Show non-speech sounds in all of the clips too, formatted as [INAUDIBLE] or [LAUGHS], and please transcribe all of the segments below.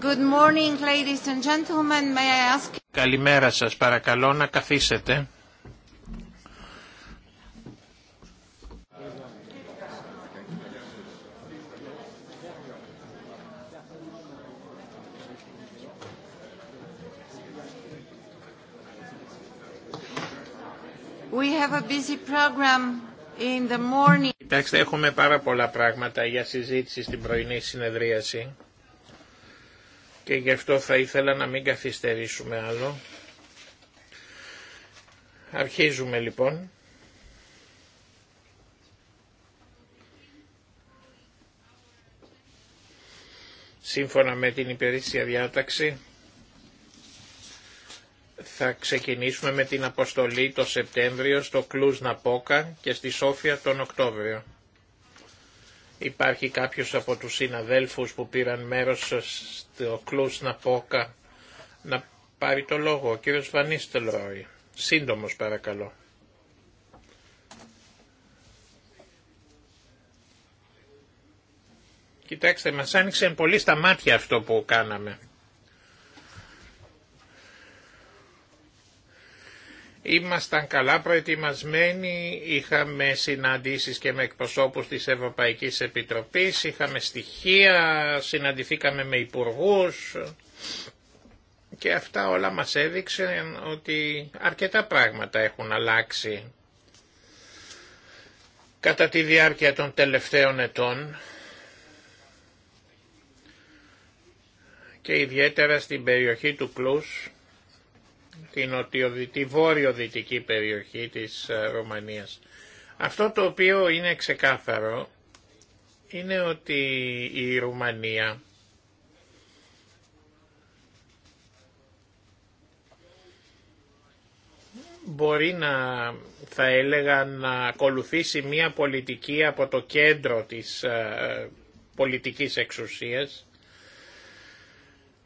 Good morning, ladies and gentlemen. May I ask... Καλημέρα σας, παρακαλώ να καθίσετε. We have a busy program in the morning. Κοιτάξτε, έχουμε πάρα πολλά πράγματα για συζήτηση στην πρωινή συνεδρίαση και γι' αυτό θα ήθελα να μην καθυστερήσουμε άλλο. Αρχίζουμε λοιπόν. Σύμφωνα με την υπηρεσία διάταξη θα ξεκινήσουμε με την αποστολή το Σεπτέμβριο στο Κλους Ναπόκα και στη Σόφια τον Οκτώβριο. Υπάρχει κάποιος από τους συναδέλφους που πήραν μέρος στο κλούς να πόκα να πάρει το λόγο. Ο κύριος Βανίστελ Ρόι. Σύντομος παρακαλώ. Κοιτάξτε, μας άνοιξε πολύ στα μάτια αυτό που κάναμε. Ήμασταν καλά προετοιμασμένοι, είχαμε συναντήσεις και με εκπροσώπους της Ευρωπαϊκής Επιτροπής, είχαμε στοιχεία, συναντηθήκαμε με υπουργούς και αυτά όλα μας έδειξαν ότι αρκετά πράγματα έχουν αλλάξει κατά τη διάρκεια των τελευταίων ετών και ιδιαίτερα στην περιοχή του Κλούς την τη βόρειο-δυτική περιοχή της ε, Ρουμανίας. Αυτό το οποίο είναι ξεκάθαρο είναι ότι η Ρουμανία μπορεί να, θα έλεγα, να ακολουθήσει μία πολιτική από το κέντρο της ε, ε, πολιτικής εξουσίας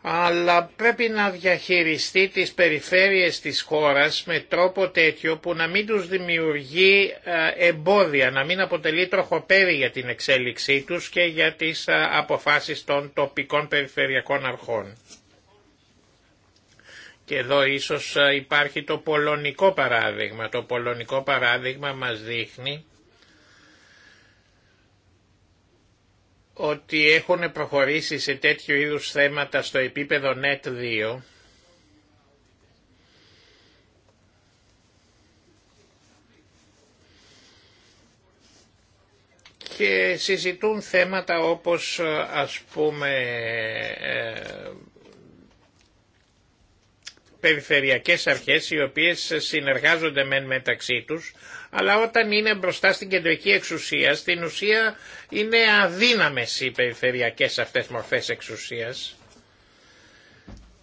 αλλά πρέπει να διαχειριστεί τις περιφέρειες της χώρας με τρόπο τέτοιο που να μην τους δημιουργεί ε, εμπόδια, να μην αποτελεί τροχοπέδι για την εξέλιξή τους και για τις ε, αποφάσεις των τοπικών περιφερειακών αρχών. Και εδώ ίσως ε, υπάρχει το πολωνικό παράδειγμα. Το πολωνικό παράδειγμα μας δείχνει ότι έχουν προχωρήσει σε τέτοιου είδους θέματα στο επίπεδο NET 2 και συζητούν θέματα όπως ας πούμε ε, περιφερειακές αρχές οι οποίες συνεργάζονται μεν μεταξύ τους αλλά όταν είναι μπροστά στην κεντρική εξουσία, στην ουσία είναι αδύναμες οι περιφερειακές αυτές μορφές εξουσίας.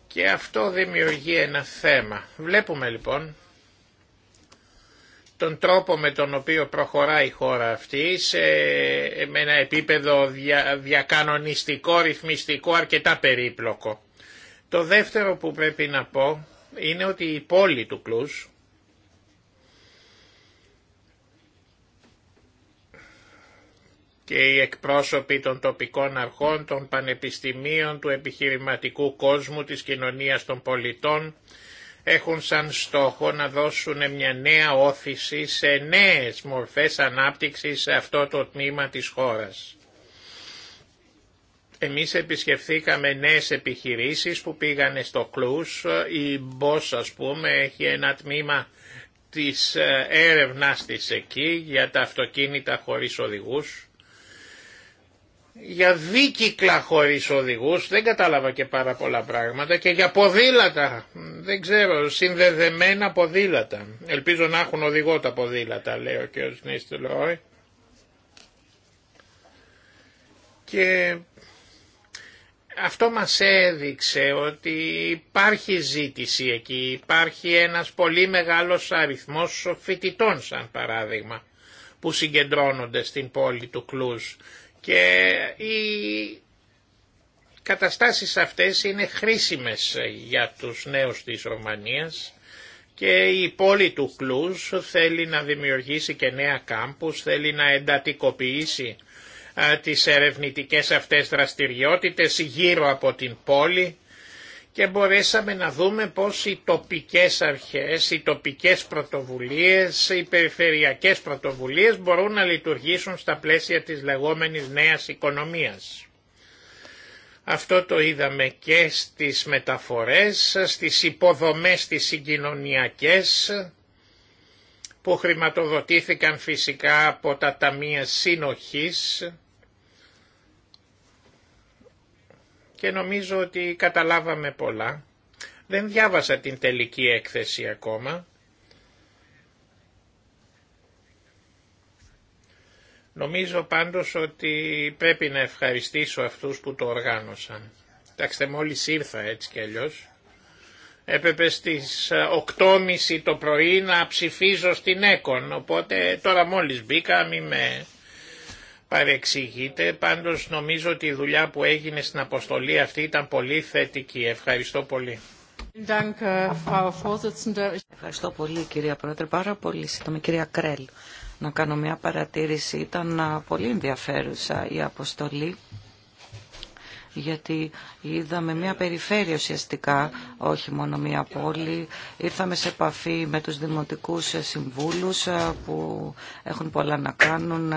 Και αυτό δημιουργεί ένα θέμα. Βλέπουμε λοιπόν τον τρόπο με τον οποίο προχωρά η χώρα αυτή σε, με ένα επίπεδο δια, διακανονιστικό, ρυθμιστικό, αρκετά περίπλοκο. Το δεύτερο που πρέπει να πω είναι ότι η πόλη του Κλούς και οι εκπρόσωποι των τοπικών αρχών, των πανεπιστημίων, του επιχειρηματικού κόσμου, της κοινωνίας των πολιτών έχουν σαν στόχο να δώσουν μια νέα όθηση σε νέες μορφές ανάπτυξης σε αυτό το τμήμα της χώρας. Εμείς επισκεφθήκαμε νέες επιχειρήσεις που πήγανε στο κλούς, η Μπός ας πούμε έχει ένα τμήμα της έρευνάς της εκεί για τα αυτοκίνητα χωρίς οδηγούς για δίκυκλα χωρίς οδηγούς, δεν κατάλαβα και πάρα πολλά πράγματα και για ποδήλατα, δεν ξέρω, συνδεδεμένα ποδήλατα. Ελπίζω να έχουν οδηγό τα ποδήλατα, λέει ο κ. Νίστελοϊ. Και αυτό μας έδειξε ότι υπάρχει ζήτηση εκεί, υπάρχει ένας πολύ μεγάλος αριθμός φοιτητών σαν παράδειγμα που συγκεντρώνονται στην πόλη του Κλούζ. Και οι καταστάσεις αυτές είναι χρήσιμες για τους νέους της Ρωμανίας και η πόλη του Κλούς θέλει να δημιουργήσει και νέα κάμπους, θέλει να εντατικοποιήσει τις ερευνητικές αυτές δραστηριότητες γύρω από την πόλη και μπορέσαμε να δούμε πως οι τοπικές αρχές, οι τοπικές πρωτοβουλίες, οι περιφερειακές πρωτοβουλίες μπορούν να λειτουργήσουν στα πλαίσια της λεγόμενης νέας οικονομίας. Αυτό το είδαμε και στις μεταφορές, στις υποδομές τις συγκοινωνιακές που χρηματοδοτήθηκαν φυσικά από τα ταμεία συνοχής και νομίζω ότι καταλάβαμε πολλά. Δεν διάβασα την τελική έκθεση ακόμα. Νομίζω πάντως ότι πρέπει να ευχαριστήσω αυτούς που το οργάνωσαν. Εντάξτε, μόλις ήρθα έτσι κι αλλιώς. Έπρεπε στις 8.30 το πρωί να ψηφίζω στην ΕΚΟΝ, οπότε τώρα μόλις μπήκα, μη με παρεξηγείτε, πάντω νομίζω ότι η δουλειά που έγινε στην αποστολή αυτή ήταν πολύ θετική. Ευχαριστώ πολύ. Ε, Ευχαριστώ πολύ κυρία Πρόεδρε. Πάρα πολύ σύντομα κυρία Κρέλ να κάνω μια παρατήρηση. Ήταν πολύ ενδιαφέρουσα η αποστολή γιατί είδαμε μια περιφέρεια ουσιαστικά, όχι μόνο μια πόλη. Ήρθαμε σε επαφή με τους δημοτικούς συμβούλους ε, που έχουν πολλά να κάνουν.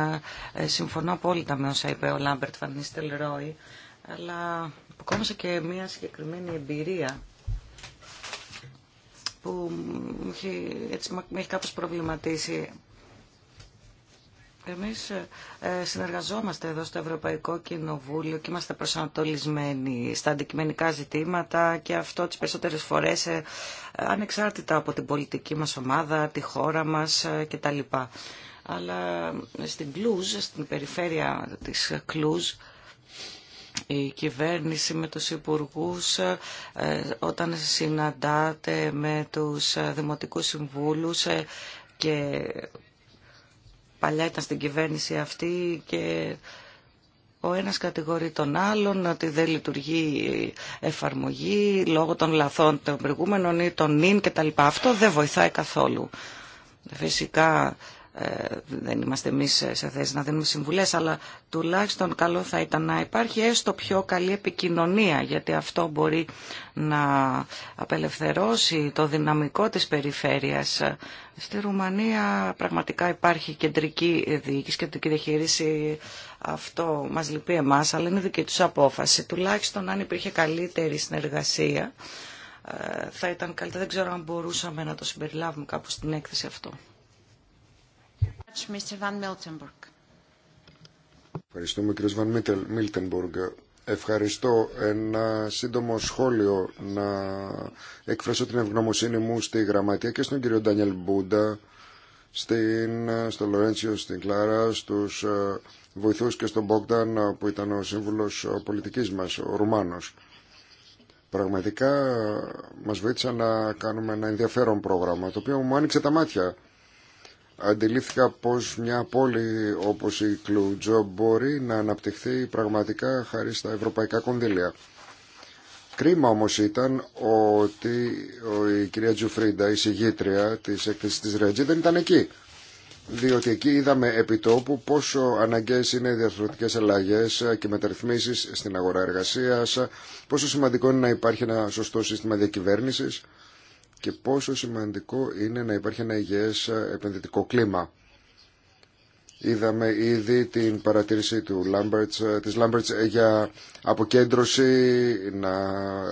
Ε, συμφωνώ απόλυτα με όσα είπε ο Λάμπερτ Φανίστελ Ρόι, αλλά αποκόμισα και μια συγκεκριμένη εμπειρία που έτσι, με έχει κάπως προβληματίσει. Εμείς ε, ε, συνεργαζόμαστε εδώ στο Ευρωπαϊκό Κοινοβούλιο και είμαστε προσανατολισμένοι στα αντικειμενικά ζητήματα και αυτό τις περισσότερες φορές ε, ανεξάρτητα από την πολιτική μας ομάδα, τη χώρα μας κτλ. Αλλά στην Κλούζ, στην περιφέρεια της Κλούζ, η κυβέρνηση με τους υπουργούς όταν συναντάται με τους δημοτικούς συμβούλους και παλιά ήταν στην κυβέρνηση αυτή και ο ένας κατηγορεί τον άλλον ότι δεν λειτουργεί εφαρμογή λόγω των λαθών των προηγούμενων ή των νυν κτλ. Αυτό δεν βοηθάει καθόλου. Φυσικά ε, δεν είμαστε εμεί σε θέση να δίνουμε συμβουλές, αλλά τουλάχιστον καλό θα ήταν να υπάρχει έστω πιο καλή επικοινωνία, γιατί αυτό μπορεί να απελευθερώσει το δυναμικό της περιφέρειας. Στη Ρουμανία πραγματικά υπάρχει κεντρική διοίκηση, και κεντρική διαχείριση. Αυτό μας λυπεί εμά, αλλά είναι δική του απόφαση. Τουλάχιστον αν υπήρχε καλύτερη συνεργασία, ε, θα ήταν καλύτερα. Δεν ξέρω αν μπορούσαμε να το συμπεριλάβουμε κάπου στην έκθεση αυτό. Ευχαριστούμε κύριε Βαν Ευχαριστώ. Ένα σύντομο σχόλιο να εκφράσω την ευγνωμοσύνη μου στη Γραμματεία και στον κύριο Ντάνιελ Μπούντα, στην, στο Λορέντσιο, στην Κλάρα, στους ε, βοηθούς και στον Μπόγκταν που ήταν ο σύμβουλος πολιτικής μας, ο Ρουμάνος. Πραγματικά μας βοήθησαν να κάνουμε ένα ενδιαφέρον πρόγραμμα, το οποίο μου άνοιξε τα μάτια αντιλήφθηκα πως μια πόλη όπως η Κλουτζό μπορεί να αναπτυχθεί πραγματικά χάρη στα ευρωπαϊκά κονδύλια. Κρίμα όμως ήταν ότι η κυρία Τζουφρίντα, η συγγήτρια της έκθεσης της Ρέτζη, δεν ήταν εκεί. Διότι εκεί είδαμε επί τόπου πόσο αναγκαίες είναι οι διαρθρωτικές αλλαγές και μεταρρυθμίσεις στην αγορά εργασίας, πόσο σημαντικό είναι να υπάρχει ένα σωστό σύστημα διακυβέρνησης, και πόσο σημαντικό είναι να υπάρχει ένα υγιές επενδυτικό κλίμα. Είδαμε ήδη την παρατήρηση του Lamberts, της Lamberts για αποκέντρωση, να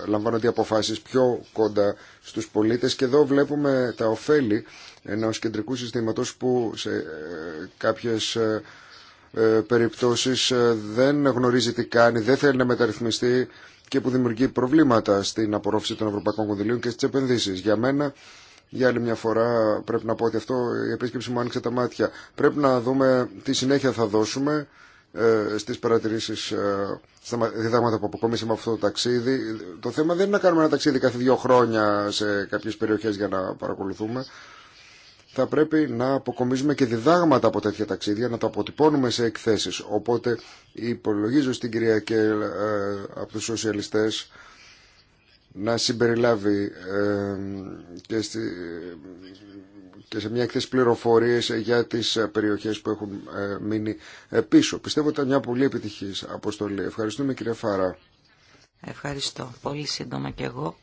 λαμβάνονται αποφάσεις πιο κοντά στους πολίτες και εδώ βλέπουμε τα ωφέλη ενός κεντρικού συστήματος που σε ε, κάποιες ε, ε, περιπτώσεις δεν γνωρίζει τι κάνει, δεν θέλει να μεταρρυθμιστεί και που δημιουργεί προβλήματα στην απορρόφηση των ευρωπαϊκών κονδυλίων και στις επενδύσεις. Για μένα, για άλλη μια φορά πρέπει να πω ότι αυτό η επίσκεψη μου άνοιξε τα μάτια. Πρέπει να δούμε τι συνέχεια θα δώσουμε ε, στις παρατηρήσεις, ε, στα διδάγματα που αποκομίσαμε αυτό το ταξίδι. Το θέμα δεν είναι να κάνουμε ένα ταξίδι κάθε δύο χρόνια σε κάποιες περιοχές για να παρακολουθούμε θα πρέπει να αποκομίζουμε και διδάγματα από τέτοια ταξίδια, να τα αποτυπώνουμε σε εκθέσεις. Οπότε υπολογίζω στην κυρία Κέλ ε, από τους σοσιαλιστές να συμπεριλάβει και, στη, σε μια εκθέση πληροφορίες για τις περιοχές που έχουν ε, μείνει ε, πίσω. Πιστεύω ότι ήταν μια πολύ επιτυχής αποστολή. Ευχαριστούμε κυρία Φάρα. Ευχαριστώ. Πολύ σύντομα και εγώ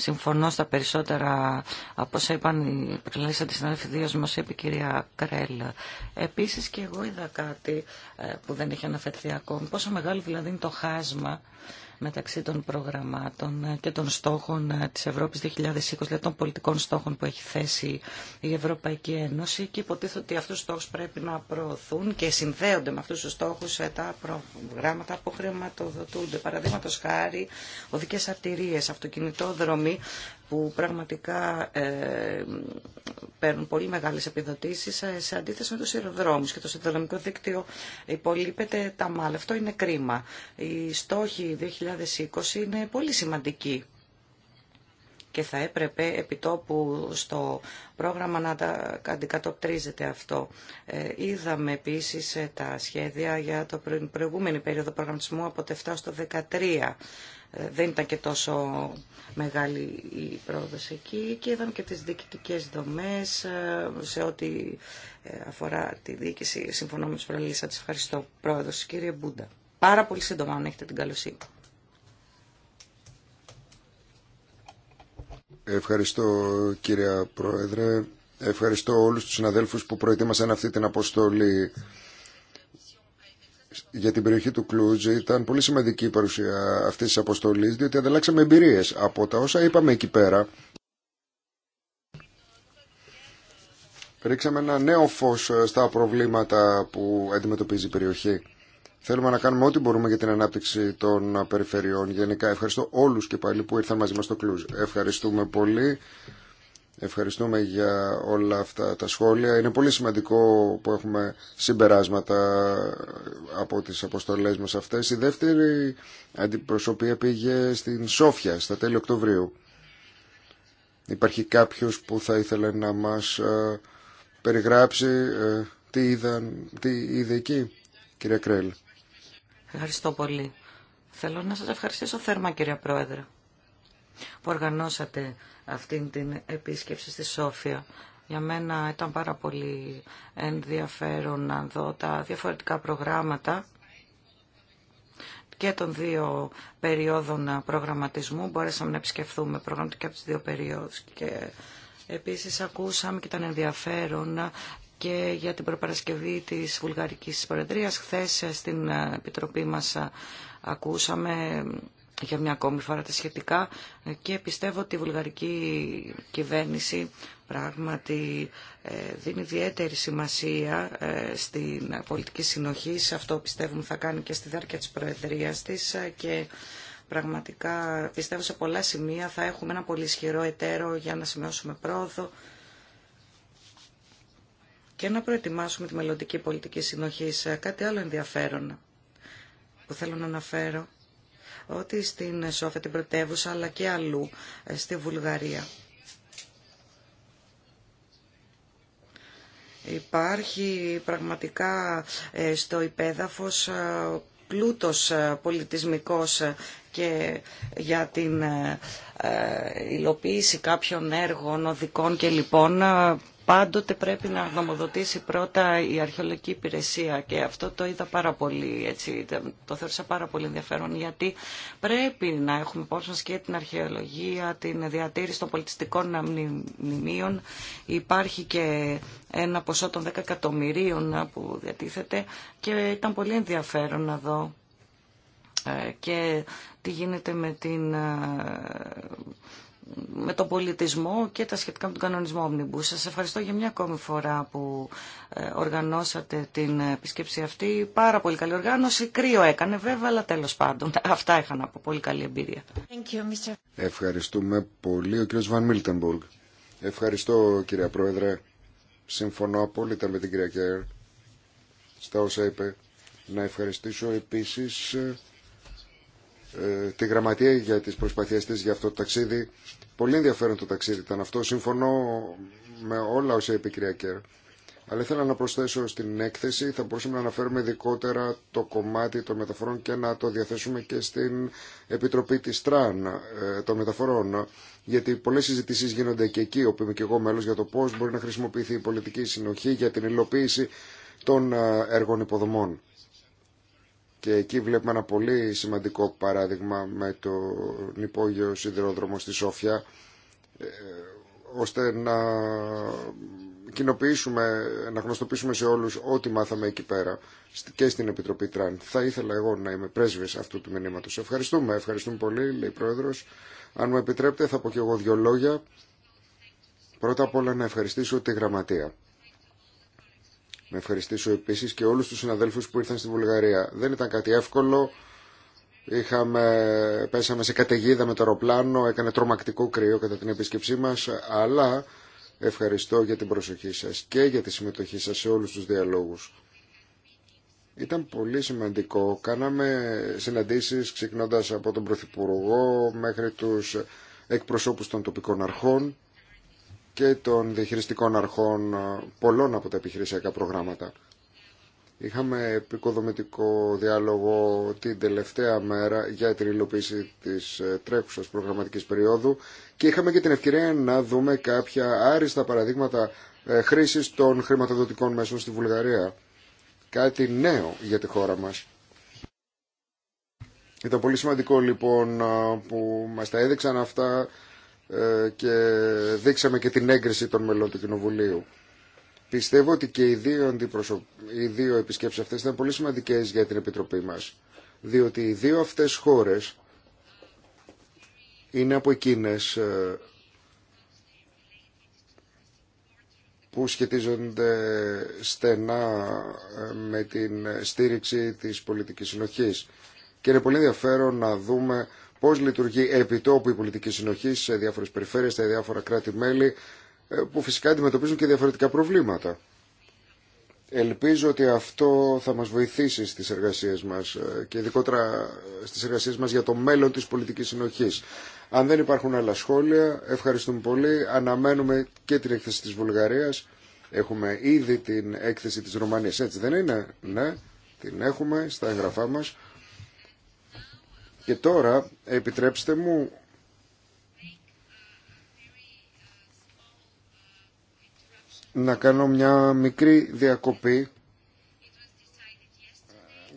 Συμφωνώ στα περισσότερα από όσα είπαν οι προλαλήσαντε συνάδελφοι, δύο μα είπε η κυρία Κρέλ. Επίσης και εγώ είδα κάτι ε, που δεν έχει αναφερθεί ακόμη. Πόσο μεγάλο δηλαδή είναι το χάσμα μεταξύ των προγραμμάτων και των στόχων της Ευρώπης 2020, δηλαδή των πολιτικών στόχων που έχει θέσει η Ευρωπαϊκή Ένωση και υποτίθεται ότι αυτούς τους στόχους πρέπει να προωθούν και συνδέονται με αυτούς τους στόχους ε, τα προγράμματα που χρηματοδοτούνται. Παραδείγματος χάρη, οδικές αρτηρίες, αυτοκινητόδρομοι που πραγματικά ε, παίρνουν πολύ μεγάλες επιδοτήσεις σε αντίθεση με τους αεροδρόμους και το συνδρομικό δίκτυο υπολείπεται τα μάλλα. Αυτό είναι κρίμα. Οι στόχοι 2020 είναι πολύ σημαντικοί και θα έπρεπε επιτόπου στο πρόγραμμα να τα αντικατοπτρίζεται αυτό. Ε, είδαμε επίσης ε, τα σχέδια για το προηγούμενη περίοδο προγραμματισμού από το 7 στο ε, δεν ήταν και τόσο μεγάλη η πρόοδος εκεί και είδαμε και τις διοικητικές δομές ε, σε ό,τι ε, αφορά τη διοίκηση. Συμφωνώ με τους Σας Ευχαριστώ πρόεδρος κύριε Μπούντα. Πάρα πολύ σύντομα αν έχετε την καλωσή. Ευχαριστώ κύριε Πρόεδρε. Ευχαριστώ όλους τους συναδέλφους που προετοίμασαν αυτή την αποστολή για την περιοχή του Κλούτζ ήταν πολύ σημαντική η παρουσία αυτής της αποστολής διότι ανταλλάξαμε εμπειρίε από τα όσα είπαμε εκεί πέρα. Ρίξαμε ένα νέο φως ε, στα προβλήματα που αντιμετωπίζει η περιοχή. Θέλουμε να κάνουμε ό,τι μπορούμε για την ανάπτυξη των περιφερειών. Γενικά ευχαριστώ όλους και πάλι που ήρθαν μαζί μα στο Κλούζ. Ευχαριστούμε πολύ. Ευχαριστούμε για όλα αυτά τα σχόλια. Είναι πολύ σημαντικό που έχουμε συμπεράσματα από τις αποστολές μας αυτές. Η δεύτερη αντιπροσωπεία πήγε στην Σόφια στα τέλη Οκτωβρίου. Υπάρχει κάποιος που θα ήθελε να μας ε, περιγράψει ε, τι, είδαν, τι είδε εκεί, κυρία Κρέλ. Ευχαριστώ πολύ. Θέλω να σας ευχαριστήσω θέρμα, κυρία Πρόεδρε που οργανώσατε αυτήν την επίσκεψη στη Σόφια. Για μένα ήταν πάρα πολύ ενδιαφέρον να δω τα διαφορετικά προγράμματα και των δύο περιόδων προγραμματισμού. Μπορέσαμε να επισκεφθούμε προγράμματα και από τις δύο περιόδους. Και επίσης ακούσαμε και ήταν ενδιαφέρον και για την προπαρασκευή της Βουλγαρικής Προεδρίας. Χθες στην Επιτροπή μας ακούσαμε για μια ακόμη φορά τα σχετικά ε, και πιστεύω ότι η βουλγαρική κυβέρνηση πράγματι ε, δίνει ιδιαίτερη σημασία ε, στην πολιτική συνοχή. Σε αυτό πιστεύουμε θα κάνει και στη διάρκεια της Προεδρίας της και πραγματικά πιστεύω σε πολλά σημεία θα έχουμε ένα πολύ ισχυρό εταίρο για να σημειώσουμε πρόοδο και να προετοιμάσουμε τη μελλοντική πολιτική συνοχή. Κάτι άλλο ενδιαφέρον που θέλω να αναφέρω ότι στην Σόφια την πρωτεύουσα αλλά και αλλού ε, στη Βουλγαρία. Υπάρχει πραγματικά ε, στο υπέδαφος ε, πλούτος πολιτισμικός και για την ε, ε, υλοποίηση κάποιων έργων, οδικών και λοιπόν πάντοτε πρέπει να γνωμοδοτήσει πρώτα η αρχαιολογική υπηρεσία και αυτό το είδα πάρα πολύ, έτσι, το θεώρησα πάρα πολύ ενδιαφέρον γιατί πρέπει να έχουμε υπόψη και την αρχαιολογία, την διατήρηση των πολιτιστικών μνημείων. Υπάρχει και ένα ποσό των 10 εκατομμυρίων που διατίθεται και ήταν πολύ ενδιαφέρον να δω ε, και τι γίνεται ε, με, τον πολιτισμό και τα σχετικά με τον κανονισμό Omnibus. Σας ευχαριστώ για μια ακόμη φορά που ε, οργανώσατε την επισκέψη αυτή. Πάρα πολύ καλή οργάνωση. Κρύο έκανε βέβαια, αλλά τέλος πάντων. [LAUGHS] Αυτά είχαν από Πολύ καλή εμπειρία. Ευχαριστούμε πολύ ο κ. Βαν Μίλτεμπουργκ. Ευχαριστώ κυρία Πρόεδρε. Συμφωνώ απόλυτα με την κυρία Κέρ στα όσα είπε. Να ευχαριστήσω επίσης ε, τη γραμματεία για τις προσπαθίες της για αυτό το ταξίδι. Πολύ ενδιαφέρον το ταξίδι ήταν αυτό. Συμφωνώ με όλα όσα είπε η κυρία Κέρ. Αλλά ήθελα να προσθέσω στην έκθεση, θα μπορούσαμε να αναφέρουμε ειδικότερα το κομμάτι των μεταφορών και να το διαθέσουμε και στην Επιτροπή της Τραν ε, των Μεταφορών. Γιατί πολλές συζητήσεις γίνονται και εκεί, όπου είμαι και εγώ μέλος, για το πώς μπορεί να χρησιμοποιηθεί η πολιτική συνοχή για την υλοποίηση των ε, έργων υποδομών. Και εκεί βλέπουμε ένα πολύ σημαντικό παράδειγμα με τον υπόγειο σιδηρόδρομο στη Σόφια, ε, ώστε να κοινοποιήσουμε, να γνωστοποιήσουμε σε όλους ό,τι μάθαμε εκεί πέρα και στην Επιτροπή Τραν. Θα ήθελα εγώ να είμαι πρέσβης αυτού του μηνύματος. Ευχαριστούμε, ευχαριστούμε πολύ, λέει η Πρόεδρος. Αν μου επιτρέπετε θα πω και εγώ δύο λόγια. Πρώτα απ' όλα να ευχαριστήσω τη Γραμματεία να ευχαριστήσω επίση και όλους τους συναδέλφους που ήρθαν στη Βουλγαρία. Δεν ήταν κάτι εύκολο. Είχαμε, πέσαμε σε καταιγίδα με το αεροπλάνο, έκανε τρομακτικό κρύο κατά την επίσκεψή μας, αλλά ευχαριστώ για την προσοχή σας και για τη συμμετοχή σας σε όλους τους διαλόγους. Ήταν πολύ σημαντικό. Κάναμε συναντήσει ξεκινώντας από τον Πρωθυπουργό μέχρι του εκπροσώπους των τοπικών αρχών και των διαχειριστικών αρχών ε, πολλών από τα επιχειρησιακά προγράμματα. Είχαμε επικοδομητικό διάλογο την τελευταία μέρα για την υλοποίηση της ε, τρέχουσας προγραμματικής περίοδου και είχαμε και την ευκαιρία να δούμε κάποια άριστα παραδείγματα ε, χρήσης των χρηματοδοτικών μέσων στη Βουλγαρία. Κάτι νέο για τη χώρα μας. Ήταν πολύ σημαντικό λοιπόν που μας τα έδειξαν αυτά ε, και δείξαμε και την έγκριση των μελών του Κοινοβουλίου. Πιστεύω ότι και οι δύο, αντιπροσωπ... οι δύο επισκέψεις αυτές ήταν πολύ σημαντικές για την Επιτροπή μας, διότι οι δύο αυτές χώρες είναι από εκείνες ε, που σχετίζονται στενά ε, με την στήριξη της πολιτικής συνοχής. Και είναι πολύ ενδιαφέρον να δούμε Πώ λειτουργεί επιτόπου η πολιτική συνοχή σε διάφορε περιφέρειες, σε διάφορα κράτη-μέλη, ε, που φυσικά αντιμετωπίζουν και διαφορετικά προβλήματα. Ελπίζω ότι αυτό θα μας βοηθήσει στις εργασίες μας ε, και ειδικότερα ε, στις εργασίες μας για το μέλλον της πολιτικής συνοχής. Αν δεν υπάρχουν άλλα σχόλια, ευχαριστούμε πολύ. Αναμένουμε και την έκθεση της Βουλγαρίας. Έχουμε ήδη την έκθεση της Ρωμανίας, έτσι δεν είναι. Ναι, την έχουμε στα εγγραφά μας. Και τώρα επιτρέψτε μου να κάνω μια μικρή διακοπή,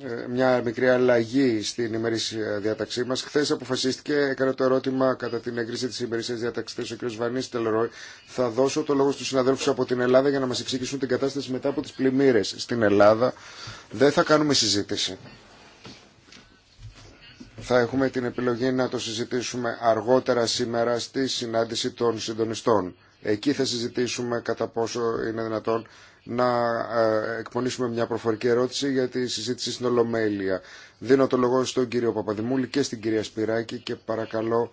ε, μια μικρή αλλαγή στην ημερήσια διάταξή μας. Χθες αποφασίστηκε, έκανε το ερώτημα κατά την εγκρίση της ημερήσιας διάταξης ο κ. Βανής Τελρόι. Θα δώσω το λόγο στους συναδέλφους από την Ελλάδα για να μας εξηγήσουν την κατάσταση μετά από τις πλημμύρες στην Ελλάδα. Δεν θα κάνουμε συζήτηση. Θα έχουμε την επιλογή να το συζητήσουμε αργότερα σήμερα στη συνάντηση των συντονιστών. Εκεί θα συζητήσουμε κατά πόσο είναι δυνατόν να ε, εκπονήσουμε μια προφορική ερώτηση για τη συζήτηση στην Ολομέλεια. Δίνω το λόγο στον κύριο Παπαδημούλη και στην κυρία Σπυράκη και παρακαλώ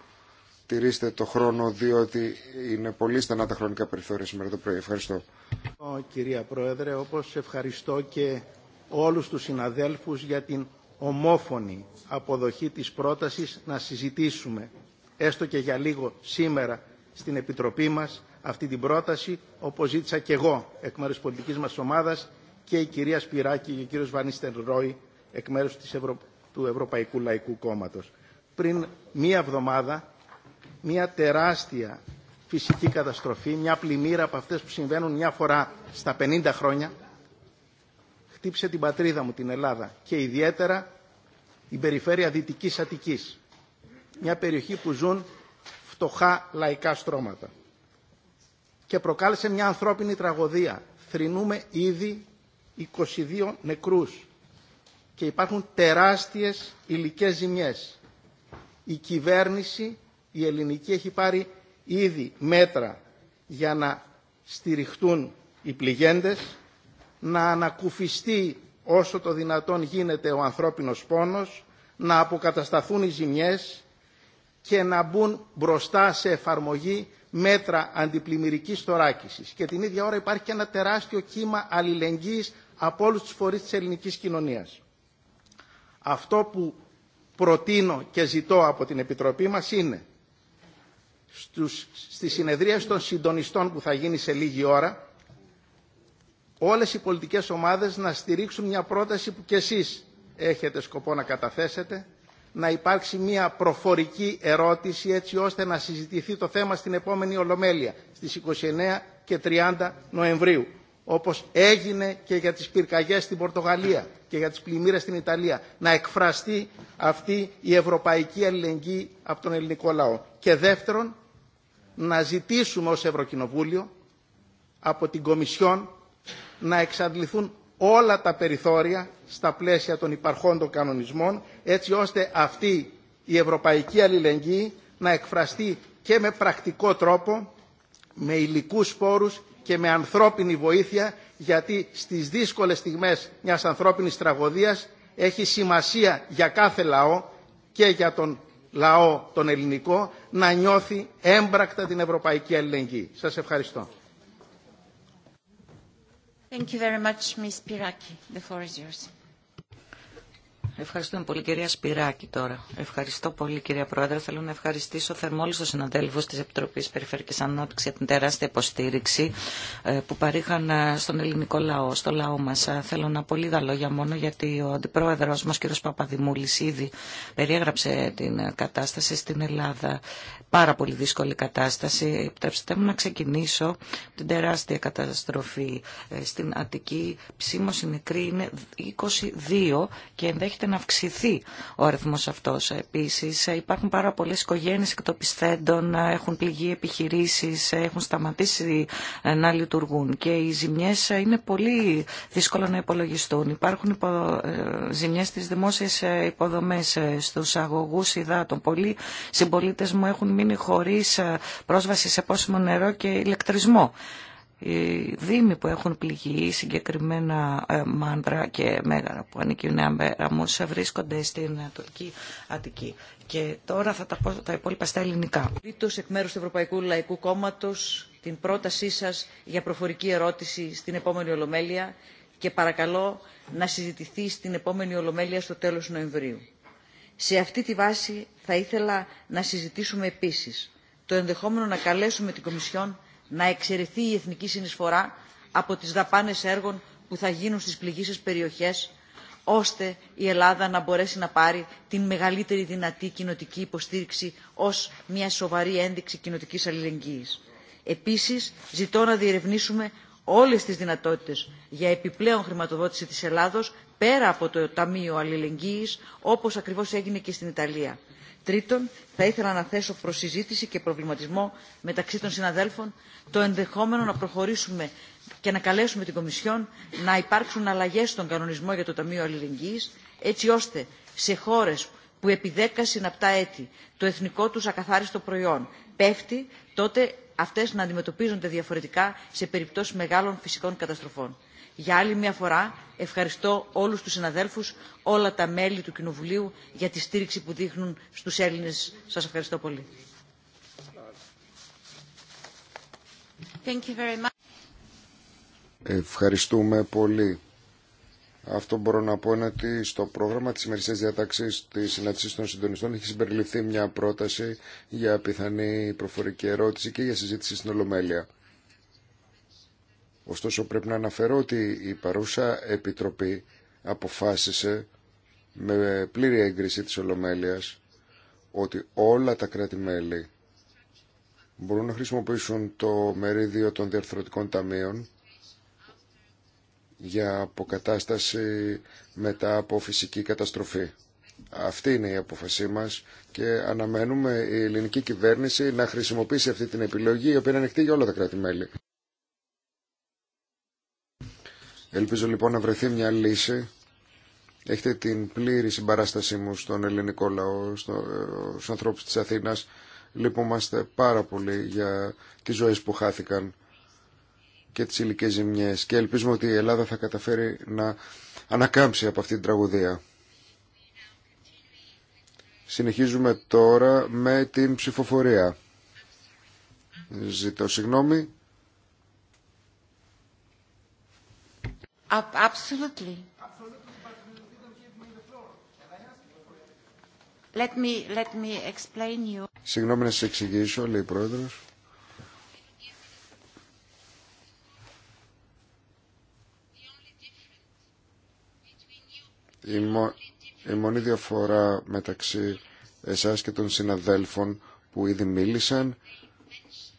τηρήστε το χρόνο διότι είναι πολύ στενά τα χρονικά περιθώρια σήμερα το πρωί. Ευχαριστώ. Κυρία Πρόεδρε, όπως ευχαριστώ και όλους τους συναδέλφους για την ομόφωνη αποδοχή της πρότασης να συζητήσουμε έστω και για λίγο σήμερα στην Επιτροπή μας αυτή την πρόταση όπως ζήτησα και εγώ εκ μέρους πολιτικής μας ομάδας και η κυρία Σπυράκη και ο κύριος Βανίστερ Ρόι εκ μέρους του Ευρωπαϊκού Λαϊκού Κόμματος. Πριν μία εβδομάδα μια τεράστια φυσική καταστροφή, μια πλημμύρα από αυτές που συμβαίνουν μια φορά στα 50 χρόνια χτύπησε την πατρίδα μου, την Ελλάδα και ιδιαίτερα την περιφέρεια Δυτικής Αττικής, μια περιοχή που ζουν φτωχά λαϊκά στρώματα. Και προκάλεσε μια ανθρώπινη τραγωδία. Θρηνούμε ήδη 22 νεκρούς και υπάρχουν τεράστιες υλικές ζημιές. Η κυβέρνηση, η ελληνική, έχει πάρει ήδη μέτρα για να στηριχτούν οι πληγέντες να ανακουφιστεί όσο το δυνατόν γίνεται ο ανθρώπινος πόνος, να αποκατασταθούν οι ζημιές και να μπουν μπροστά σε εφαρμογή μέτρα αντιπλημμυρικής θωράκισης. Και την ίδια ώρα υπάρχει και ένα τεράστιο κύμα αλληλεγγύης από όλους τους φορείς της ελληνικής κοινωνίας. Αυτό που προτείνω και ζητώ από την Επιτροπή μας είναι στους, στη των συντονιστών που θα γίνει σε λίγη ώρα όλες οι πολιτικές ομάδες να στηρίξουν μια πρόταση που κι εσείς έχετε σκοπό να καταθέσετε, να υπάρξει μια προφορική ερώτηση έτσι ώστε να συζητηθεί το θέμα στην επόμενη Ολομέλεια, στις 29 και 30 Νοεμβρίου, όπως έγινε και για τις πυρκαγιές στην Πορτογαλία και για τις πλημμύρες στην Ιταλία, να εκφραστεί αυτή η ευρωπαϊκή αλληλεγγύη από τον ελληνικό λαό. Και δεύτερον, να ζητήσουμε ως Ευρωκοινοβούλιο από την Κομισιόν να εξαντληθούν όλα τα περιθώρια στα πλαίσια των υπαρχόντων κανονισμών, έτσι ώστε αυτή η ευρωπαϊκή αλληλεγγύη να εκφραστεί και με πρακτικό τρόπο, με υλικού πόρους και με ανθρώπινη βοήθεια, γιατί στις δύσκολες στιγμές μιας ανθρώπινης τραγωδίας έχει σημασία για κάθε λαό και για τον λαό τον ελληνικό να νιώθει έμπρακτα την ευρωπαϊκή αλληλεγγύη. Σας ευχαριστώ. Thank you very much, Ms. Piraki. The floor is yours. Ευχαριστούμε πολύ κυρία Σπυράκη τώρα. Ευχαριστώ πολύ κυρία Πρόεδρε. Θέλω να ευχαριστήσω θερμόλου του συναδέλφου τη Επιτροπή Περιφερειακή Ανάπτυξη για την τεράστια υποστήριξη ε, που παρήχαν ε, στον ελληνικό λαό, στο λαό μα. Ε, θέλω να πω λίγα λόγια μόνο γιατί ο αντιπρόεδρο μα, κύριο Παπαδημούλη, ήδη περιέγραψε την κατάσταση στην Ελλάδα. Πάρα πολύ δύσκολη κατάσταση. Επιτρέψτε μου να ξεκινήσω την τεράστια καταστροφή στην Αττική. Ψήμωση νεκρή είναι 22 και ενδέχεται να αυξηθεί ο αριθμός αυτός. Επίσης υπάρχουν πάρα πολλές οικογένειες εκτοπισθέντων, έχουν πληγεί επιχειρήσεις, έχουν σταματήσει ε, να λειτουργούν και οι ζημιές ε, είναι πολύ δύσκολο να υπολογιστούν. Υπάρχουν υπο... Ε, ζημιές στις δημόσιες υποδομές, στους αγωγούς υδάτων. Πολλοί συμπολίτε μου έχουν μείνει χωρίς πρόσβαση σε πόσιμο νερό και ηλεκτρισμό οι δήμοι που έχουν πληγεί, συγκεκριμένα ε, Μάντρα και Μέγαρα που ανήκει η Νέα βρίσκονται στην Τουρκική Αττική. Και τώρα θα τα πω τα υπόλοιπα στα ελληνικά. Ρήτως εκ μέρους του Ευρωπαϊκού Λαϊκού Κόμματος την πρότασή σας για προφορική ερώτηση στην επόμενη Ολομέλεια και παρακαλώ να συζητηθεί στην επόμενη Ολομέλεια στο τέλος Νοεμβρίου. Σε αυτή τη βάση θα ήθελα να συζητήσουμε επίσης το ενδεχόμενο να καλέσουμε την Κομισιόν να εξαιρεθεί η εθνική συνεισφορά από τις δαπάνες έργων που θα γίνουν στις πληγήσεις περιοχές, ώστε η Ελλάδα να μπορέσει να πάρει την μεγαλύτερη δυνατή κοινοτική υποστήριξη ως μια σοβαρή ένδειξη κοινοτικής αλληλεγγύης. Επίσης, ζητώ να διερευνήσουμε όλες τις δυνατότητες για επιπλέον χρηματοδότηση της Ελλάδος πέρα από το Ταμείο Αλληλεγγύης, όπως ακριβώς έγινε και στην Ιταλία. Τρίτον, θα ήθελα να θέσω προ συζήτηση και προβληματισμό μεταξύ των συναδέλφων το ενδεχόμενο να προχωρήσουμε και να καλέσουμε την Κομισιόν να υπάρξουν αλλαγές στον κανονισμό για το Ταμείο Αλληλεγγύης έτσι ώστε σε χώρες που επί δέκα συναπτά έτη το εθνικό τους ακαθάριστο προϊόν πέφτει, τότε αυτές να αντιμετωπίζονται διαφορετικά σε περιπτώσει μεγάλων φυσικών καταστροφών. Για άλλη μια φορά ευχαριστώ όλους τους συναδέλφους, όλα τα μέλη του Κοινοβουλίου για τη στήριξη που δείχνουν στους Έλληνες. Σας ευχαριστώ πολύ. Ευχαριστούμε πολύ. Αυτό μπορώ να πω είναι ότι στο πρόγραμμα της ημερησίας διατάξης της συνάντησης των συντονιστών έχει συμπεριληφθεί μια πρόταση για πιθανή προφορική ερώτηση και για συζήτηση στην Ολομέλεια. Ωστόσο πρέπει να αναφέρω ότι η παρούσα Επιτροπή αποφάσισε με πλήρη έγκριση της Ολομέλειας ότι όλα τα κράτη-μέλη μπορούν να χρησιμοποιήσουν το μερίδιο των διαρθρωτικών ταμείων για αποκατάσταση μετά από φυσική καταστροφή. Αυτή είναι η απόφασή μας και αναμένουμε η ελληνική κυβέρνηση να χρησιμοποιήσει αυτή την επιλογή η οποία είναι ανοιχτή για όλα τα κράτη-μέλη. Ελπίζω λοιπόν να βρεθεί μια λύση. Έχετε την πλήρη συμπαράστασή μου στον ελληνικό λαό, στο, ε, στους ανθρώπους της Αθήνας. Λυπούμαστε πάρα πολύ για τις ζωές που χάθηκαν και τις υλικές ζημιές και ελπίζουμε ότι η Ελλάδα θα καταφέρει να ανακάμψει από αυτή την τραγουδία. Συνεχίζουμε τώρα με την ψηφοφορία. Ζητώ συγγνώμη. Absolutely. Let me, let me explain you. Συγγνώμη να σας εξηγήσω, λέει η Πρόεδρος. Η, μόνη διαφορά μεταξύ εσάς και των συναδέλφων που ήδη μίλησαν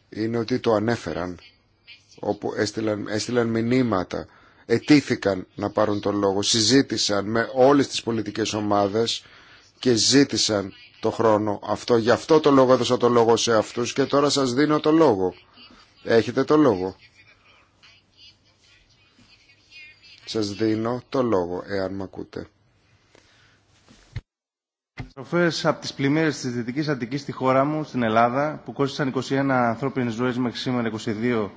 είναι ότι το ανέφεραν, όπου έστειλαν μηνύματα ετήθηκαν να πάρουν τον λόγο, συζήτησαν με όλες τις πολιτικές ομάδες και ζήτησαν το χρόνο αυτό. Γι' αυτό το λόγο έδωσα το λόγο σε αυτούς και τώρα σας δίνω το λόγο. Έχετε το λόγο. Σας δίνω το λόγο, εάν με ακούτε. Στροφές από τις πλημμύρες της Δυτικής Αττικής στη χώρα μου, στην Ελλάδα, που κόστησαν 21 ανθρώπινες ζωές μέχρι σήμερα 22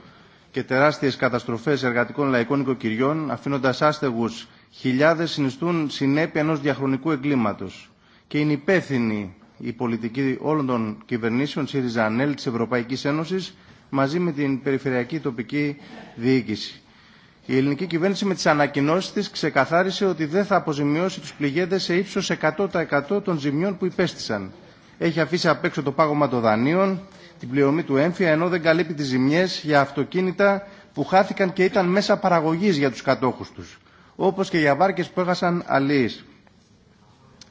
και τεράστιε καταστροφέ εργατικών λαϊκών οικοκυριών, αφήνοντας άστεγους χιλιάδες συνιστούν συνέπεια ενό διαχρονικού εγκλήματο. και είναι υπεύθυνη η πολιτική όλων των κυβερνήσεων ΣΥΡΙΖΑ ΑΝΕΛ της Ευρωπαϊκής Ένωσης μαζί με την περιφερειακή τοπική διοίκηση. Η ελληνική κυβέρνηση με τι ανακοινώσει τη ξεκαθάρισε ότι δεν θα αποζημιώσει του πληγέντε σε ύψο 100% των ζημιών που υπέστησαν. Έχει αφήσει απ' έξω το πάγωμα των δανείων, την πληρωμή του έμφυα, ενώ δεν καλύπτει τι ζημιέ για αυτοκίνητα που χάθηκαν και ήταν μέσα παραγωγής για τους κατόχους τους, όπως και για βάρκε που έχασαν αλλιεί.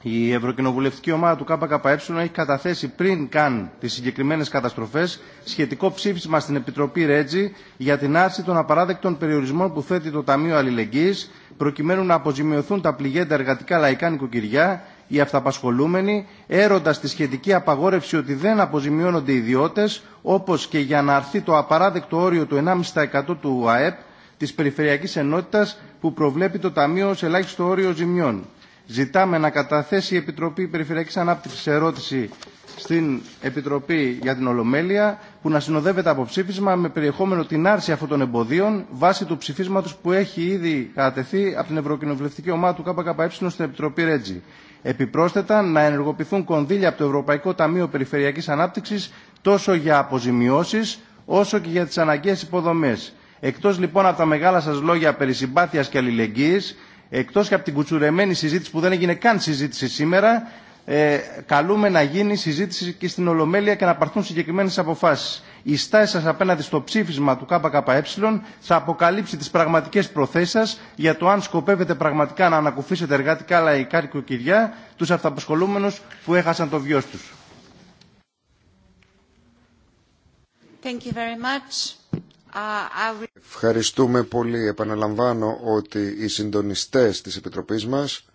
Η Ευρωκοινοβουλευτική ομάδα του ΚΚΕ έχει καταθέσει πριν καν τι συγκεκριμένε καταστροφέ σχετικό ψήφισμα στην Επιτροπή Ρέτζι για την άρση των απαράδεκτων περιορισμών που θέτει το Ταμείο Αλληλεγγύη, προκειμένου να αποζημιωθούν τα πληγέντα εργατικά λαϊκά νοικοκυριά οι αυταπασχολούμενοι, έροντα τη σχετική απαγόρευση ότι δεν αποζημιώνονται οι ιδιώτες, όπως και για να αρθεί το απαράδεκτο όριο του 1,5% του ΑΕΠ της Περιφερειακής Ενότητας που προβλέπει το Ταμείο ως ελάχιστο όριο ζημιών. Ζητάμε να καταθέσει η Επιτροπή Περιφερειακής Ανάπτυξης ερώτηση στην Επιτροπή για την Ολομέλεια που να συνοδεύεται από ψήφισμα με περιεχόμενο την άρση αυτών των εμποδίων βάσει του ψηφίσματος που έχει ήδη κατατεθεί από την Ευρωκοινοβουλευτική Ομάδα του ΚΚΕ στην Επιτροπή Ρέτζη. Επιπρόσθετα, να ενεργοποιηθούν κονδύλια από το Ευρωπαϊκό Ταμείο Περιφερειακής Ανάπτυξης τόσο για αποζημιώσεις όσο και για τις αναγκαίες υποδομέ, Εκτός λοιπόν από τα μεγάλα σας λόγια περί συμπάθειας και αλληλεγγύη, εκτός και από την κουτσουρεμένη συζήτηση που δεν έγινε καν συζήτηση σήμερα, ε, καλούμε να γίνει συζήτηση και στην Ολομέλεια και να πάρθουν συγκεκριμένε αποφάσει. Η στάση σα απέναντι στο ψήφισμα του ΚΚΕ θα αποκαλύψει τι πραγματικέ προθέσει σα για το αν σκοπεύετε πραγματικά να ανακουφίσετε εργατικά λαϊκά οικοκυριά, του αυταπασχολούμενου που έχασαν το βιό του. Uh, Ευχαριστούμε πολύ. Επαναλαμβάνω ότι οι συντονιστές της Επιτροπής μας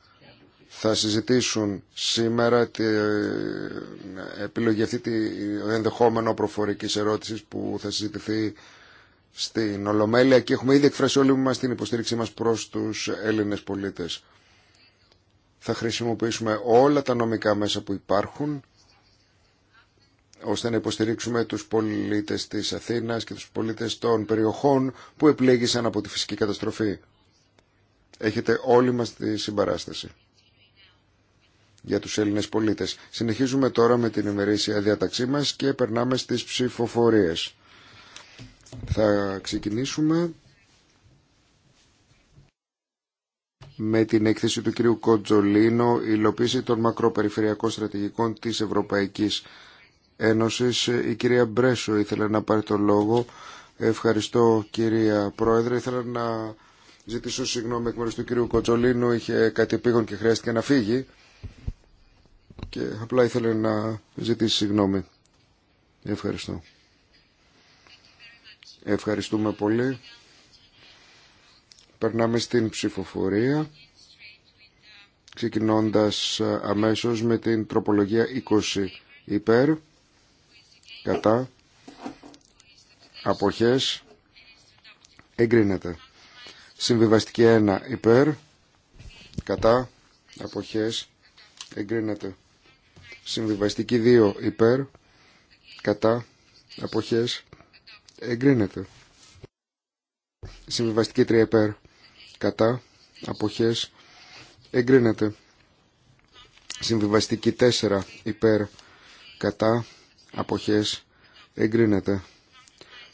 θα συζητήσουν σήμερα την ε, επιλογή αυτή, τη ενδεχόμενο προφορικής ερώτησης που θα συζητηθεί στην Ολομέλεια και έχουμε ήδη εκφράσει όλοι μας την υποστήριξή μας προς τους Έλληνες πολίτες. Θα χρησιμοποιήσουμε όλα τα νομικά μέσα που υπάρχουν ώστε να υποστηρίξουμε τους πολίτες της Αθήνας και τους πολίτες των περιοχών που επλήγησαν από τη φυσική καταστροφή. Έχετε όλοι μας τη συμπαράσταση για τους Έλληνες πολίτες. Συνεχίζουμε τώρα με την ημερήσια διαταξή μας και περνάμε στις ψηφοφορίες. Θα ξεκινήσουμε με την έκθεση του κυρίου Κοντζολίνο «Υλοποίηση των μακροπεριφερειακών στρατηγικών της Ευρωπαϊκής Ένωσης». Η κυρία Μπρέσο ήθελε να πάρει το λόγο. Ευχαριστώ κυρία Πρόεδρε. Ήθελα να ζητήσω συγγνώμη εκ μέρους του κυρίου Κοντζολίνου. Είχε κάτι επίγον και χρειάστηκε να φύγει και απλά ήθελε να ζητήσει συγγνώμη. Ευχαριστώ. Ευχαριστούμε πολύ. Περνάμε στην ψηφοφορία, ξεκινώντας ε, αμέσως με την τροπολογία 20 υπέρ, κατά, αποχές, εγκρίνεται. Συμβιβαστική 1 υπέρ, κατά, αποχές, εγκρίνεται. Συμβιβαστική 2 υπέρ, κατά, αποχές, εγκρίνεται. Συμβιβαστική 3 υπέρ, κατά, αποχές, εγκρίνεται. Συμβιβαστική 4 υπέρ, κατά, αποχές, εγκρίνεται.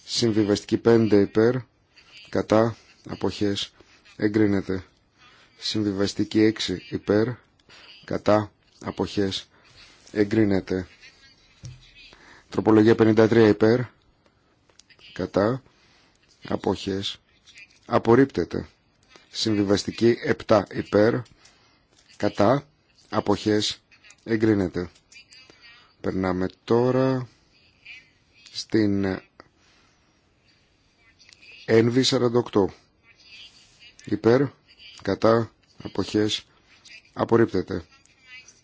Συμβιβαστική 5 υπέρ, κατά, αποχές, εγκρίνεται. Συμβιβαστική 6 υπέρ, κατά, αποχές, εγκρίνεται. Τροπολογία 53 υπέρ, κατά, αποχές, απορρίπτεται. Συμβιβαστική 7 υπέρ, κατά, αποχές, εγκρίνεται. Περνάμε τώρα στην NV48 υπέρ, κατά, αποχές, απορρίπτεται.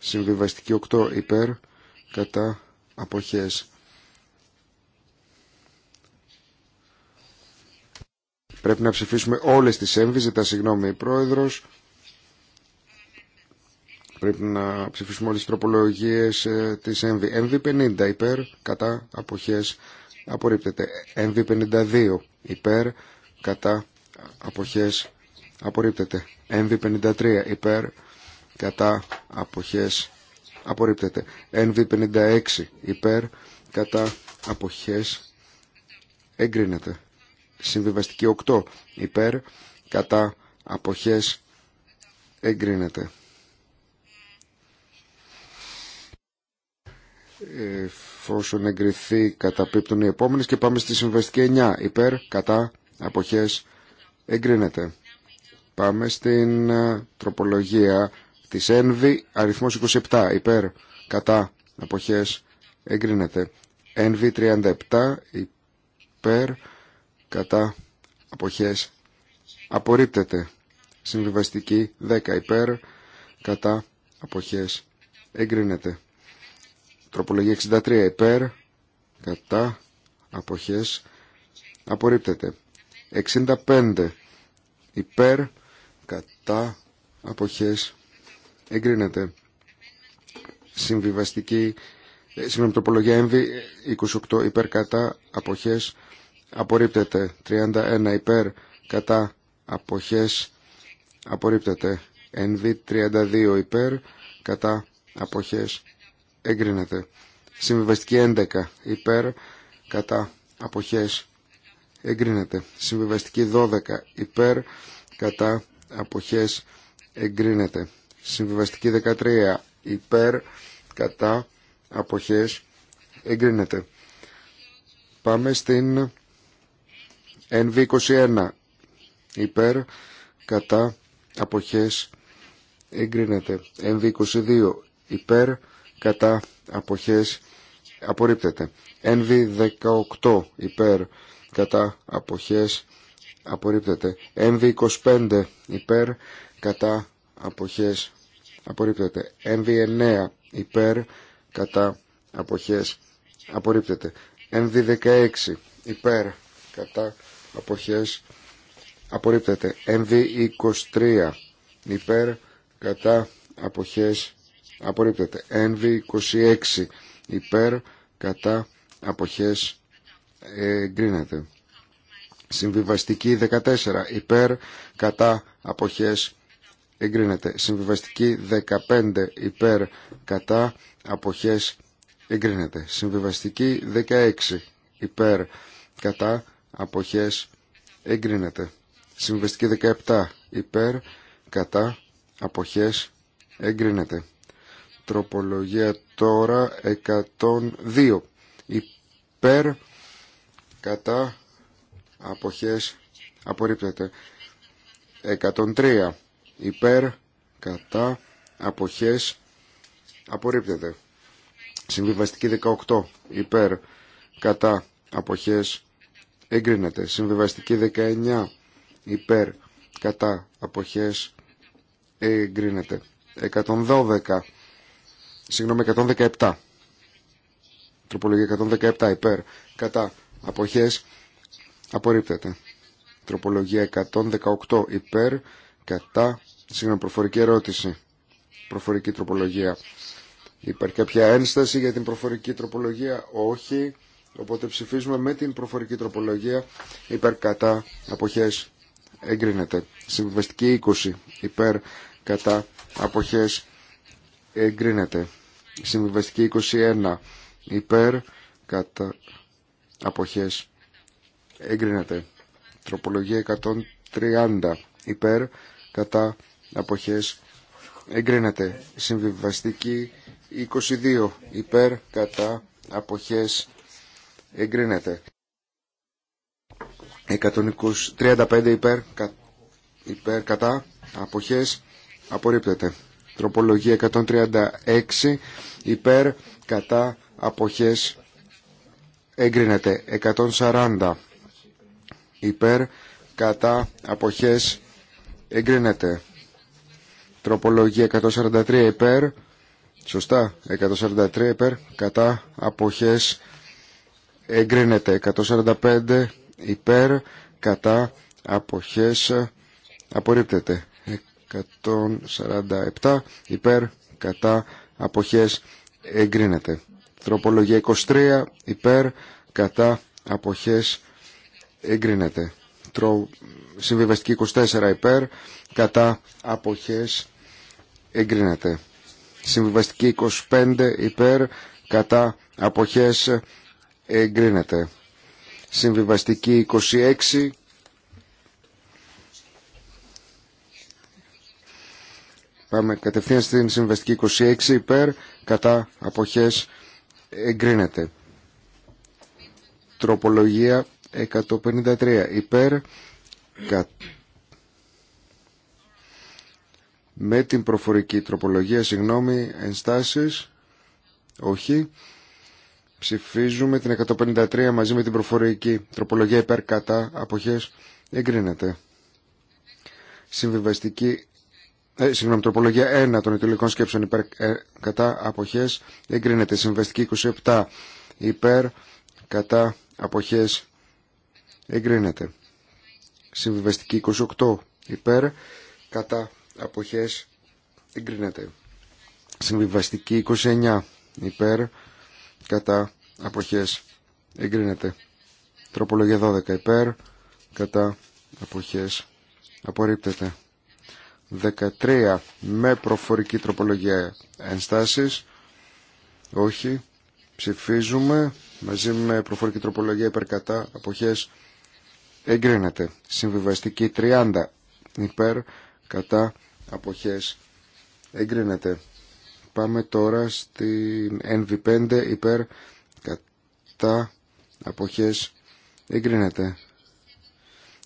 Συμβιβαστική 8 υπέρ κατά αποχές. Πρέπει να ψηφίσουμε όλες τις έμβεις, ζητά συγγνώμη η Πρόεδρος. Πρέπει να ψηφίσουμε όλες τις τροπολογίες ε, της έμβη. Έμβη 50 υπέρ, κατά, αποχές, απορρίπτεται. Έμβη 52 υπέρ, κατά, αποχές, απορρίπτεται. Έμβη 53 υπέρ, κατά αποχές απορρίπτεται. NV56 υπέρ κατά αποχές εγκρίνεται. Συμβιβαστική 8 υπέρ κατά αποχές εγκρίνεται. Εφόσον εγκριθεί καταπίπτουν οι επόμενες και πάμε στη συμβαστική 9 υπέρ κατά αποχές εγκρίνεται. Πάμε στην ε, τροπολογία Τη ΕΝΒΗ αριθμός 27 υπέρ κατά αποχές εγκρίνεται ΕΝΒΗ 37 υπέρ κατά αποχές απορρίπτεται συμβιβαστική 10 υπέρ κατά αποχές εγκρίνεται τροπολογία 63 υπέρ κατά αποχές απορρίπτεται 65 υπέρ κατά αποχές εγκρίνεται. Συμβιβαστική, ε, συγγνώμη, τροπολογία 28 ε, υπέρ κατά αποχές απορρίπτεται. 31 υπέρ κατά αποχές απορρίπτεται. ενβι 32 υπέρ κατά αποχές εγκρίνεται. Συμβιβαστική 11 υπέρ κατά αποχές εγκρίνεται. Συμβιβαστική 12 υπέρ κατά αποχές εγκρίνεται. Συμβιβαστική 13 υπέρ κατά αποχές εγκρίνεται. Πάμε στην NV21 υπέρ κατά αποχές εγκρίνεται. NV22 υπέρ κατά αποχές απορρίπτεται. NV18 υπέρ κατά αποχές απορρίπτεται. NV25 υπέρ κατά αποχές απορρίπτεται. MV9 υπέρ κατά αποχές απορρίπτεται. MV16 υπέρ κατά αποχές απορρίπτεται. MV23 υπέρ κατά αποχές απορρίπτεται. MV26 υπέρ κατά αποχές εγκρίνεται. Συμβιβαστική 14 υπέρ κατά αποχές εγκρίνεται. Συμβιβαστική 15 υπέρ κατά αποχές εγκρίνεται. Συμβιβαστική 16 υπέρ κατά αποχές εγκρίνεται. Συμβιβαστική 17 υπέρ κατά αποχές εγκρίνεται. Τροπολογία τώρα 102 υπέρ κατά αποχές απορρίπτεται. 103 υπέρ, κατά, αποχές, απορρίπτεται. Συμβιβαστική 18, υπέρ, κατά, αποχές, εγκρίνεται. Συμβιβαστική 19, υπέρ, κατά, αποχές, εγκρίνεται. 112, συγγνώμη, 117. Τροπολογία 117 υπέρ, κατά, αποχές, απορρίπτεται. Τροπολογία 118 υπέρ, κατά, Συγγνώμη, προφορική ερώτηση. Προφορική τροπολογία. Υπάρχει κάποια ένσταση για την προφορική τροπολογία. Όχι. Οπότε ψηφίζουμε με την προφορική τροπολογία υπέρ κατά αποχές εγκρίνεται. Συμβιβαστική 20 υπέρ κατά αποχές εγκρίνεται. Συμβιβαστική 21 υπέρ κατά αποχές εγκρίνεται. Τροπολογία 130 υπέρ κατά αποχές εγκρίνεται συμβιβαστική 22 υπέρ κατά αποχές εγκρίνεται 135 υπέρ, κα, υπέρ κατά αποχές απορρίπτεται τροπολογία 136 υπέρ κατά αποχές εγκρίνεται 140 υπέρ κατά αποχές εγκρίνεται Τροπολογία 143 υπέρ. Σωστά. 143 υπέρ. Κατά αποχές εγκρίνεται. 145 υπέρ. Κατά αποχές απορρίπτεται. 147 υπέρ. Κατά αποχές εγκρίνεται. Τροπολογία 23 υπέρ. Κατά αποχές εγκρίνεται. Συμβιβαστική 24 υπέρ κατά αποχές εγκρίνεται. Συμβιβαστική 25 υπέρ κατά αποχές εγκρίνεται. Συμβιβαστική 26 Πάμε κατευθείαν στην συμβαστική 26 υπέρ, κατά αποχές εγκρίνεται. Τροπολογία 153 υπέρ, κατά με την προφορική τροπολογία, συγγνώμη, ενστάσεις, όχι. Ψηφίζουμε την 153 μαζί με την προφορική τροπολογία υπέρ κατά αποχές, εγκρίνεται. Συμβιβαστική, ε, συγγνώμη, τροπολογία 1 των ιδιωτικών σκέψεων ε, υπέρ κατά αποχές, εγκρίνεται. Συμβιβαστική 27 υπέρ κατά αποχές, εγκρίνεται. Συμβιβαστική 28 υπέρ κατά αποχές εγκρίνεται. Συμβιβαστική 29 υπέρ κατά αποχές εγκρίνεται. Τροπολογία 12 υπέρ κατά αποχές απορρίπτεται. 13 με προφορική τροπολογία ενστάσεις. Όχι. Ψηφίζουμε μαζί με προφορική τροπολογία υπέρ κατά αποχές εγκρίνεται. Συμβιβαστική 30 υπέρ κατά αποχές εγκρίνεται. Πάμε τώρα στην NV5 υπέρ κατά αποχές εγκρίνεται.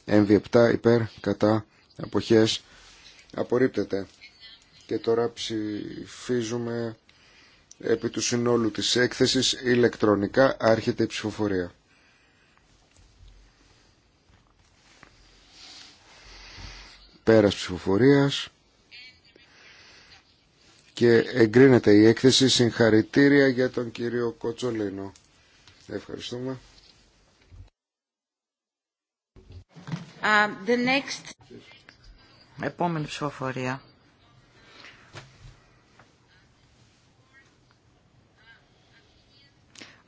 NV7 υπέρ κατά αποχές απορρίπτεται. Και τώρα ψηφίζουμε επί του συνόλου της έκθεσης ηλεκτρονικά άρχεται η ψηφοφορία. Πέρας ψηφοφορίας και εγκρίνεται η έκθεση. Συγχαρητήρια για τον κύριο Κοτσολίνο. Ευχαριστούμε. Uh, the next... Επόμενη ψηφοφορία.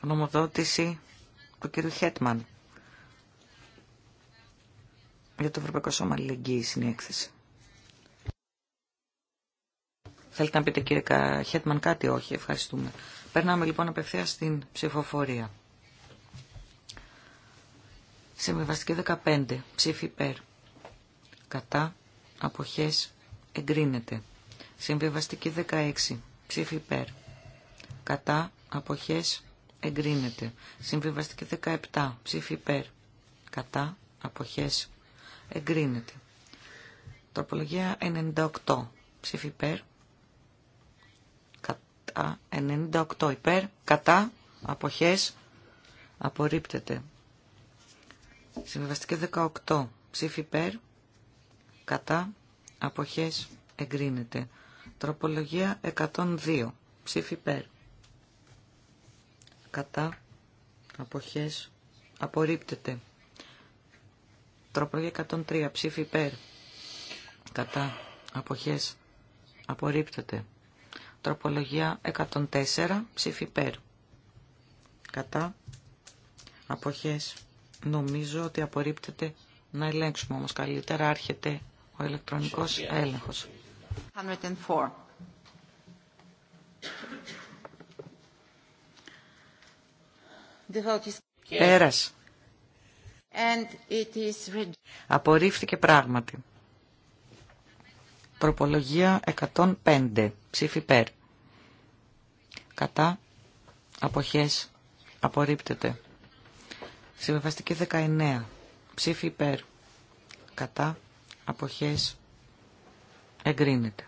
Ονομοδότηση του κύριου Χέτμαν για το Ευρωπαϊκό Σώμα Αλληλεγγύης είναι η έκθεση. Θέλετε να πείτε κύριε Χέτμαν κάτι, όχι, ευχαριστούμε. Περνάμε λοιπόν απευθεία στην ψηφοφορία. Συμβιβαστική 15. Ψήφι υπέρ. Κατά. Αποχές. Εγκρίνεται. Συμβιβαστική 16. Ψήφι υπέρ. Κατά. Αποχές. Εγκρίνεται. Συμβιβαστική 17. Ψήφι υπέρ. Κατά. Αποχές. Εγκρίνεται. Τροπολογία 98. Ψήφι υπέρ. ΑΕΑ 98 υπέρ, κατά, αποχές, απορρίπτεται. Συμβαστική 18 ψήφι υπέρ, κατά, αποχές, εγκρίνεται. Τροπολογία 102 ψήφι υπέρ, κατά, αποχές, απορρίπτεται. Τροπολογία 103 ψήφι υπέρ, κατά, αποχές, απορρίπτεται. Τροπολογία 104. Ψήφι ΠΕΡ. Κατά. Αποχές. Νομίζω ότι απορρίπτεται να ελέγξουμε όμως καλύτερα. Άρχεται ο ηλεκτρονικός έλεγχος. 104. Πέρας. And it is... Απορρίφθηκε πράγματι. Τροπολογία 105. Ψήφι περ κατά αποχές απορρίπτεται. Συμβεβαστική 19. Ψήφι υπέρ. Κατά. Αποχές. Εγκρίνεται.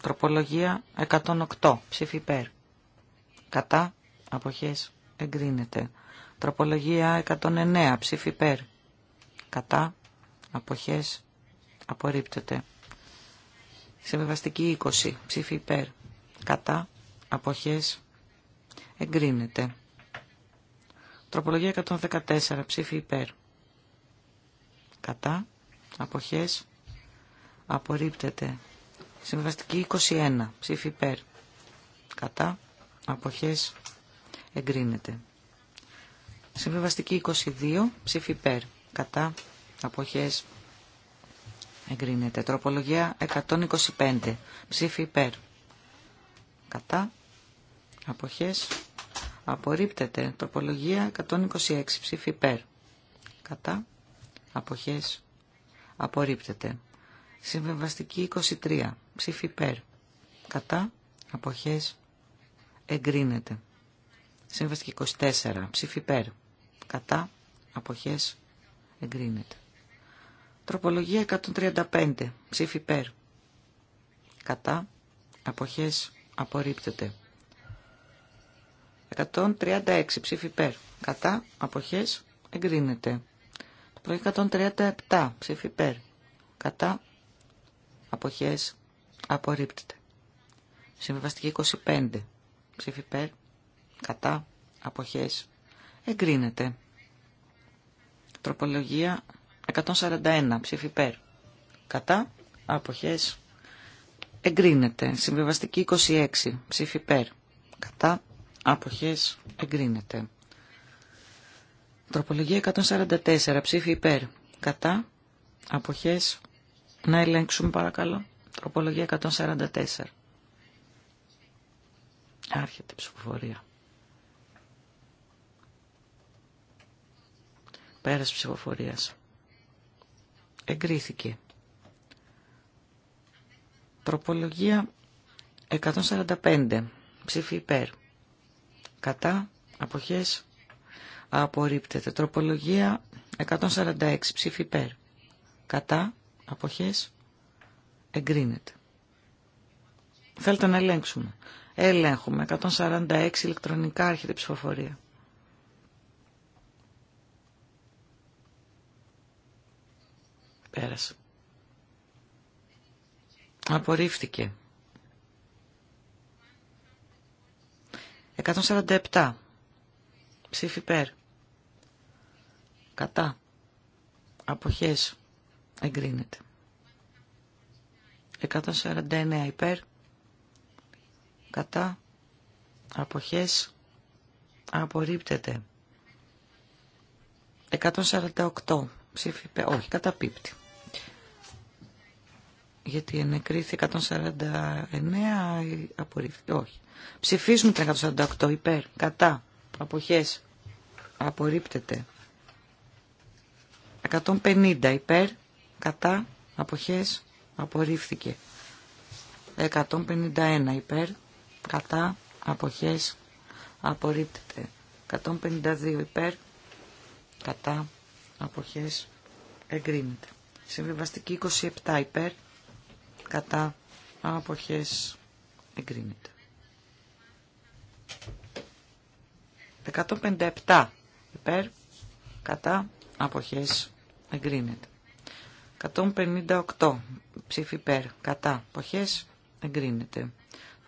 Τροπολογία 108. Ψήφι υπέρ. Κατά. Αποχές. Εγκρίνεται. Τροπολογία 109. Ψήφι υπέρ. Κατά. Αποχές. Απορρίπτεται. Συμβεβαστική 20. Ψήφι υπέρ. Κατά. Αποχές εγκρίνεται. Τροπολογία 114, ψήφι υπέρ. Κατά, αποχές, απορρίπτεται. Συμβαστική 21, ψήφι υπέρ. Κατά, αποχές, εγκρίνεται. Συμβιβαστική 22, ψήφι υπέρ. Κατά, αποχές, εγκρίνεται. Τροπολογία 125, ψήφι υπέρ. Κατά, αποχές, Απορρίπτεται. Τροπολογία 126. Ψήφι υπέρ. Κατά. Αποχές. Απορρίπτεται. Συμβεβαστική 23. Ψήφι υπέρ. Κατά. Αποχές. Εγκρίνεται. Συμβεβαστική 24. Ψήφι υπέρ. Κατά. Αποχές. Εγκρίνεται. Τροπολογία 135. Ψήφι υπέρ. Κατά. Αποχές. Απορρίπτεται. 136 ψήφι υπέρ. Κατά αποχές εγκρίνεται. Το 137 ψήφι υπέρ. Κατά αποχές απορρίπτεται. Συμβιβαστική 25 ψήφι υπέρ. Κατά αποχές εγκρίνεται. Τροπολογία 141 ψήφι υπέρ. Κατά αποχές εγκρίνεται. Συμβιβαστική 26 ψήφι υπέρ. Κατά Αποχές εγκρίνεται. Τροπολογία 144. Ψήφι υπέρ. Κατά. Αποχές. Να ελέγξουμε παρακαλώ. Τροπολογία 144. Άρχεται η ψηφοφορία. Πέρας ψηφοφορίας. Εγκρίθηκε. Τροπολογία 145. Ψήφι υπέρ κατά, αποχές, απορρίπτεται. Τροπολογία 146, ψήφι υπέρ, κατά, αποχές, εγκρίνεται. Θέλετε να ελέγξουμε. Ελέγχουμε. 146 ηλεκτρονικά άρχεται ψηφοφορία. Πέρασε. Απορρίφθηκε. 147. Ψήφι υπέρ. Κατά. Αποχές. Εγκρίνεται. 149 υπέρ. Κατά. Αποχές. Απορρίπτεται. 148. Ψήφι υπέρ. Όχι, καταπίπτει γιατί ενεκρίθη 149 απορρίφθηκε. Όχι. Ψηφίζουμε την 148 υπέρ, κατά, αποχές, απορρίπτεται. 150 υπέρ, κατά, αποχές, απορρίφθηκε. 151 υπέρ, κατά, αποχές, απορρίπτεται. 152 υπέρ, κατά, αποχές, εγκρίνεται. Συμβιβαστική 27 υπέρ, κατά αποχές εγκρίνεται. 157 υπέρ κατά αποχές εγκρίνεται. 158 ψήφι υπέρ κατά αποχές εγκρίνεται.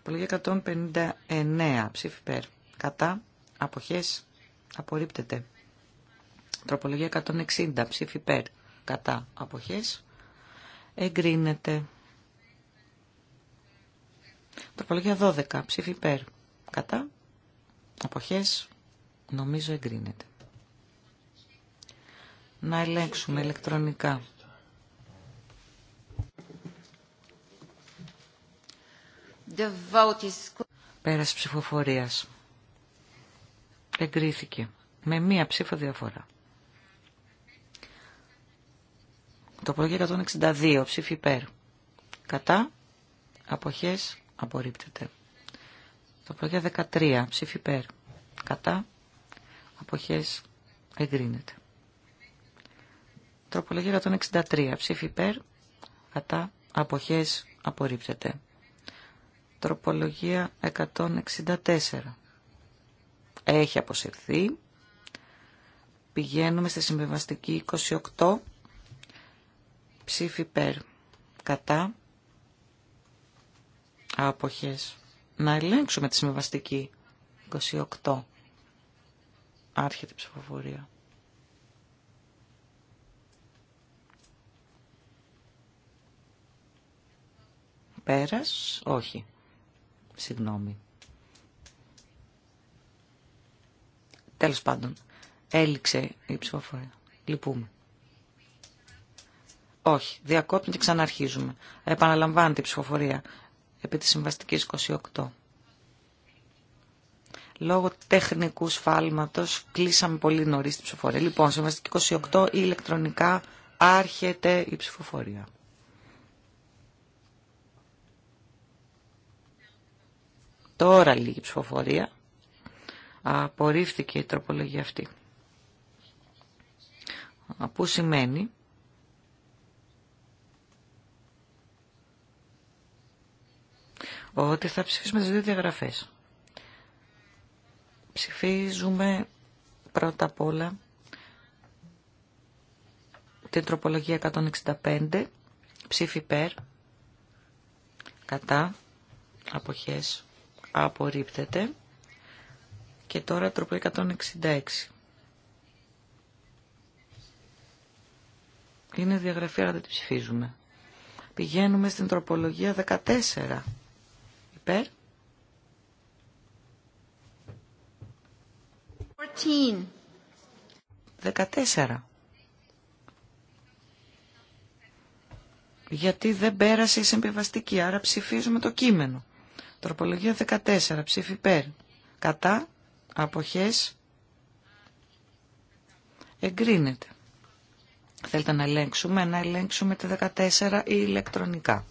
Τροπολογία 159 ψήφι υπέρ κατά αποχές απορρίπτεται. Τροπολογία 160 ψήφι υπέρ κατά αποχές εγκρίνεται. Τροπολογία 12. Ψήφι περ. Κατά. Αποχές. Νομίζω εγκρίνεται. Να ελέγξουμε ηλεκτρονικά. The Πέρας ψηφοφορίας. Εγκρίθηκε. Με μία ψήφο διαφορά. Το 162. Ψήφι υπέρ. Κατά. Αποχές απορρίπτεται. Τροπολογία 13, ψήφι περ. Κατά, αποχές, εγκρίνεται. Τροπολογία 163, ψήφι περ. Κατά, αποχές, απορρίπτεται. Τροπολογία 164. Έχει αποσυρθεί. Πηγαίνουμε στη συμβιβαστική 28. Ψήφι περ. Κατά, άποχες. Να ελέγξουμε τη συμβαστική 28. Άρχεται η ψηφοφορία. Πέρας, όχι. Συγγνώμη. Τέλος πάντων, έληξε η ψηφοφορία. Λυπούμε. Όχι, διακόπτουμε και ξαναρχίζουμε. Επαναλαμβάνεται η ψηφοφορία επί της συμβαστικής 28. Λόγω τεχνικού σφάλματος κλείσαμε πολύ νωρίς τη ψηφοφορία. Λοιπόν, συμβαστική 28 ηλεκτρονικά άρχεται η ψηφοφορία. Τώρα λίγη ψηφοφορία. Απορρίφθηκε η τροπολογία αυτή. Που σημαίνει ότι θα ψηφίσουμε τις δύο διαγραφές. Ψηφίζουμε πρώτα απ' όλα την τροπολογία 165, ψήφι υπέρ, κατά, αποχές, απορρίπτεται και τώρα τροπολογία 166. Είναι διαγραφή, αλλά δεν τη ψηφίζουμε. Πηγαίνουμε στην τροπολογία 14. 14. Γιατί δεν πέρασε η συμπιβαστική. άρα ψηφίζουμε το κείμενο. Τροπολογία 14, ψήφι περ Κατά, αποχές, εγκρίνεται. Θέλετε να ελέγξουμε, να ελέγξουμε τη 14 ή ηλεκτρονικά.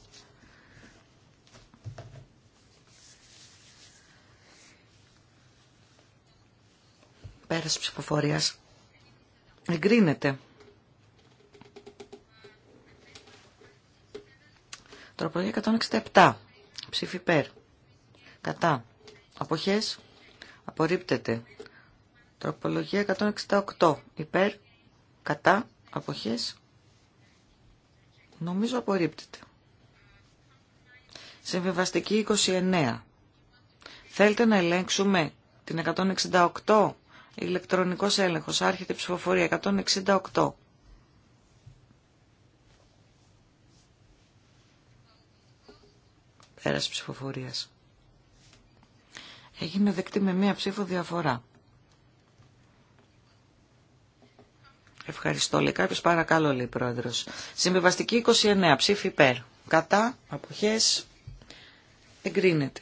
Πέρας ψηφοφορίας. Εγκρίνεται. Τροπολογία 167. Ψήφι πέρ. Κατά. Αποχές. Απορρίπτεται. Τροπολογία 168. Υπέρ. Κατά. Αποχές. Νομίζω απορρίπτεται. Συμβιβαστική 29. Θέλετε να ελέγξουμε την 168. Ηλεκτρονικός έλεγχος. Άρχεται η ψηφοφορία. 168. Πέρας ψηφοφορίας. Έγινε δεκτή με μία ψήφο διαφορά. Ευχαριστώ. Λέει κάποιος παρακαλώ λέει πρόεδρος. Συμβιβαστική 29. Ψήφι υπέρ. Κατά. Αποχές. Εγκρίνεται.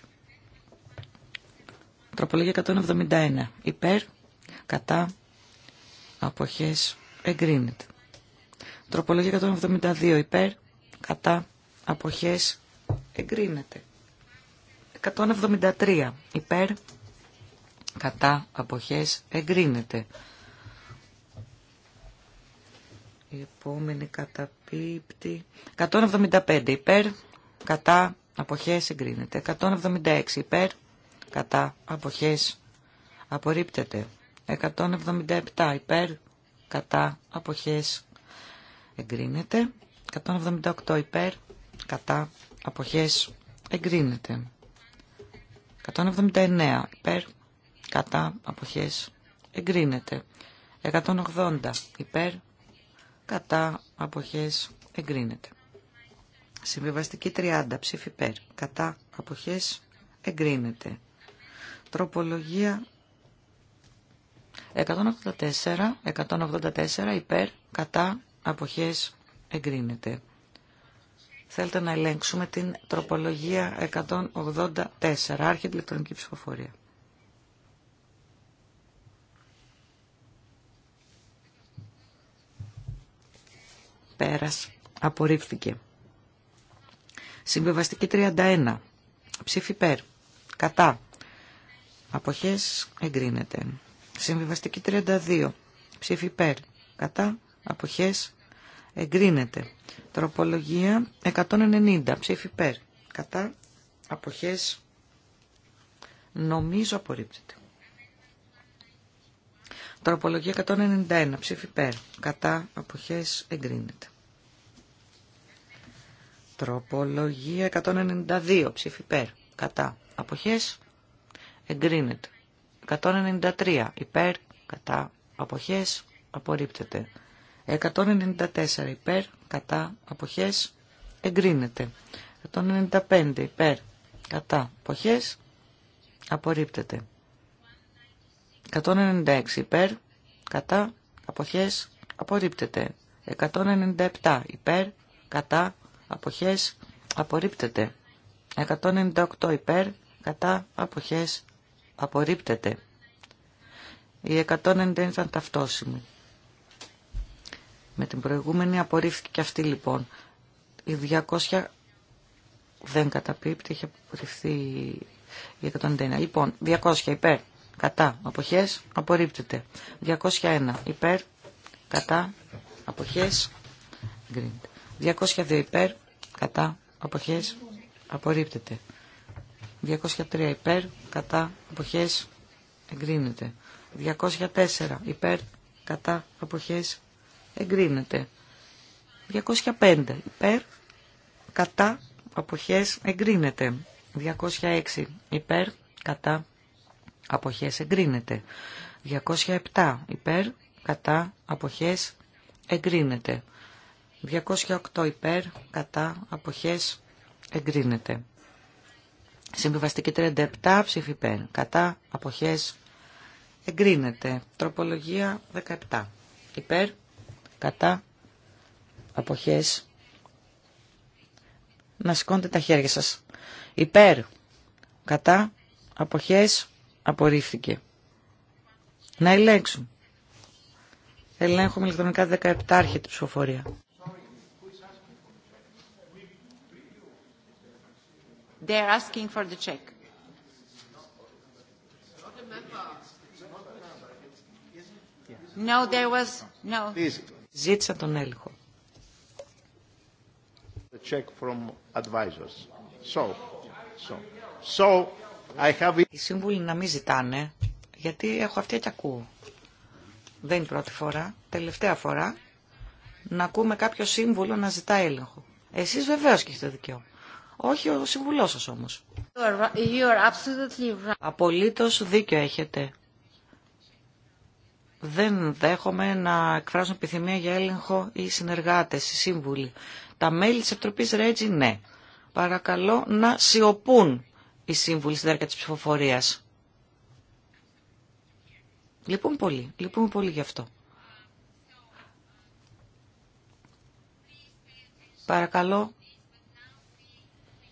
Τροπολογία 171. Υπέρ κατά αποχές εγκρίνεται. Τροπολογία 172 υπέρ, κατά αποχές εγκρίνεται. 173 υπέρ, κατά αποχές εγκρίνεται. Η επόμενη καταπίπτη. 175 υπέρ, κατά αποχές εγκρίνεται. 176 υπέρ, κατά αποχές απορρίπτεται. 177 υπέρ, κατά, αποχές, εγκρίνεται. 178 υπέρ, κατά, αποχές, εγκρίνεται. 179 υπέρ, κατά, αποχές, εγκρίνεται. 180 υπέρ, κατά, αποχές, εγκρίνεται. Συμβιβαστική 30 ψήφι υπέρ, κατά, αποχές, εγκρίνεται. Τροπολογία 184, 184 υπέρ, κατά, αποχές, εγκρίνεται. Θέλετε να ελέγξουμε την τροπολογία 184, την ηλεκτρονική ψηφοφορία. Πέρας, απορρίφθηκε. Συμβιβαστική 31, ψήφι υπέρ, κατά, αποχές, εγκρίνεται. Συμβιβαστική 32. Ψήφι υπέρ. Κατά. Αποχές. Εγκρίνεται. Τροπολογία 190. Ψήφι υπέρ. Κατά. Αποχές. Νομίζω απορρίπτεται. Τροπολογία 191. Ψήφι υπέρ. Κατά. Αποχές. Εγκρίνεται. Τροπολογία 192. Ψήφι υπέρ. Κατά. Αποχές. Εγκρίνεται. 193 υπέρ, κατά, αποχές, απορρίπτεται. 194 υπέρ, κατά, αποχές, εγκρίνεται. 195 υπέρ, κατά, αποχές, απορρίπτεται. 196 υπέρ, κατά, αποχές, απορρίπτεται. 197 υπέρ, κατά, αποχές, απορρίπτεται. 198 υπέρ, κατά, αποχές, Απορρίπτεται. Οι 190 ήταν ταυτόσιμοι. Με την προηγούμενη απορρίφθηκε και αυτή λοιπόν. Η 200 δεν καταπίπτει, είχε απορριφθεί η 191. Λοιπόν, 200 υπέρ, κατά, αποχές, απορρίπτεται. 201 υπέρ, κατά, αποχές, γκριντ. 202 υπέρ, κατά, αποχές, απορρίπτεται. 203 υπέρ, κατά, αποχές, εγκρίνεται. 204 υπέρ, κατά, αποχές, εγκρίνεται. 205 υπέρ, κατά, αποχές, εγκρίνεται. 206 υπέρ, κατά, αποχές, εγκρίνεται. 207 υπέρ, κατά, αποχές, εγκρίνεται. 208 υπέρ, κατά, αποχές, εγκρίνεται. Συμβιβαστική 37 ψήφι υπέρ. Κατά αποχές εγκρίνεται. Τροπολογία 17. Υπέρ. Κατά αποχές. Να σηκώνετε τα χέρια σας. Υπέρ. Κατά αποχές απορρίφθηκε. Να ελέγξουν. Ελέγχουμε ηλεκτρονικά 17 τη ψηφοφορία. They Ζήτησα τον έλεγχο. The check Οι σύμβουλοι να μην ζητάνε, γιατί έχω αυτιά και ακούω. Δεν είναι πρώτη φορά, τελευταία φορά, να ακούμε κάποιο σύμβουλο να ζητά έλεγχο. Εσείς βεβαίως και έχετε δικαίωμα. Όχι ο συμβουλός σας όμως. Right. Απολύτως δίκιο έχετε. Δεν δέχομαι να εκφράζουν επιθυμία για έλεγχο οι συνεργάτες, οι σύμβουλοι. Τα μέλη της Επιτροπής Ρέτζι, ναι. Παρακαλώ να σιωπούν οι σύμβουλοι στη διάρκεια της ψηφοφορίας. Λυπούμε πολύ. Λυπούμε πολύ γι' αυτό. Παρακαλώ,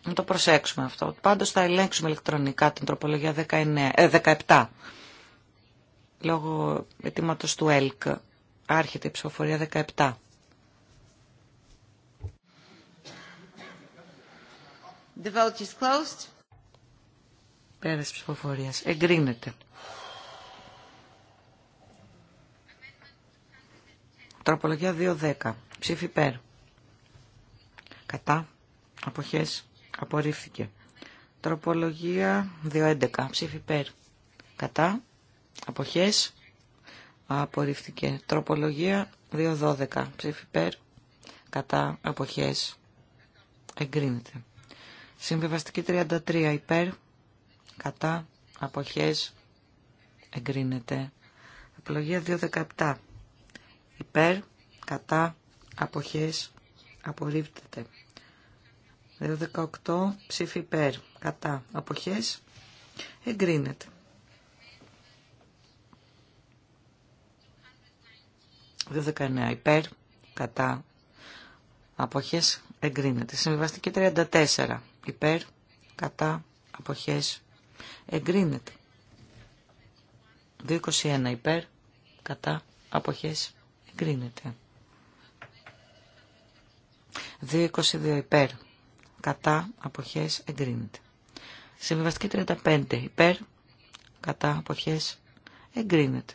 να το προσέξουμε αυτό. Πάντως θα ελέγξουμε ηλεκτρονικά την τροπολογία 19, ε, 17 λόγω αιτήματο του ΕΛΚ. Άρχεται η ψηφοφορία 17. The vote is closed. Πέρας ψηφοφορίας. Εγκρίνεται. Τροπολογία 2.10. Ψήφι υπέρ. Κατά. Αποχές. Απορρίφθηκε. Τροπολογία 2.11. Ψήφι Κατά. Αποχές. Απορρίφθηκε. Τροπολογία 2.12. Ψήφι υπέρ. Κατά. Αποχές. Εγκρίνεται. Συμβιβαστική 33. Υπέρ. Κατά. Αποχές. Εγκρίνεται. Απολογία 2.17. Υπέρ. Κατά. Αποχές. απορρίφθηκε. 18 ψήφι υπέρ. Κατά. Αποχές. Εγκρίνεται. 219 υπέρ. Κατά. Αποχές. Εγκρίνεται. Συμβιβαστική 34 υπέρ. Κατά. Αποχές. Εγκρίνεται. 21 υπέρ. Κατά. Αποχές. Εγκρίνεται. 22 υπέρ κατά αποχές εγκρίνεται. Συμβιβαστική 35 υπέρ κατά αποχές εγκρίνεται.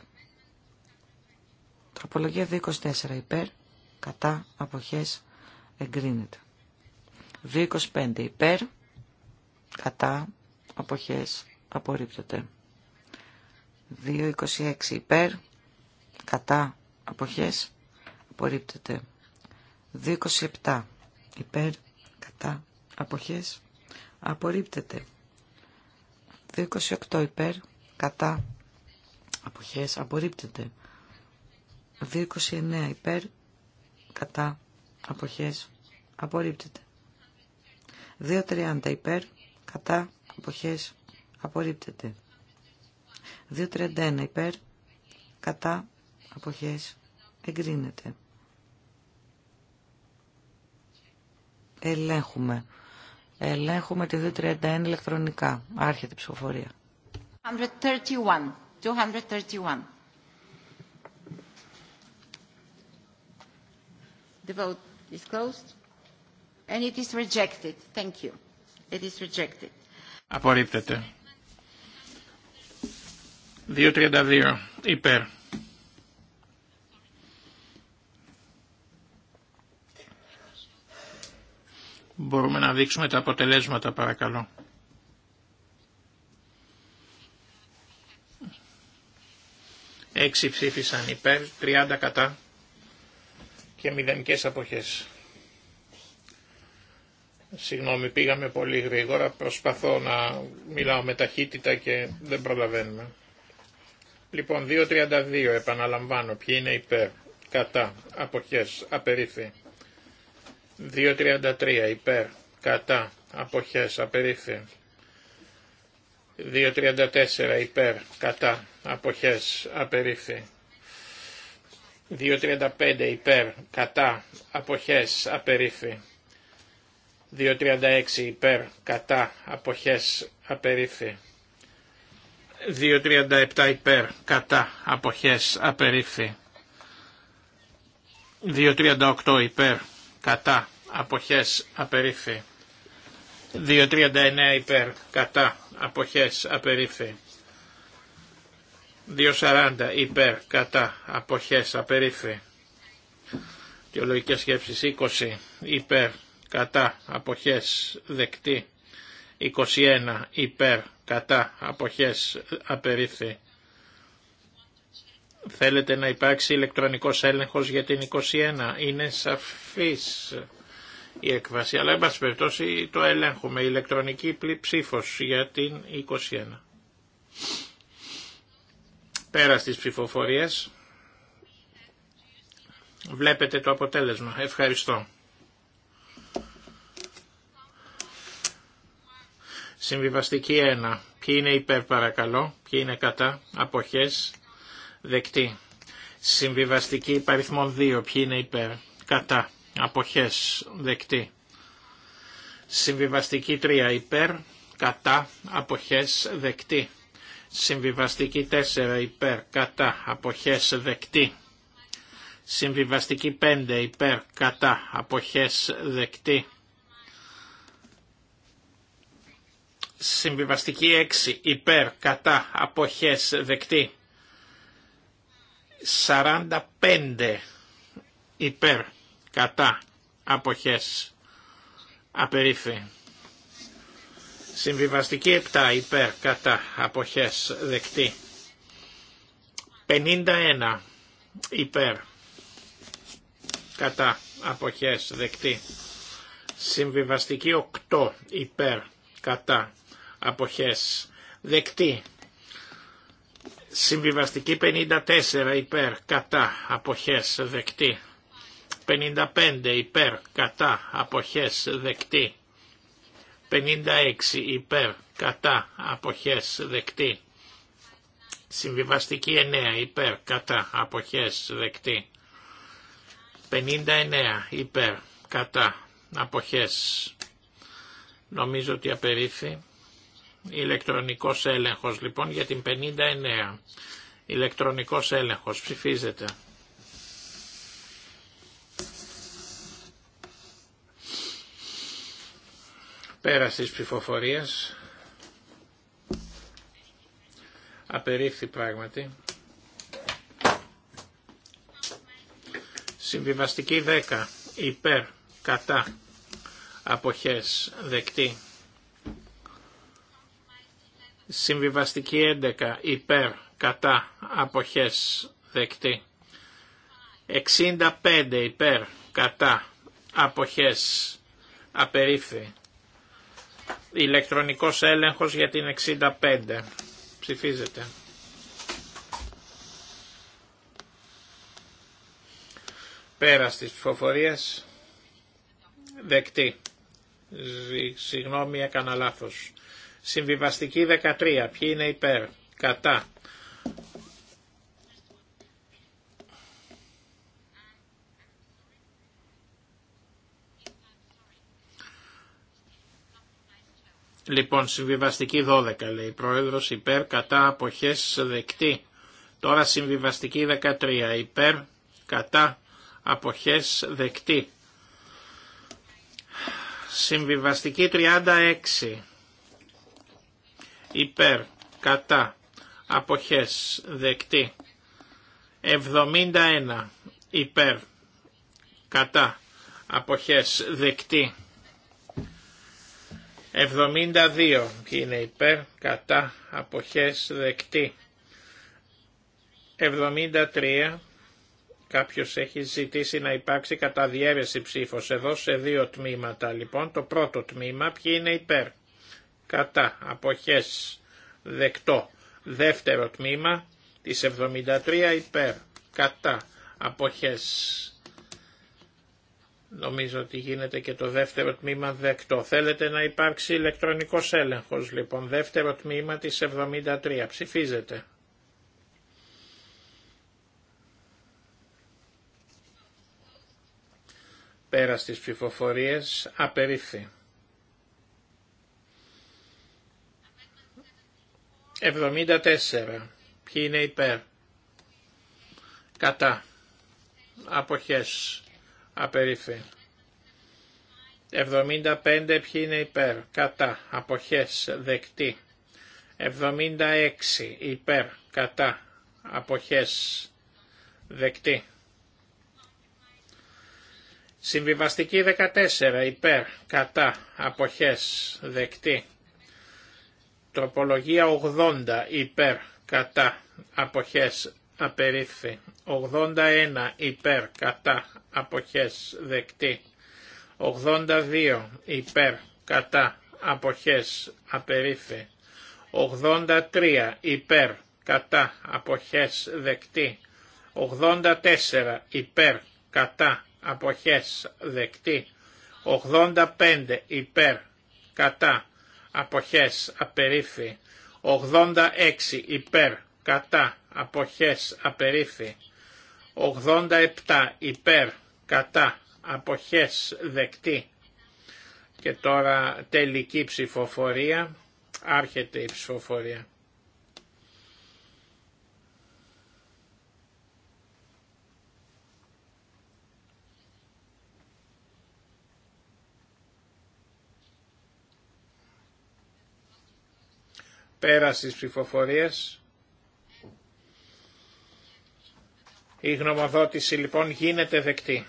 Τροπολογία 24 υπέρ κατά αποχές εγκρίνεται. 225 υπέρ κατά αποχές απορρίπτεται. 226 υπέρ κατά αποχές απορρίπτεται. 227 υπέρ κατά αποχές απορρίπτεται. 28 υπέρ κατά αποχές απορρίπτεται. 29 υπέρ κατά αποχές απορρίπτεται. 230 υπέρ κατά αποχές απορρίπτεται. 231 υπέρ κατά αποχές εγκρίνεται. Ελέγχουμε Ελέγχουμε τη 231 ηλεκτρονικά. Άρχεται η ψηφοφορία. 231. 231. The vote is closed and it is rejected. Thank you. It is rejected. Απορρίπτεται. 232 υπέρ Μπορούμε να δείξουμε τα αποτελέσματα παρακαλώ. Έξι ψήφισαν υπέρ, 30 κατά και μηδενικές αποχές. Συγγνώμη, πήγαμε πολύ γρήγορα. Προσπαθώ να μιλάω με ταχύτητα και δεν προλαβαίνουμε. Λοιπόν, 2.32 επαναλαμβάνω. Ποιοι είναι υπέρ, κατά, αποχές, απερίφη. 2.33 υπέρ, κατά, αποχές, απερίφθη. 2.34 υπέρ, κατά, αποχές, απερίφθη. 2.35 υπέρ, κατά, αποχές, απερίφθη. 2.36 υπέρ, κατά, αποχές, απερίφθη. 2.37 υπέρ, κατά, αποχές, απερίφθη. 2.38 υπέρ, κατά αποχές απερίφη. 2.39 υπέρ κατά αποχές απερίφη. 2.40 υπέρ κατά αποχές απερίφη. Θεολογικές σκέψεις 20 υπέρ κατά αποχές δεκτή. 21 υπέρ κατά αποχές απερίφη. Θέλετε να υπάρξει ηλεκτρονικός έλεγχος για την 21. Είναι σαφής η έκβαση, αλλά εν πάση περιπτώσει το ελέγχουμε. Ηλεκτρονική ψήφος για την 21. Πέρα στις ψηφοφορίες βλέπετε το αποτέλεσμα. Ευχαριστώ. Συμβιβαστική 1. Ποιοι είναι υπέρ παρακαλώ, ποιοι είναι κατά, αποχές, Δεκτή. Συμβιβαστική υπαριθμών 2. Ποιοι είναι υπέρ. Κατά. Αποχές. Δεκτή. Συμβιβαστική 3. Υπέρ. Κατά. Αποχές. Δεκτή. Συμβιβαστική 4. Υπέρ. Κατά. Αποχές. Δεκτή. Συμβιβαστική 5. Υπέρ. Κατά. Αποχές. Δεκτή. Συμβιβαστική 6. Υπέρ. Κατά. Αποχές. Δεκτή 45 υπέρ κατά αποχές απερίφη. Συμβιβαστική 7 υπέρ κατά αποχές δεκτή. 51 υπέρ κατά αποχές δεκτή. Συμβιβαστική 8 υπέρ κατά αποχές δεκτή. Συμβιβαστική 54 υπέρ κατά αποχές δεκτή. 55 υπέρ κατά αποχές δεκτή. 56 υπέρ κατά αποχές δεκτή. Συμβιβαστική 9 υπέρ κατά αποχές δεκτή. 59 υπέρ κατά αποχές. Νομίζω ότι απερίφθη. Ηλεκτρονικός έλεγχος λοιπόν για την 59. Ηλεκτρονικός έλεγχος. Ψηφίζεται. Πέρα της ψηφοφορίας. Απερίφθη πράγματι. Συμβιβαστική 10. Υπέρ. Κατά. Αποχές. Δεκτή. Συμβιβαστική 11 υπέρ κατά αποχές δεκτή. 65 υπέρ κατά αποχές απερίφθη. Ηλεκτρονικός έλεγχος για την 65. Ψηφίζεται. Πέρα στις ψηφοφορίες. Δεκτή. Συγγνώμη έκανα λάθος. Συμβιβαστική 13. Ποιοι είναι υπέρ. Κατά. Λοιπόν, συμβιβαστική 12 λέει. Πρόεδρος υπέρ κατά αποχές δεκτή. Τώρα συμβιβαστική 13 υπέρ κατά αποχές δεκτή. Συμβιβαστική 36 υπέρ, κατά, αποχές, δεκτή. 71 υπέρ, κατά, αποχές, δεκτή. 72 είναι υπέρ, κατά, αποχές, δεκτή. 73 Κάποιος έχει ζητήσει να υπάρξει κατά διέρεση ψήφος εδώ σε δύο τμήματα. Λοιπόν, το πρώτο τμήμα ποιοι είναι υπέρ κατά αποχές δεκτό δεύτερο τμήμα της 73 υπέρ κατά αποχές νομίζω ότι γίνεται και το δεύτερο τμήμα δεκτό θέλετε να υπάρξει ηλεκτρονικός έλεγχος λοιπόν δεύτερο τμήμα της 73 ψηφίζετε. πέρα στις ψηφοφορίες απερίφθη 74. Ποιοι είναι υπέρ. Κατά. Αποχές. Απερίφη. 75. Ποιοι είναι υπέρ. Κατά. Αποχές. Δεκτή. 76. Υπέρ. Κατά. Αποχές. Δεκτή. Συμβιβαστική 14. Υπέρ. Κατά. Αποχές. Δεκτή. Τροπολογία 80 υπέρ κατά αποχές απερίφθη. 81 υπέρ κατά αποχές δεκτή. 82 υπέρ κατά αποχές απερίφθη. 83 υπέρ κατά αποχές δεκτή. 84 υπέρ κατά αποχές δεκτή. 85 υπέρ κατά αποχές απερίφη 86 υπέρ κατά αποχές απερίφη 87 υπέρ κατά αποχές δεκτή και τώρα τελική ψηφοφορία άρχεται η ψηφοφορία Πέρα στις ψηφοφορίες, Η γνωμοδότηση λοιπόν γίνεται δεκτή.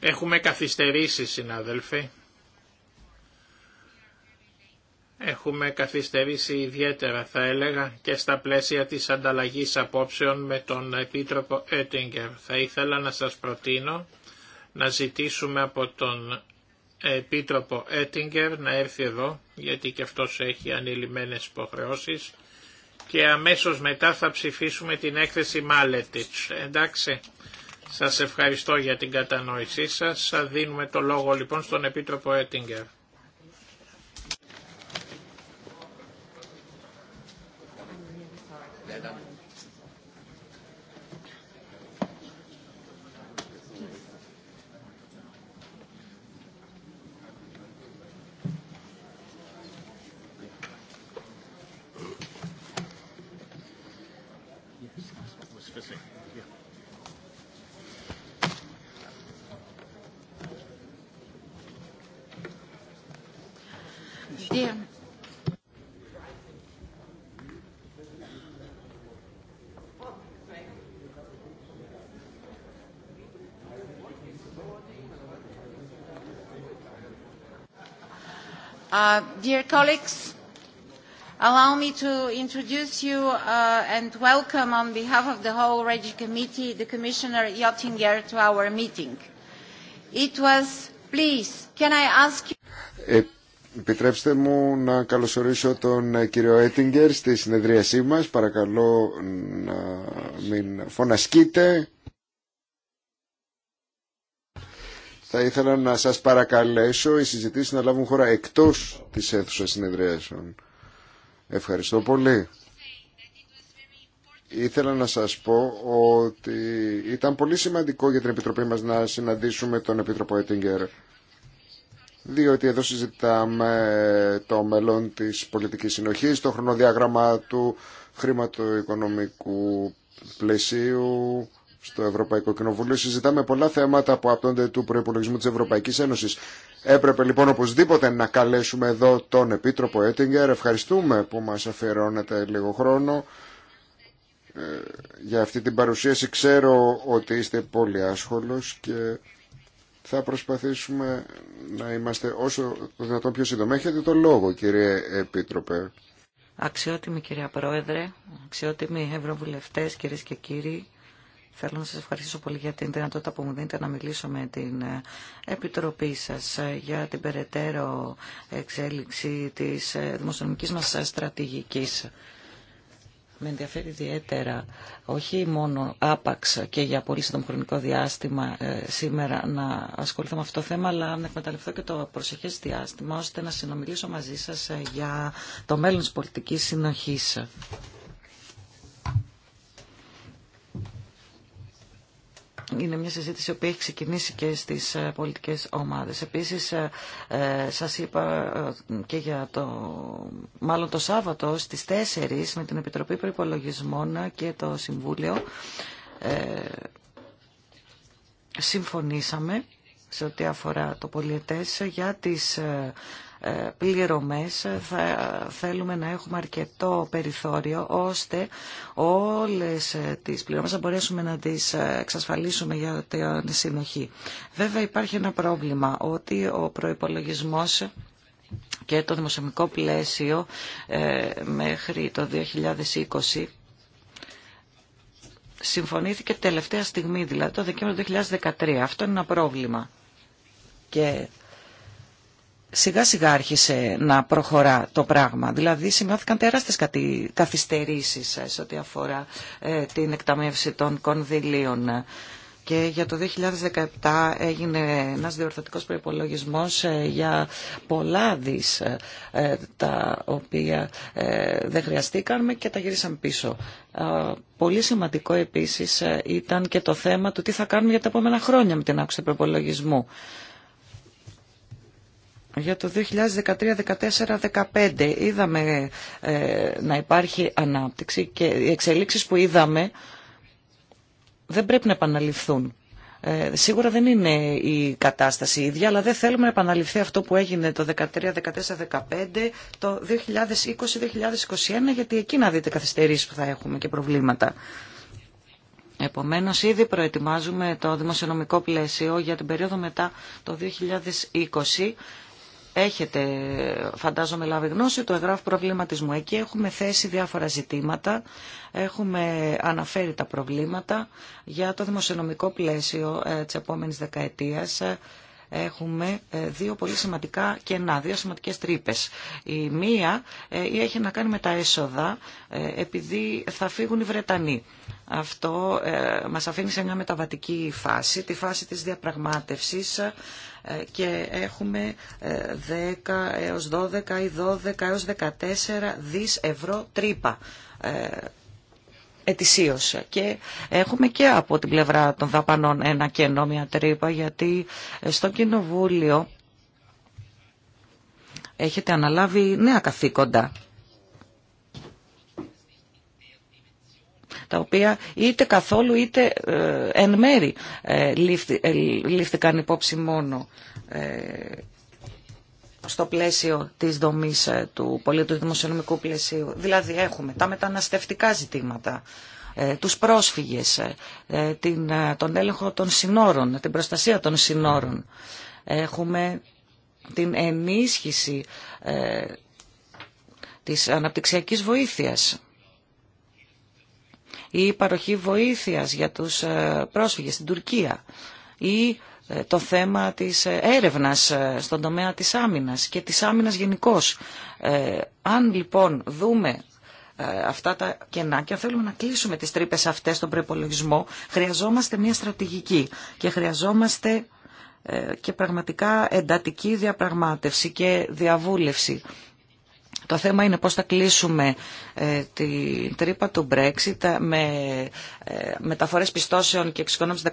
Έχουμε καθυστερήσει συνάδελφοι. έχουμε καθυστερήσει ιδιαίτερα θα έλεγα και στα πλαίσια της ανταλλαγής απόψεων με τον Επίτροπο Έτιγκερ. Θα ήθελα να σας προτείνω να ζητήσουμε από τον Επίτροπο Έτιγκερ να έρθει εδώ γιατί και αυτός έχει ανηλυμένες υποχρεώσεις και αμέσως μετά θα ψηφίσουμε την έκθεση Μάλετιτς. Εντάξει, σας ευχαριστώ για την κατανόησή σας. Θα δίνουμε το λόγο λοιπόν στον Επίτροπο Έτιγκερ. Dear colleagues, allow me to introduce you uh, and welcome on behalf of the whole Regi Committee the Commissioner Jottinger to our meeting. It was, please, can I ask you... Επιτρέψτε μου να καλωσορίσω τον κύριο Έτιγκερ στη συνεδρίασή μας. Παρακαλώ να μην φωνασκείτε θα ήθελα να σας παρακαλέσω οι συζητήσεις να λάβουν χώρα εκτός της αίθουσα συνεδριάσεων. Ευχαριστώ πολύ. Ήθελα να σας πω ότι ήταν πολύ σημαντικό για την Επιτροπή μας να συναντήσουμε τον Επίτροπο Έτιγκερ διότι εδώ συζητάμε το μέλλον της πολιτικής συνοχής, το χρονοδιάγραμμα του χρηματοοικονομικού πλαισίου, στο Ευρωπαϊκό Κοινοβούλιο συζητάμε πολλά θέματα που απτώνται του προπολογισμού τη Ευρωπαϊκή Ένωση. Έπρεπε λοιπόν οπωσδήποτε να καλέσουμε εδώ τον Επίτροπο Έτιγκερ. Ευχαριστούμε που μα αφιερώνετε λίγο χρόνο ε, για αυτή την παρουσίαση. Ξέρω ότι είστε πολύ άσχολο και θα προσπαθήσουμε να είμαστε όσο το δυνατόν πιο σύντομα. Έχετε το λόγο κύριε Επίτροπε. Αξιότιμη κυρία Πρόεδρε, αξιότιμοι Ευρωβουλευτές κυρίες και κύριοι, Θέλω να σας ευχαριστήσω πολύ για την δυνατότητα που μου δίνετε να μιλήσω με την ε, Επιτροπή σας ε, για την περαιτέρω εξέλιξη της ε, δημοσιονομικής μας στρατηγικής. Με ενδιαφέρει ιδιαίτερα όχι μόνο άπαξ και για πολύ σύντομο χρονικό διάστημα σήμερα να ασχοληθώ με αυτό το θέμα, αλλά να εκμεταλλευτώ και το προσεχές διάστημα ώστε να συνομιλήσω μαζί σας για το μέλλον της πολιτικής συνοχής. είναι μια συζήτηση που έχει ξεκινήσει και στις ε, πολιτικές ομάδες. Επίσης, ε, ε, σας είπα και για το... Μάλλον το Σάββατο στις 4 με την Επιτροπή Προϋπολογισμών και το Συμβούλιο συμφωνήσαμε σε ό,τι αφορά το πολιετές για τις ε, πληρωμές ε, θέλουμε να έχουμε αρκετό περιθώριο ώστε όλες ε, τις πληρωμές να μπορέσουμε να τις εξασφαλίσουμε για την συνοχή. Βέβαια υπάρχει ένα πρόβλημα ότι ο προϋπολογισμός και το δημοσιομικό πλαίσιο μέχρι το 2020 συμφωνήθηκε τελευταία στιγμή, δηλαδή το Δεκέμβριο του 2013. Αυτό είναι ένα πρόβλημα. Και σιγά σιγά άρχισε να προχωρά το πράγμα. Δηλαδή σημειώθηκαν τεράστιες καθυστερήσεις ε, σε ό,τι αφορά ε, την εκταμεύση των κονδυλίων. Και για το 2017 έγινε ένας διορθωτικός προϋπολογισμός ε, για πολλά δις τα οποία δεν χρειαστήκαμε και τα γυρίσαμε πίσω. Πολύ σημαντικό επίσης ήταν και το θέμα του τι θα κάνουμε για τα επόμενα χρόνια με την άκουση του προπολογισμού για το 2013-2014-2015 είδαμε ε, να υπάρχει ανάπτυξη και οι εξελίξεις που είδαμε δεν πρέπει να επαναληφθούν. Ε, σίγουρα δεν είναι η κατάσταση ίδια, αλλά δεν θέλουμε να επαναληφθεί αυτό που έγινε το 2013-2014-2015, το 2020-2021, γιατί εκεί να δείτε καθυστερήσεις που θα έχουμε και προβλήματα. Επομένως, ήδη προετοιμάζουμε το δημοσιονομικό πλαίσιο για την περίοδο μετά το 2020 Έχετε, φαντάζομαι, λάβει γνώση το εγγράφου προβληματισμού. Εκεί έχουμε θέσει διάφορα ζητήματα, έχουμε αναφέρει τα προβλήματα για το δημοσιονομικό πλαίσιο ε, της επόμενης δεκαετίας ε, έχουμε ε, δύο πολύ σημαντικά κενά, δύο σημαντικές τρύπες. Η μία έχει να κάνει με τα έσοδα, επειδή θα φύγουν οι Βρετανοί. Αυτό ε, μας αφήνει σε μια μεταβατική φάση, τη φάση της διαπραγμάτευσης ε, και έχουμε 10 ε, έως 12 ή 12 έως 14 δις ευρώ τρύπα ετησίως. Και έχουμε και από την πλευρά των δαπανών ένα κενό, μια τρύπα, γιατί στο Κοινοβούλιο έχετε αναλάβει νέα καθήκοντα τα οποία είτε καθόλου είτε ε, εν μέρη ε, ε, λήφθηκαν υπόψη μόνο στο πλαίσιο της δομής του πολιτικού δημοσιονομικού πλαισίου. Δηλαδή έχουμε τα μεταναστευτικά ζητήματα, τους πρόσφυγες, την, τον έλεγχο των συνόρων, την προστασία των συνόρων. Έχουμε την ενίσχυση της αναπτυξιακής βοήθειας η παροχή βοήθειας για τους ε, πρόσφυγες στην Τουρκία ή ε, το θέμα της ε, έρευνας στον τομέα της άμυνας και της άμυνας γενικώ. Αν λοιπόν δούμε αυτά τα κενά και αν θέλουμε να κλείσουμε τις τρύπες αυτές στον προπολογισμό, χρειαζόμαστε μια στρατηγική και χρειαζόμαστε και πραγματικά εντατική διαπραγμάτευση και διαβούλευση το θέμα είναι πώς θα κλείσουμε ε, την τρύπα του Brexit ε, με ε, μεταφορές πιστώσεων και εξοικονόμηση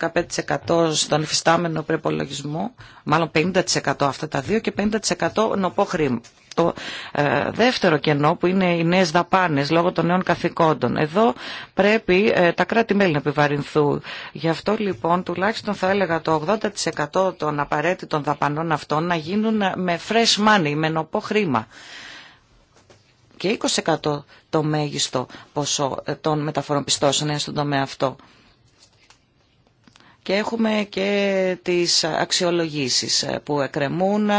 15% στον υφιστάμενο προπολογισμό, μάλλον 50% αυτά τα δύο και 50% νοπό χρήμα. Το δεύτερο κενό που είναι οι νέες δαπάνες λόγω των νέων καθηκόντων. Εδώ πρέπει τα κράτη-μέλη να επιβαρυνθούν. Γι' αυτό λοιπόν τουλάχιστον θα έλεγα το 80% των απαραίτητων δαπανών αυτών να γίνουν με fresh money, με νοπό χρήμα και 20% το μέγιστο ποσό ε, των μεταφορών πιστώσεων στον τομέα αυτό. Και έχουμε και τις αξιολογήσεις ε, που εκκρεμούν.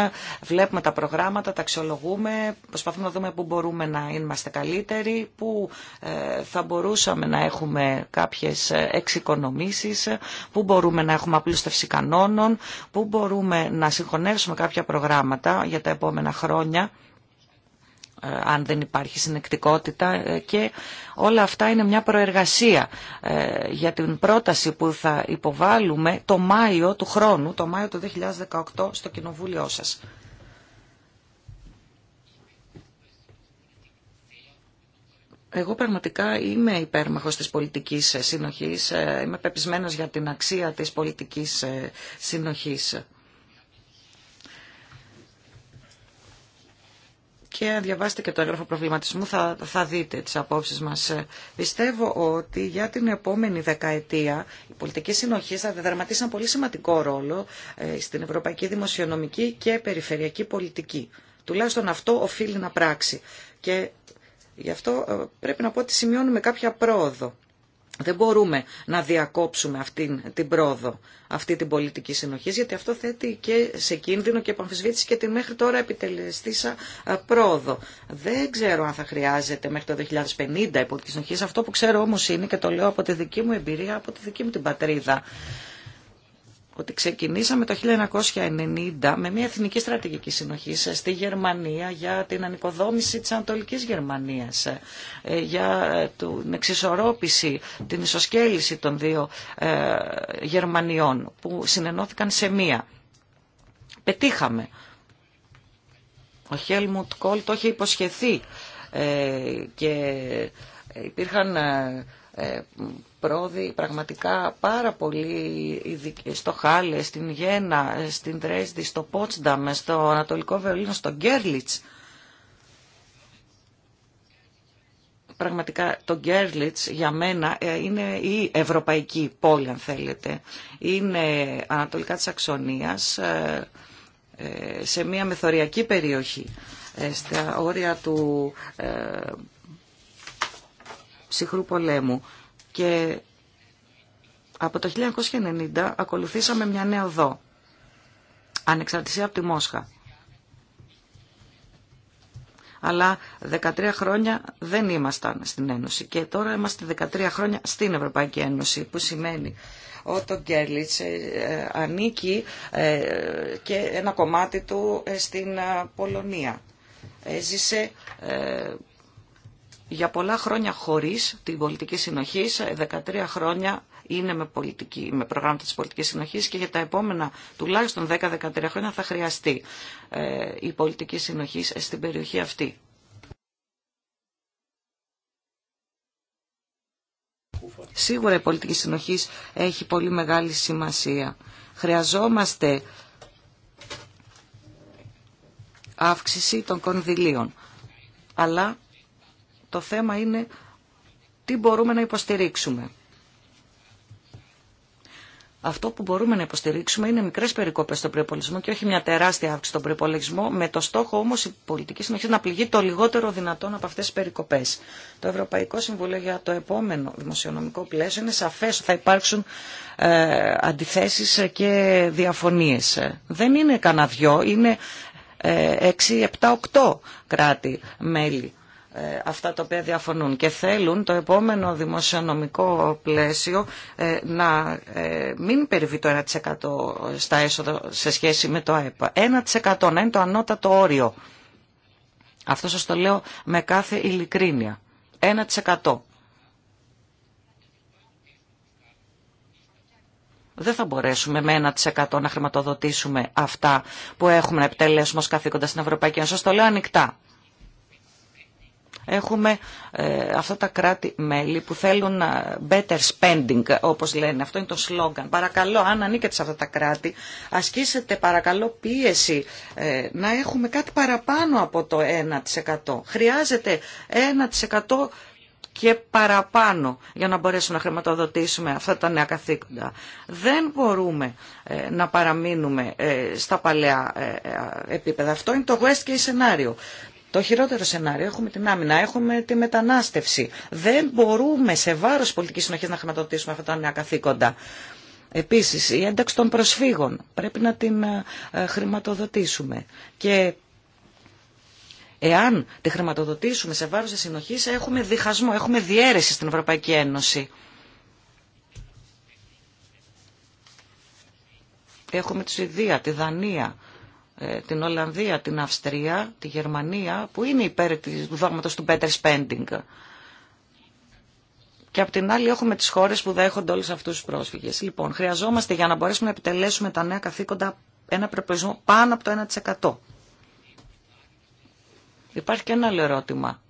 Βλέπουμε τα προγράμματα, τα αξιολογούμε, προσπαθούμε να δούμε πού μπορούμε να είμαστε καλύτεροι, πού ε, θα μπορούσαμε να έχουμε κάποιες εξοικονομήσεις, πού μπορούμε να έχουμε απλούστευση κανόνων, πού μπορούμε να συγχωνεύσουμε κάποια προγράμματα για τα επόμενα χρόνια ε, αν δεν υπάρχει συνεκτικότητα ε, και όλα αυτά είναι μια προεργασία ε, για την πρόταση που θα υποβάλουμε το Μάιο του χρόνου, το Μάιο του 2018 στο Κοινοβούλιο σας. Εγώ πραγματικά είμαι υπέρμαχος της πολιτικής συνοχής, είμαι πεπισμένος για την αξία της πολιτικής συνοχής. και αν διαβάσετε και το έγγραφο προβληματισμού θα, θα δείτε τις απόψεις μας. Πιστεύω ότι για την επόμενη δεκαετία οι πολιτικές συνοχές θα δραματίσουν πολύ σημαντικό ρόλο ε, στην ευρωπαϊκή δημοσιονομική και περιφερειακή πολιτική. Τουλάχιστον αυτό οφείλει να πράξει. Και γι' αυτό ε, πρέπει να πω ότι σημειώνουμε κάποια πρόοδο δεν μπορούμε να διακόψουμε αυτή την πρόοδο, αυτή την πολιτική συνοχή, γιατί αυτό θέτει και σε κίνδυνο και επαμφισβήτηση και την μέχρι τώρα επιτελεστήσα ε, πρόοδο. Δεν ξέρω αν θα χρειάζεται μέχρι το 2050 η πολιτική συνοχή. Αυτό που ξέρω όμως είναι, και το λέω από τη δική μου εμπειρία, από τη δική μου την πατρίδα, ότι ξεκινήσαμε το 1990 με μια εθνική στρατηγική συνοχή στη Γερμανία για την ανοικοδόμηση της Ανατολικής Γερμανίας, ε, για ε, την εξισορρόπηση, την ισοσκέληση των δύο ε, Γερμανιών που συνενώθηκαν σε μία. Πετύχαμε. Ο Χέλμουτ Κόλ το είχε υποσχεθεί και υπήρχαν ε, πρόδι πραγματικά πάρα πολύ στο Χάλε, στην Γένα, στην Τρέσδη, στο Πότσνταμ, στο Ανατολικό Βερολίνο, στο Γκέρλιτς. Πραγματικά το Γκέρλιτς για μένα ε, είναι η ευρωπαϊκή πόλη αν θέλετε. Είναι ανατολικά της Αξονίας ε, σε μια μεθοριακή περιοχή στα όρια του ψυχρού πολέμου και από το 1990 ακολουθήσαμε μια νέα οδό, ανεξαρτησία από τη Μόσχα. Αλλά 13 χρόνια δεν ήμασταν στην Ένωση και τώρα είμαστε 13 χρόνια στην Ευρωπαϊκή Ένωση, που σημαίνει ότι ο Γκέρλιτς ε, ε, ανήκει ε, και ένα κομμάτι του στην Πολωνία. Έζησε για πολλά χρόνια χωρίς την πολιτική συνοχή, 13 χρόνια είναι με, πολιτική, με προγράμματα της πολιτικής συνοχής και για τα επόμενα τουλάχιστον 10-13 χρόνια θα χρειαστεί ε, η πολιτική συνοχή στην περιοχή αυτή. Σίγουρα η πολιτική συνοχή έχει πολύ μεγάλη σημασία. Χρειαζόμαστε αύξηση των κονδυλίων. Αλλά το θέμα είναι τι μπορούμε να υποστηρίξουμε. Αυτό που μπορούμε να υποστηρίξουμε είναι μικρές περικόπες στον προπολογισμό και όχι μια τεράστια αύξηση στον προπολογισμό, με το στόχο όμως η πολιτική συνεχίζει να πληγεί το λιγότερο δυνατόν από αυτές τις περικοπές. Το Ευρωπαϊκό Συμβούλιο για το επόμενο δημοσιονομικό πλαίσιο είναι σαφές ότι θα υπάρξουν ε, αντιθέσεις και διαφωνίες. Δεν είναι κανένα δυο, είναι 6, 7, 8 κράτη-μέλη ε, αυτά τα οποία διαφωνούν και θέλουν το επόμενο δημοσιονομικό πλαίσιο ε, να ε, μην περιβεί το 1% στα έσοδα σε σχέση με το ΑΕΠΑ. 1% να είναι το ανώτατο όριο. Αυτό σας το λέω με κάθε ειλικρίνεια. 1%. Δεν θα μπορέσουμε με 1% να χρηματοδοτήσουμε αυτά που έχουμε να επιτελέσουμε ως καθήκοντα στην Ευρωπαϊκή Ένωση. Σας το λέω ανοιχτά έχουμε ε, αυτά τα κράτη-μέλη που θέλουν ε, better spending, όπως λένε. Αυτό είναι το σλόγγαν. Παρακαλώ, αν ανήκετε σε αυτά τα κράτη, ασκήσετε παρακαλώ πίεση ε, να έχουμε κάτι παραπάνω από το 1%. Χρειάζεται 1% και παραπάνω για να μπορέσουμε να χρηματοδοτήσουμε αυτά τα νέα καθήκοντα. Δεν μπορούμε να παραμείνουμε στα παλαιά επίπεδα. Αυτό είναι το worst case σενάριο. Το χειρότερο σενάριο έχουμε την άμυνα, έχουμε τη μετανάστευση. Δεν μπορούμε σε βάρος πολιτικής συνοχής να χρηματοδοτήσουμε αυτά τα νέα καθήκοντα. Επίσης, η ένταξη των προσφύγων πρέπει να την ε, ε, χρηματοδοτήσουμε. Και εάν τη χρηματοδοτήσουμε σε βάρος της συνοχής, έχουμε διχασμό, έχουμε διαίρεση στην Ευρωπαϊκή Ένωση. Έχουμε τη Σουηδία, τη Δανία, ε, την Ολλανδία, την Αυστρία, τη Γερμανία, που είναι υπέρ του δόγματος του better spending. Και απ' την άλλη έχουμε τις χώρες που δέχονται όλους αυτούς τους πρόσφυγες. Λοιπόν, χρειαζόμαστε για να μπορέσουμε να επιτελέσουμε τα νέα καθήκοντα ένα προπλησμό πάνω από το 1%. Υπάρχει και ένα άλλο ερώτημα.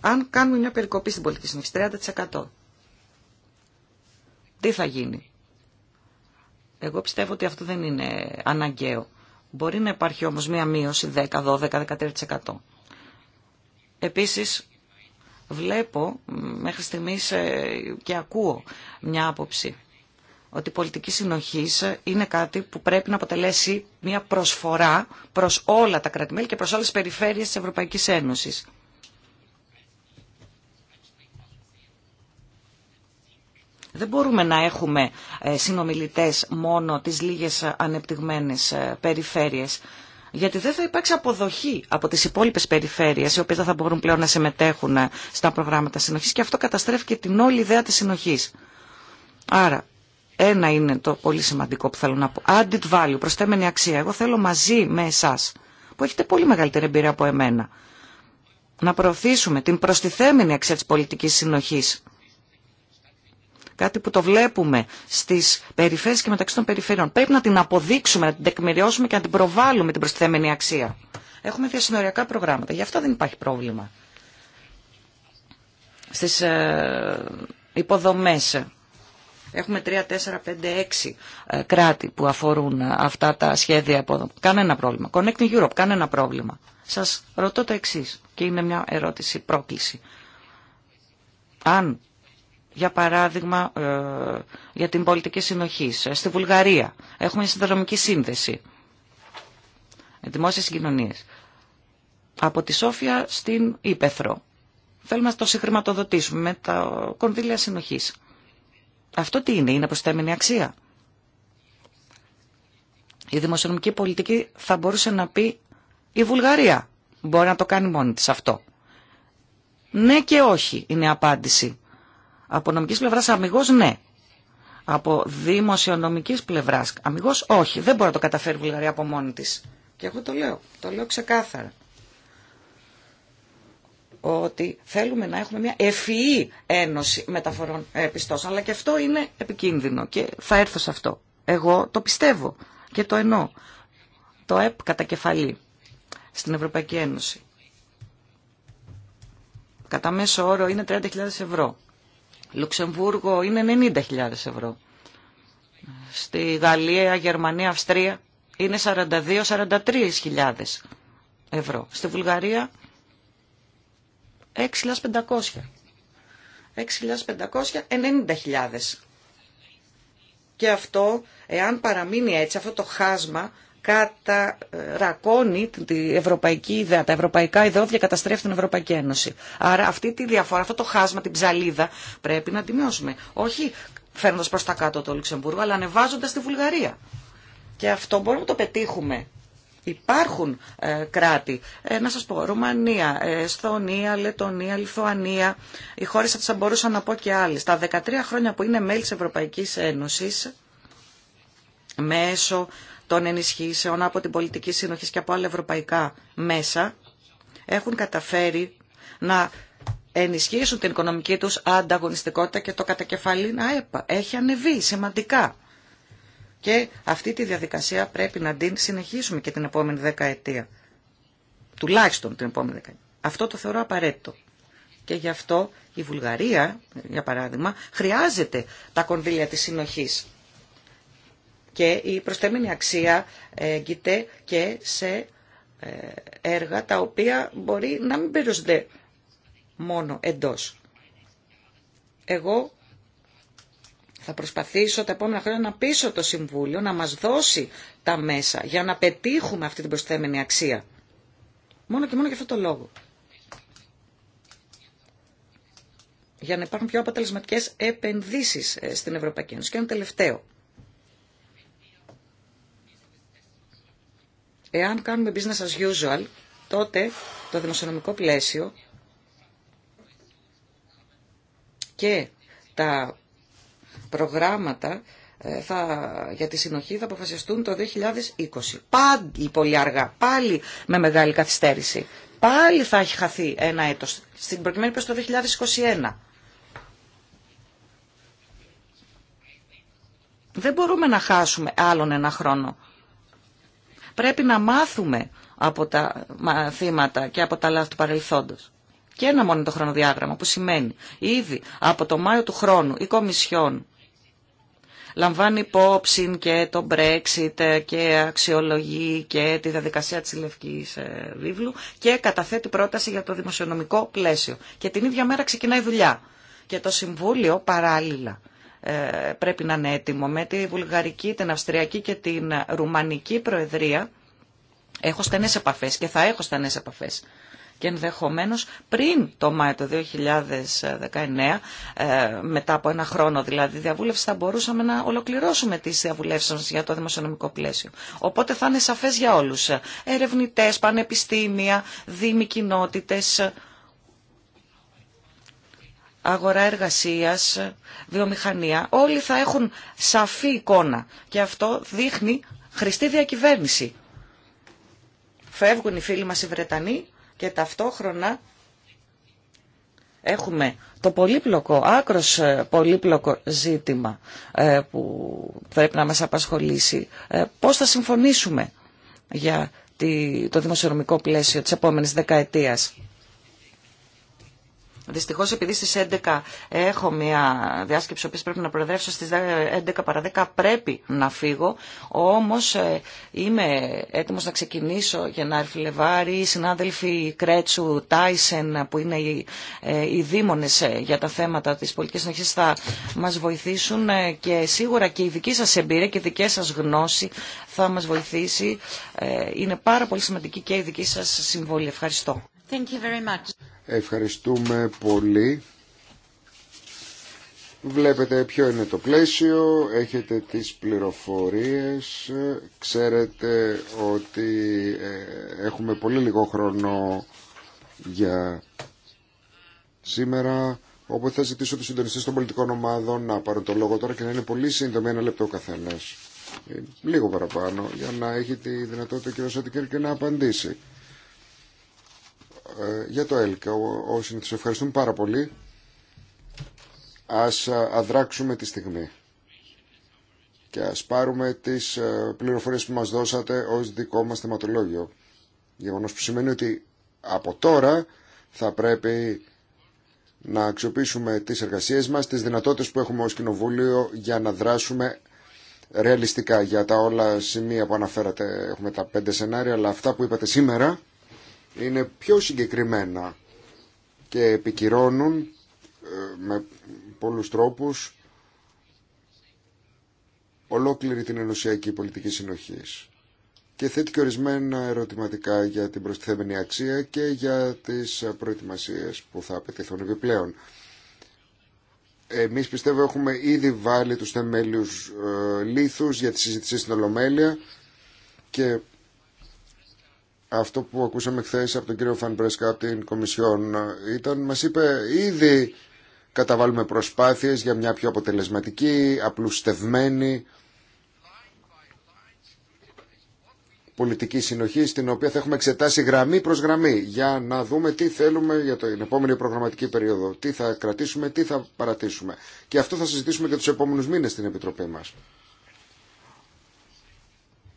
Αν κάνουμε μια περικοπή στην πολιτική συνήθεια, 30%. Τι θα γίνει. Εγώ πιστεύω ότι αυτό δεν είναι αναγκαίο. Μπορεί να υπάρχει όμως μία μείωση 10, 12, 13%. Επίσης, βλέπω μέχρι στιγμής ε, και ακούω μια άποψη ότι η πολιτική συνοχή ε, είναι κάτι που πρέπει να αποτελέσει μια προσφορά προς όλα τα κρατημέλη και προς όλες τις περιφέρειες της Ευρωπαϊκής Ένωσης. Δεν μπορούμε να έχουμε ε, συνομιλητές μόνο τις λίγες ανεπτυγμένες ε, περιφέρειες γιατί δεν θα υπάρξει αποδοχή από τις υπόλοιπες περιφέρειες οι οποίες δεν θα μπορούν πλέον να συμμετέχουν ε, στα προγράμματα συνοχής και αυτό καταστρέφει και την όλη ιδέα της συνοχής. Άρα, ένα είναι το πολύ σημαντικό που θέλω να πω. Added value, προσθέμενη αξία. Εγώ θέλω μαζί με εσάς, που έχετε πολύ μεγαλύτερη εμπειρία από εμένα, να προωθήσουμε την προστιθέμενη αξία της πολιτικής συνοχής Κάτι που το βλέπουμε στι περιφέρειε και μεταξύ των περιφερειών. Πρέπει να την αποδείξουμε, να την τεκμηριώσουμε και να την προβάλλουμε την προστιθέμενη αξία. Έχουμε διασυνοριακά προγράμματα. Γι' αυτό δεν υπάρχει πρόβλημα. Στι ε, υποδομέ. Έχουμε 3, 4, 5, 6 κράτη που αφορούν ε, αυτά τα σχέδια υποδομών. Κανένα πρόβλημα. Connecting Europe, κανένα πρόβλημα. Σας ρωτώ το εξή και είναι μια ερώτηση, πρόκληση. Αν για παράδειγμα, ε, για την πολιτική συνοχή. Στη Βουλγαρία έχουμε μια συνδρομική σύνδεση. Ε, Δημόσιε συγκοινωνίε. Από τη Σόφια στην Ήπεθρο. Θέλουμε να το συγχρηματοδοτήσουμε με τα κονδύλια συνοχή. Αυτό τι είναι, είναι προστέμενη αξία. Η δημοσιονομική πολιτική θα μπορούσε να πει η Βουλγαρία μπορεί να το κάνει μόνη της αυτό. Ναι και όχι είναι απάντηση από νομική πλευρά, αμυγό, ναι. Από δημοσιονομική πλευρά, αμυγό, όχι. Δεν μπορεί να το καταφέρει η Βουλγαρία από μόνη τη. Και εγώ το λέω. Το λέω ξεκάθαρα. Ότι θέλουμε να έχουμε μια ευφυή ένωση μεταφορών ε, πιστώσεων. Αλλά και αυτό είναι επικίνδυνο και θα έρθω σε αυτό. Εγώ το πιστεύω και το εννοώ. Το ΕΠ κατά κεφαλή στην Ευρωπαϊκή Ένωση. Κατά μέσο όρο είναι 30.000 ευρώ. Λουξεμβούργο είναι 90.000 ευρώ. Στη Γαλλία, Γερμανία, Αυστρία είναι 42-43.000 ευρώ. Στη Βουλγαρία 6.500. 6.500-90.000. Και αυτό, εάν παραμείνει έτσι, αυτό το χάσμα καταρακώνει την ευρωπαϊκή ιδέα, τα ευρωπαϊκά ιδεώδια καταστρέφει την Ευρωπαϊκή Ένωση. Άρα αυτή τη διαφορά, αυτό το χάσμα, την ψαλίδα πρέπει να τη μειώσουμε. Όχι φέρνοντα προ τα κάτω το Λουξεμβούργο, αλλά ανεβάζοντα τη Βουλγαρία. Και αυτό μπορούμε να το πετύχουμε. Υπάρχουν ε, κράτη, ε, να σας πω, Ρουμανία, Εσθονία, Λετωνία, Λιθουανία, οι χώρες αυτές θα μπορούσαν να πω και άλλες. Τα 13 χρόνια που είναι μέλη της Ευρωπαϊκής Ένωσης, μέσω των ενισχύσεων από την πολιτική συνοχή και από άλλα ευρωπαϊκά μέσα έχουν καταφέρει να ενισχύσουν την οικονομική τους ανταγωνιστικότητα και το κατακεφαλήν έπα. Έχει ανεβεί σημαντικά. Και αυτή τη διαδικασία πρέπει να την συνεχίσουμε και την επόμενη δεκαετία. Τουλάχιστον την επόμενη δεκαετία. Αυτό το θεωρώ απαραίτητο. Και γι' αυτό η Βουλγαρία, για παράδειγμα, χρειάζεται τα κονδύλια της συνοχής και η προστέμενη αξία έγκυται και σε ε, έργα τα οποία μπορεί να μην περιορίζονται μόνο εντός. Εγώ θα προσπαθήσω τα επόμενα χρόνια να πείσω το Συμβούλιο να μας δώσει τα μέσα για να πετύχουμε αυτή την προσθέμενη αξία. Μόνο και μόνο για αυτό το λόγο. Για να υπάρχουν πιο αποτελεσματικές επενδύσεις ε, στην Ευρωπαϊκή Ένωση. Και ένα τελευταίο. Εάν κάνουμε business as usual, τότε το δημοσιονομικό πλαίσιο και τα προγράμματα ε, θα, για τη συνοχή θα αποφασιστούν το 2020. Πάλι πολύ αργά, πάλι με μεγάλη καθυστέρηση. Πάλι θα έχει χαθεί ένα έτος, στην προκειμένη προς το 2021. Δεν μπορούμε να χάσουμε άλλον ένα χρόνο. Πρέπει να μάθουμε από τα μαθήματα και από τα λάθη του παρελθόντος. Και ένα μόνο το χρονοδιάγραμμα που σημαίνει ήδη από το Μάιο του χρόνου η Κομισιόν λαμβάνει υπόψη και το Brexit και αξιολογεί και τη διαδικασία της Λευκής ε, Βίβλου και καταθέτει πρόταση για το δημοσιονομικό πλαίσιο. Και την ίδια μέρα ξεκινάει η δουλειά. Και το Συμβούλιο παράλληλα ε, πρέπει να είναι έτοιμο. Με τη Βουλγαρική, την Αυστριακή και την Ρουμανική Προεδρία έχω στενές επαφές και θα έχω στενές επαφές και ενδεχομένως πριν το Μάιο του 2019, ε, μετά από ένα χρόνο δηλαδή διαβούλευση, θα μπορούσαμε να ολοκληρώσουμε τις διαβουλεύσεις για το δημοσιονομικό πλαίσιο. Οπότε θα είναι σαφές για όλους. Ερευνητές, πανεπιστήμια, δήμοι, κοινότητες, αγορά εργασίας, βιομηχανία, όλοι θα έχουν σαφή εικόνα και αυτό δείχνει χρηστή διακυβέρνηση. Φεύγουν οι φίλοι μας οι Βρετανοί και ταυτόχρονα έχουμε το πολύπλοκο, άκρος ε, πολύπλοκο ζήτημα ε, που πρέπει να μας απασχολήσει. Ε, πώς θα συμφωνήσουμε για το δημοσιονομικό πλαίσιο της επόμενης δεκαετίας. Δυστυχώ, επειδή στι 11 έχω μια διάσκεψη που πρέπει να προεδρεύσω, στι 11 παρα 10 πρέπει να φύγω. Όμω ε, είμαι έτοιμο να ξεκινήσω για να Λεβάρη, οι συνάδελφοι Κρέτσου, Τάισεν που είναι οι, ε, οι δήμονε ε, για τα θέματα τη πολιτική συνοχή θα μα βοηθήσουν και σίγουρα και η δική σα εμπειρία και η δική σα γνώση θα μα βοηθήσει. Είναι πάρα πολύ σημαντική και η δική σα συμβόλη. Ευχαριστώ. Thank you very much. Ευχαριστούμε πολύ. Βλέπετε ποιο είναι το πλαίσιο, έχετε τις πληροφορίες, ξέρετε ότι ε, έχουμε πολύ λίγο χρόνο για σήμερα, οπότε θα ζητήσω τους συντονιστές των πολιτικών ομάδων να πάρουν το λόγο τώρα και να είναι πολύ σύντομη, ένα λεπτό ο καθένας, ε, λίγο παραπάνω, για να έχει τη δυνατότητα ο κ. Σατικέρ και να απαντήσει. Ε, για το έλκα. Όσοι τους ευχαριστούμε πάρα πολύ. Ας ε, αδράξουμε τη στιγμή και ας πάρουμε τις ε, πληροφορίες που μας δώσατε ως δικό μας θεματολόγιο. Γεγονός που σημαίνει ότι από τώρα θα πρέπει να αξιοποιήσουμε τις εργασίες μας, τις δυνατότητες που έχουμε ως Κοινοβούλιο για να δράσουμε ρεαλιστικά για τα όλα σημεία που αναφέρατε. Έχουμε τα πέντε σενάρια, αλλά αυτά που είπατε σήμερα είναι πιο συγκεκριμένα και επικυρώνουν ε, με πολλούς τρόπους ολόκληρη την ενωσιακή πολιτική συνοχής και θέτει και ορισμένα ερωτηματικά για την προστιθέμενη αξία και για τις προετοιμασίες που θα απαιτηθούν επιπλέον. Εμείς πιστεύω έχουμε ήδη βάλει τους θεμέλιους ε, λίθους για τη συζήτηση στην Ολομέλεια και αυτό που ακούσαμε χθε από τον κύριο Πρεσκά από την Κομισιόν ήταν, μας είπε ήδη καταβάλουμε προσπάθειες για μια πιο αποτελεσματική, απλουστευμένη πολιτική συνοχή στην οποία θα έχουμε εξετάσει γραμμή προς γραμμή για να δούμε τι θέλουμε για την επόμενη προγραμματική περίοδο, τι θα κρατήσουμε, τι θα παρατήσουμε. Και αυτό θα συζητήσουμε και τους επόμενους μήνες στην Επιτροπή μας.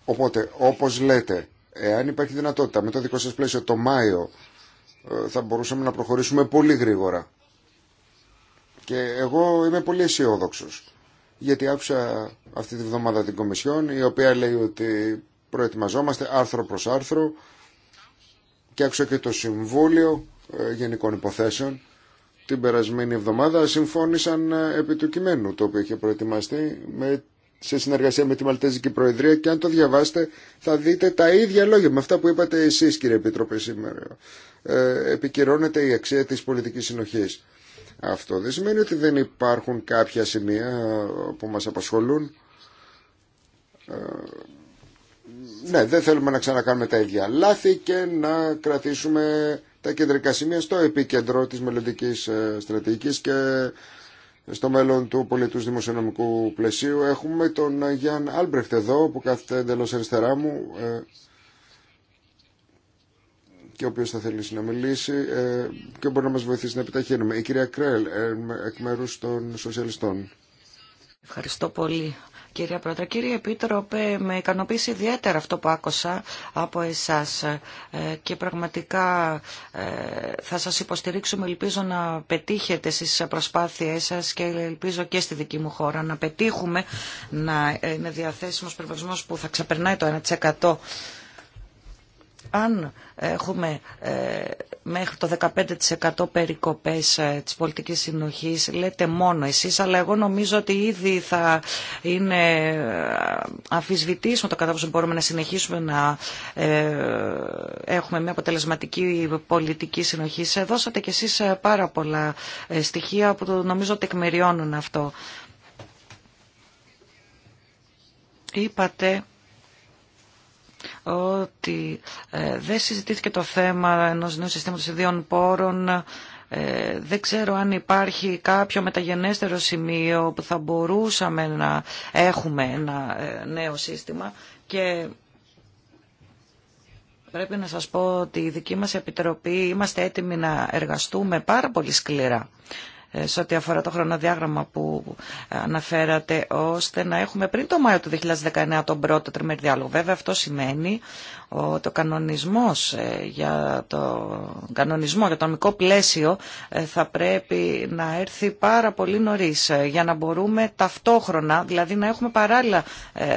Οπότε, όπως λέτε, Εάν υπάρχει δυνατότητα με το δικό σας πλαίσιο το Μάιο ε, θα μπορούσαμε να προχωρήσουμε πολύ γρήγορα. Και εγώ είμαι πολύ αισιόδοξο. Γιατί άκουσα αυτή τη βδομάδα την Κομισιόν η οποία λέει ότι προετοιμαζόμαστε άρθρο προς άρθρο και άκουσα και το Συμβούλιο ε, Γενικών Υποθέσεων την περασμένη εβδομάδα συμφώνησαν ε, επί του κειμένου το οποίο είχε προετοιμαστεί με σε συνεργασία με τη Μαλτέζικη Προεδρία και αν το διαβάσετε θα δείτε τα ίδια λόγια με αυτά που είπατε εσείς κύριε Επίτροπε σήμερα. Ε, επικυρώνεται η αξία της πολιτικής συνοχής. Αυτό δεν σημαίνει ότι δεν υπάρχουν κάποια σημεία που μας απασχολούν. Ε, ναι, δεν θέλουμε να ξανακάνουμε τα ίδια λάθη και να κρατήσουμε τα κεντρικά σημεία στο επίκεντρο της μελλοντική ε, στρατηγικής και στο μέλλον του πολιτού δημοσιονομικού πλαισίου. Έχουμε τον Γιάνν Άλμπρεχτ εδώ που κάθεται εντελώ αριστερά μου ε, και ο οποίο θα θέλει να μιλήσει ε, και μπορεί να μα βοηθήσει να επιταχύνουμε. Η κυρία Κρέλ, ε, εκ μέρου των Σοσιαλιστών. Ευχαριστώ πολύ κυρία Πρόεδρε. Κύριε Επίτροπε, με ικανοποίησε ιδιαίτερα αυτό που άκουσα από εσάς ε, και πραγματικά ε, θα σας υποστηρίξουμε. Ελπίζω να πετύχετε στις προσπάθειές σας και ελπίζω και στη δική μου χώρα να πετύχουμε να είναι διαθέσιμος περιορισμός που θα ξεπερνάει το 1% αν έχουμε ε, μέχρι το 15% περικοπές ε, της πολιτικής συνοχής, λέτε μόνο εσείς, αλλά εγώ νομίζω ότι ήδη θα είναι με το κατά πόσο μπορούμε να συνεχίσουμε να ε, έχουμε μια αποτελεσματική πολιτική συνοχή. δώσατε κι εσείς ε, πάρα πολλά ε, στοιχεία που το, νομίζω τεκμηριώνουν αυτό. Είπατε ότι ε, δεν συζητήθηκε το θέμα ενός νέου συστήματος ιδίων πόρων ε, δεν ξέρω αν υπάρχει κάποιο μεταγενέστερο σημείο που θα μπορούσαμε να έχουμε ένα ε, νέο σύστημα και πρέπει να σας πω ότι η δική μας επιτροπή είμαστε έτοιμοι να εργαστούμε πάρα πολύ σκληρά ε, σε ό,τι αφορά το χρονοδιάγραμμα που αναφέρατε, ώστε να έχουμε πριν το Μάιο του 2019 τον πρώτο τριμερή διάλογο. Βέβαια αυτό σημαίνει ότι ο κανονισμός ε, για το κανονισμό για το νομικό πλαίσιο ε, θα πρέπει να έρθει πάρα πολύ νωρίς για να μπορούμε ταυτόχρονα, δηλαδή να έχουμε παράλληλα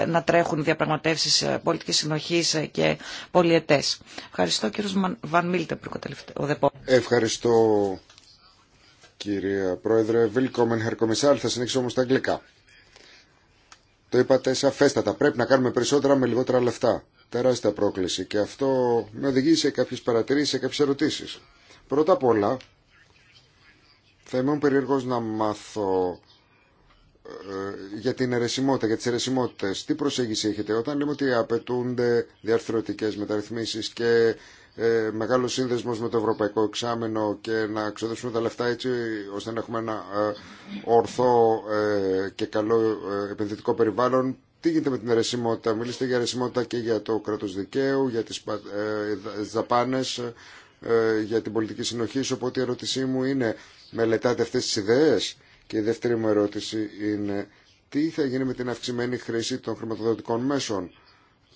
να τρέχουν διαπραγματεύσεις πολιτικής συνοχής και πολιετές. Ευχαριστώ κύριο Βαν Μίλτε Ευχαριστώ Κύριε Πρόεδρε. Willkommen, Herr Kommissar. Θα συνεχίσω όμω τα αγγλικά. Το είπατε σαφέστατα. Πρέπει να κάνουμε περισσότερα με λιγότερα λεφτά. Τεράστια πρόκληση. Και αυτό με οδηγεί σε κάποιε παρατηρήσει σε κάποιε ερωτήσει. Πρώτα απ' όλα, θα ήμουν περίεργο να μάθω ε, για την αιρεσιμότητα, για τις αιρεσιμότητες. Τι προσέγγιση έχετε όταν λέμε ότι απαιτούνται διαρθρωτικές μεταρρυθμίσεις και ε, μεγάλο σύνδεσμος με το ευρωπαϊκό εξάμενο και να ξοδέψουμε τα λεφτά έτσι ώστε να έχουμε ένα ε, ορθό ε, και καλό ε, επενδυτικό περιβάλλον. Τι γίνεται με την αρεσιμότητα. Μιλήστε για αρεσιμότητα και για το κράτος δικαίου, για τις ζαπάνες, για την πολιτική συνοχή. Οπότε η ερώτησή μου είναι μελετάτε αυτές τις ιδέες. Και η δεύτερη μου ερώτηση είναι τι θα γίνει με την αυξημένη χρήση των χρηματοδοτικών μέσων.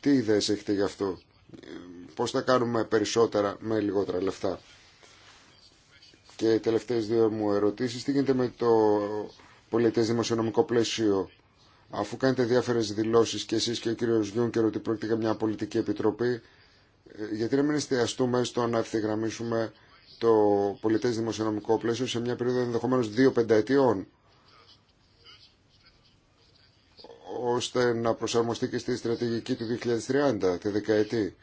Τι ιδέες έχετε γι' αυτό πώς θα κάνουμε περισσότερα με λιγότερα λεφτά. Και οι τελευταίες δύο μου ερωτήσεις, τι γίνεται με το πολιτές δημοσιονομικό πλαίσιο, αφού κάνετε διάφορες δηλώσεις και εσείς και ο κύριος Γιούνκερ ότι πρόκειται για μια πολιτική επιτροπή, ε, γιατί να μην εστιαστούμε στο να ευθυγραμμίσουμε το πολιτές δημοσιονομικό πλαίσιο σε μια περίοδο ενδεχομένω δύο πενταετιών ώστε να προσαρμοστεί και στη στρατηγική του 2030, τη δεκαετή,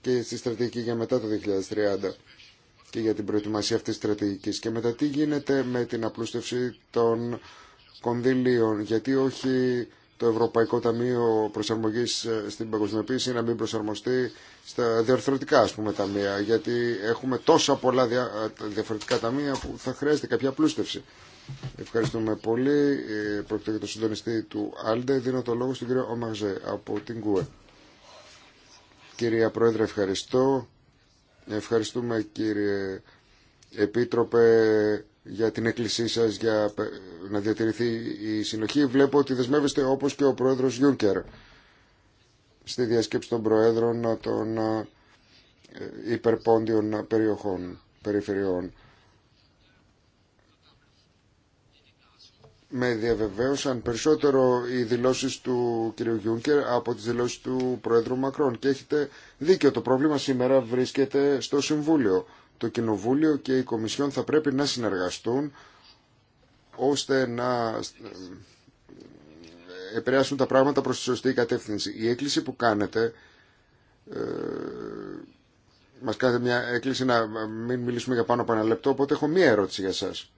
και στη στρατηγική για μετά το 2030 και για την προετοιμασία αυτής της στρατηγικής. Και μετά τι γίνεται με την απλούστευση των κονδυλίων, γιατί όχι το Ευρωπαϊκό Ταμείο Προσαρμογής στην Παγκοσμιοποίηση να μην προσαρμοστεί στα διαρθρωτικά ας πούμε ταμεία, γιατί έχουμε τόσα πολλά διαφορετικά ταμεία που θα χρειάζεται κάποια απλούστευση. Ευχαριστούμε πολύ. Ε, πρόκειται για τον συντονιστή του Άλντε. Δίνω το λόγο στον κύριο Ομαγζέ από την ΚΟΕ. Κυρία Πρόεδρε, ευχαριστώ. Ευχαριστούμε κύριε Επίτροπε για την έκκλησή σας για να διατηρηθεί η συνοχή. Βλέπω ότι δεσμεύεστε όπως και ο Πρόεδρος Γιούνκερ στη διασκέψη των Προέδρων των ε, υπερπόντιων περιοχών, περιφερειών. με διαβεβαίωσαν περισσότερο οι δηλώσεις του κ. Γιούνκερ από τις δηλώσεις του Πρόεδρου Μακρόν. Και έχετε δίκιο, το πρόβλημα σήμερα βρίσκεται στο Συμβούλιο. Το Κοινοβούλιο και η Κομισιόν θα πρέπει να συνεργαστούν ώστε να ε, επηρεάσουν τα πράγματα προς τη σωστή κατεύθυνση. Η έκκληση που κάνετε, ε, μας κάνετε μια έκκληση να μην μιλήσουμε για πάνω από ένα λεπτό, οπότε έχω μία ερώτηση για σας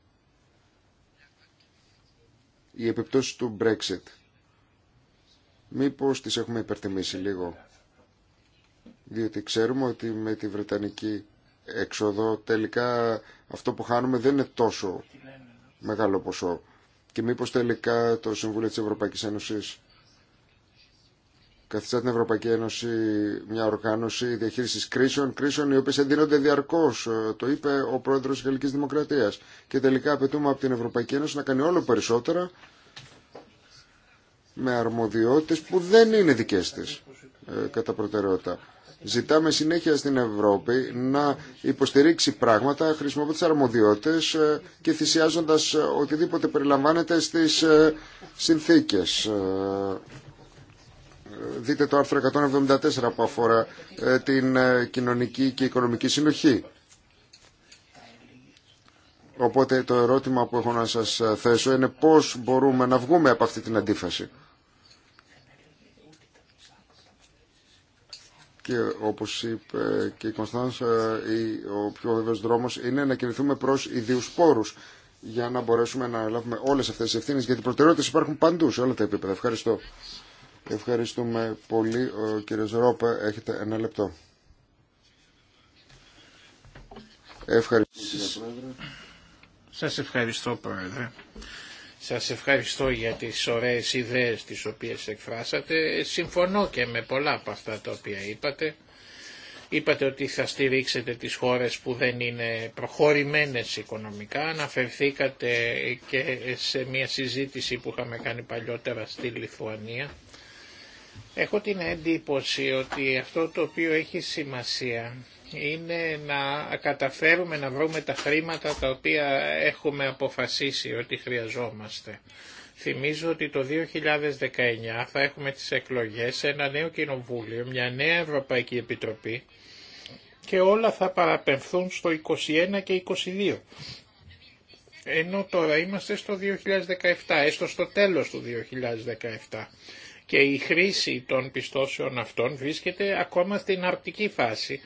οι επιπτώσεις του Brexit. Μήπως τις έχουμε υπερτιμήσει λίγο. Διότι ξέρουμε ότι με τη Βρετανική έξοδο τελικά αυτό που χάνουμε δεν είναι τόσο μεγάλο ποσό. Και μήπως τελικά το Συμβούλιο της Ευρωπαϊκής Ένωσης καθιστά την Ευρωπαϊκή Ένωση μια οργάνωση διαχείρισης κρίσεων, κρίσεων οι οποίε εντείνονται διαρκώς, ε, το είπε ο πρόεδρος της Γαλλική Δημοκρατίας. Και τελικά απαιτούμε από την Ευρωπαϊκή Ένωση να κάνει όλο περισσότερα με αρμοδιότητες που δεν είναι δικέ της ε, κατά προτεραιότητα. Ζητάμε συνέχεια στην Ευρώπη να υποστηρίξει πράγματα χρησιμοποιώντας αρμοδιότητες ε, και θυσιάζοντας οτιδήποτε περιλαμβάνεται στις συνθήκες δείτε το άρθρο 174 που αφορά ε, την ε, κοινωνική και οικονομική συνοχή. Οπότε το ερώτημα που έχω να σας ε, θέσω είναι πώς μπορούμε να βγούμε από αυτή την αντίφαση. Και όπως είπε και η Κωνσταντς, ο πιο βέβαιος δρόμος είναι να κινηθούμε προς ιδίους πόρους για να μπορέσουμε να λάβουμε όλες αυτές τις ευθύνες, γιατί προτεραιότητες υπάρχουν παντού σε όλα τα επίπεδα. Ευχαριστώ. Ευχαριστούμε πολύ. Ο κύριος έχετε ένα λεπτό. Ευχαριστώ, Σας ευχαριστώ, Πρόεδρε. Σας ευχαριστώ για τις ωραίες ιδέες τις οποίες εκφράσατε. Συμφωνώ και με πολλά από αυτά τα οποία είπατε. Είπατε ότι θα στηρίξετε τις χώρες που δεν είναι προχωρημένες οικονομικά. Αναφερθήκατε και σε μια συζήτηση που είχαμε κάνει παλιότερα στη Λιθουανία Έχω την εντύπωση ότι αυτό το οποίο έχει σημασία είναι να καταφέρουμε να βρούμε τα χρήματα τα οποία έχουμε αποφασίσει ότι χρειαζόμαστε. Θυμίζω ότι το 2019 θα έχουμε τις εκλογές, ένα νέο κοινοβούλιο, μια νέα Ευρωπαϊκή Επιτροπή και όλα θα παραπεμφθούν στο 21 και 22. Ενώ τώρα είμαστε στο 2017, έστω στο τέλος του 2017 και η χρήση των πιστώσεων αυτών βρίσκεται ακόμα στην αρκτική φάση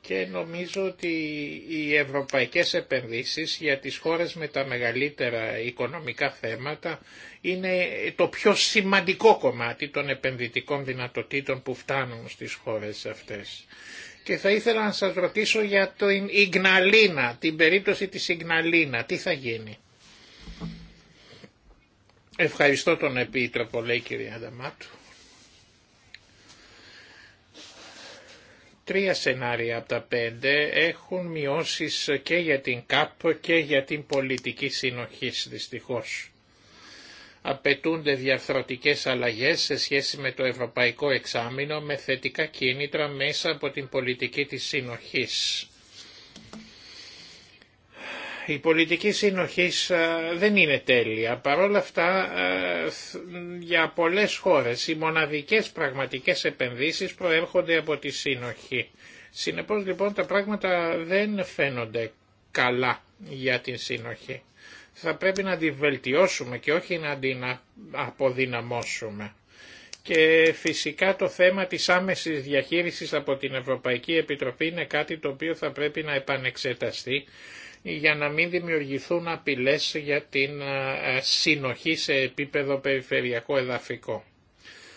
και νομίζω ότι οι ευρωπαϊκές επενδύσεις για τις χώρες με τα μεγαλύτερα οικονομικά θέματα είναι το πιο σημαντικό κομμάτι των επενδυτικών δυνατοτήτων που φτάνουν στις χώρες αυτές. Και θα ήθελα να σας ρωτήσω για την Ιγναλίνα, την περίπτωση της Ιγναλίνα, τι θα γίνει. Ευχαριστώ τον Επίτροπο, λέει η κυρία Τρία σενάρια από τα πέντε έχουν μειώσεις και για την ΚΑΠ και για την πολιτική συνοχή δυστυχώς. Απαιτούνται διαφθρωτικές αλλαγές σε σχέση με το ευρωπαϊκό εξάμεινο με θετικά κίνητρα μέσα από την πολιτική της συνοχής. Η πολιτική συνοχής ε, δεν είναι τέλεια. Παρ' όλα αυτά ε, για πολλές χώρες οι μοναδικές πραγματικές επενδύσεις προέρχονται από τη συνοχή. Συνεπώς λοιπόν τα πράγματα δεν φαίνονται καλά για την συνοχή. Θα πρέπει να τη βελτιώσουμε και όχι να την αποδυναμώσουμε. Και φυσικά το θέμα της άμεσης διαχείρισης από την Ευρωπαϊκή Επιτροπή είναι κάτι το οποίο θα πρέπει να επανεξεταστεί για να μην δημιουργηθούν απειλές για την ε, συνοχή σε επίπεδο περιφερειακό εδαφικό.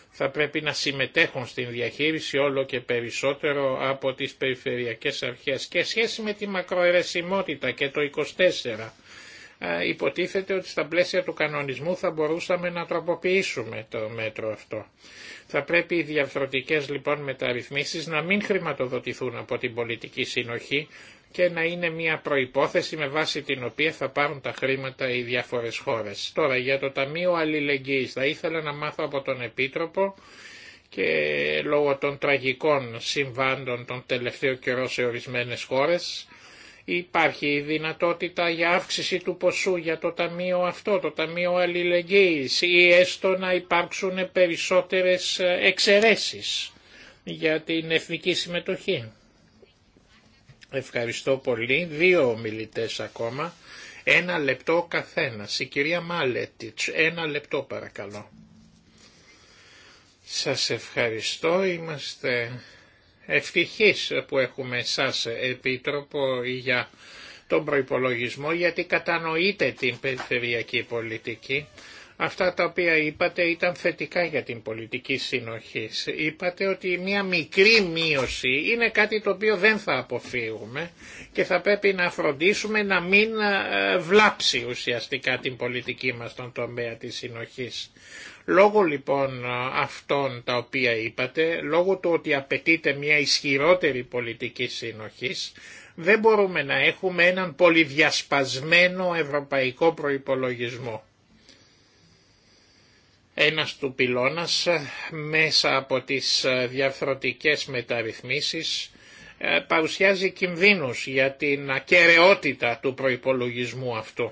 Θα πρέπει να συμμετέχουν στην διαχείριση όλο και περισσότερο από τις περιφερειακές αρχές και σχέση με τη μακροαιρεσιμότητα και το 24 ε, υποτίθεται ότι στα πλαίσια του κανονισμού θα μπορούσαμε να τροποποιήσουμε το μέτρο αυτό. Θα πρέπει οι λοιπόν μεταρρυθμίσεις να μην χρηματοδοτηθούν από την πολιτική συνοχή, και να είναι μια προϋπόθεση με βάση την οποία θα πάρουν τα χρήματα οι διάφορες χώρες. Τώρα για το Ταμείο Αλληλεγγύης θα ήθελα να μάθω από τον Επίτροπο και λόγω των τραγικών συμβάντων των τελευταίο καιρό σε ορισμένες χώρες υπάρχει η δυνατότητα για αύξηση του ποσού για το Ταμείο αυτό, το Ταμείο Αλληλεγγύης ή έστω να υπάρξουν περισσότερες εξαιρέσεις για την εθνική συμμετοχή. Ευχαριστώ πολύ. Δύο ομιλητέ ακόμα. Ένα λεπτό καθένα. καθένας. Η κυρία Μάλετιτς. Ένα λεπτό παρακαλώ. Σας ευχαριστώ. Είμαστε ευτυχείς που έχουμε σας επίτροπο για τον προϋπολογισμό γιατί κατανοείτε την περιφερειακή πολιτική. Αυτά τα οποία είπατε ήταν θετικά για την πολιτική συνοχή. Είπατε ότι μια μικρή μείωση είναι κάτι το οποίο δεν θα αποφύγουμε και θα πρέπει να φροντίσουμε να μην ε, βλάψει ουσιαστικά την πολιτική μας στον τομέα της συνοχής. Λόγω λοιπόν αυτών τα οποία είπατε, λόγω του ότι απαιτείται μια ισχυρότερη πολιτική συνοχής, δεν μπορούμε να έχουμε έναν πολυδιασπασμένο ευρωπαϊκό προϋπολογισμό ένας του πυλώνας ε, μέσα από τις ε, διαφθρωτικές μεταρρυθμίσεις ε, παρουσιάζει κινδύνους για την ακαιρεότητα του προϋπολογισμού αυτού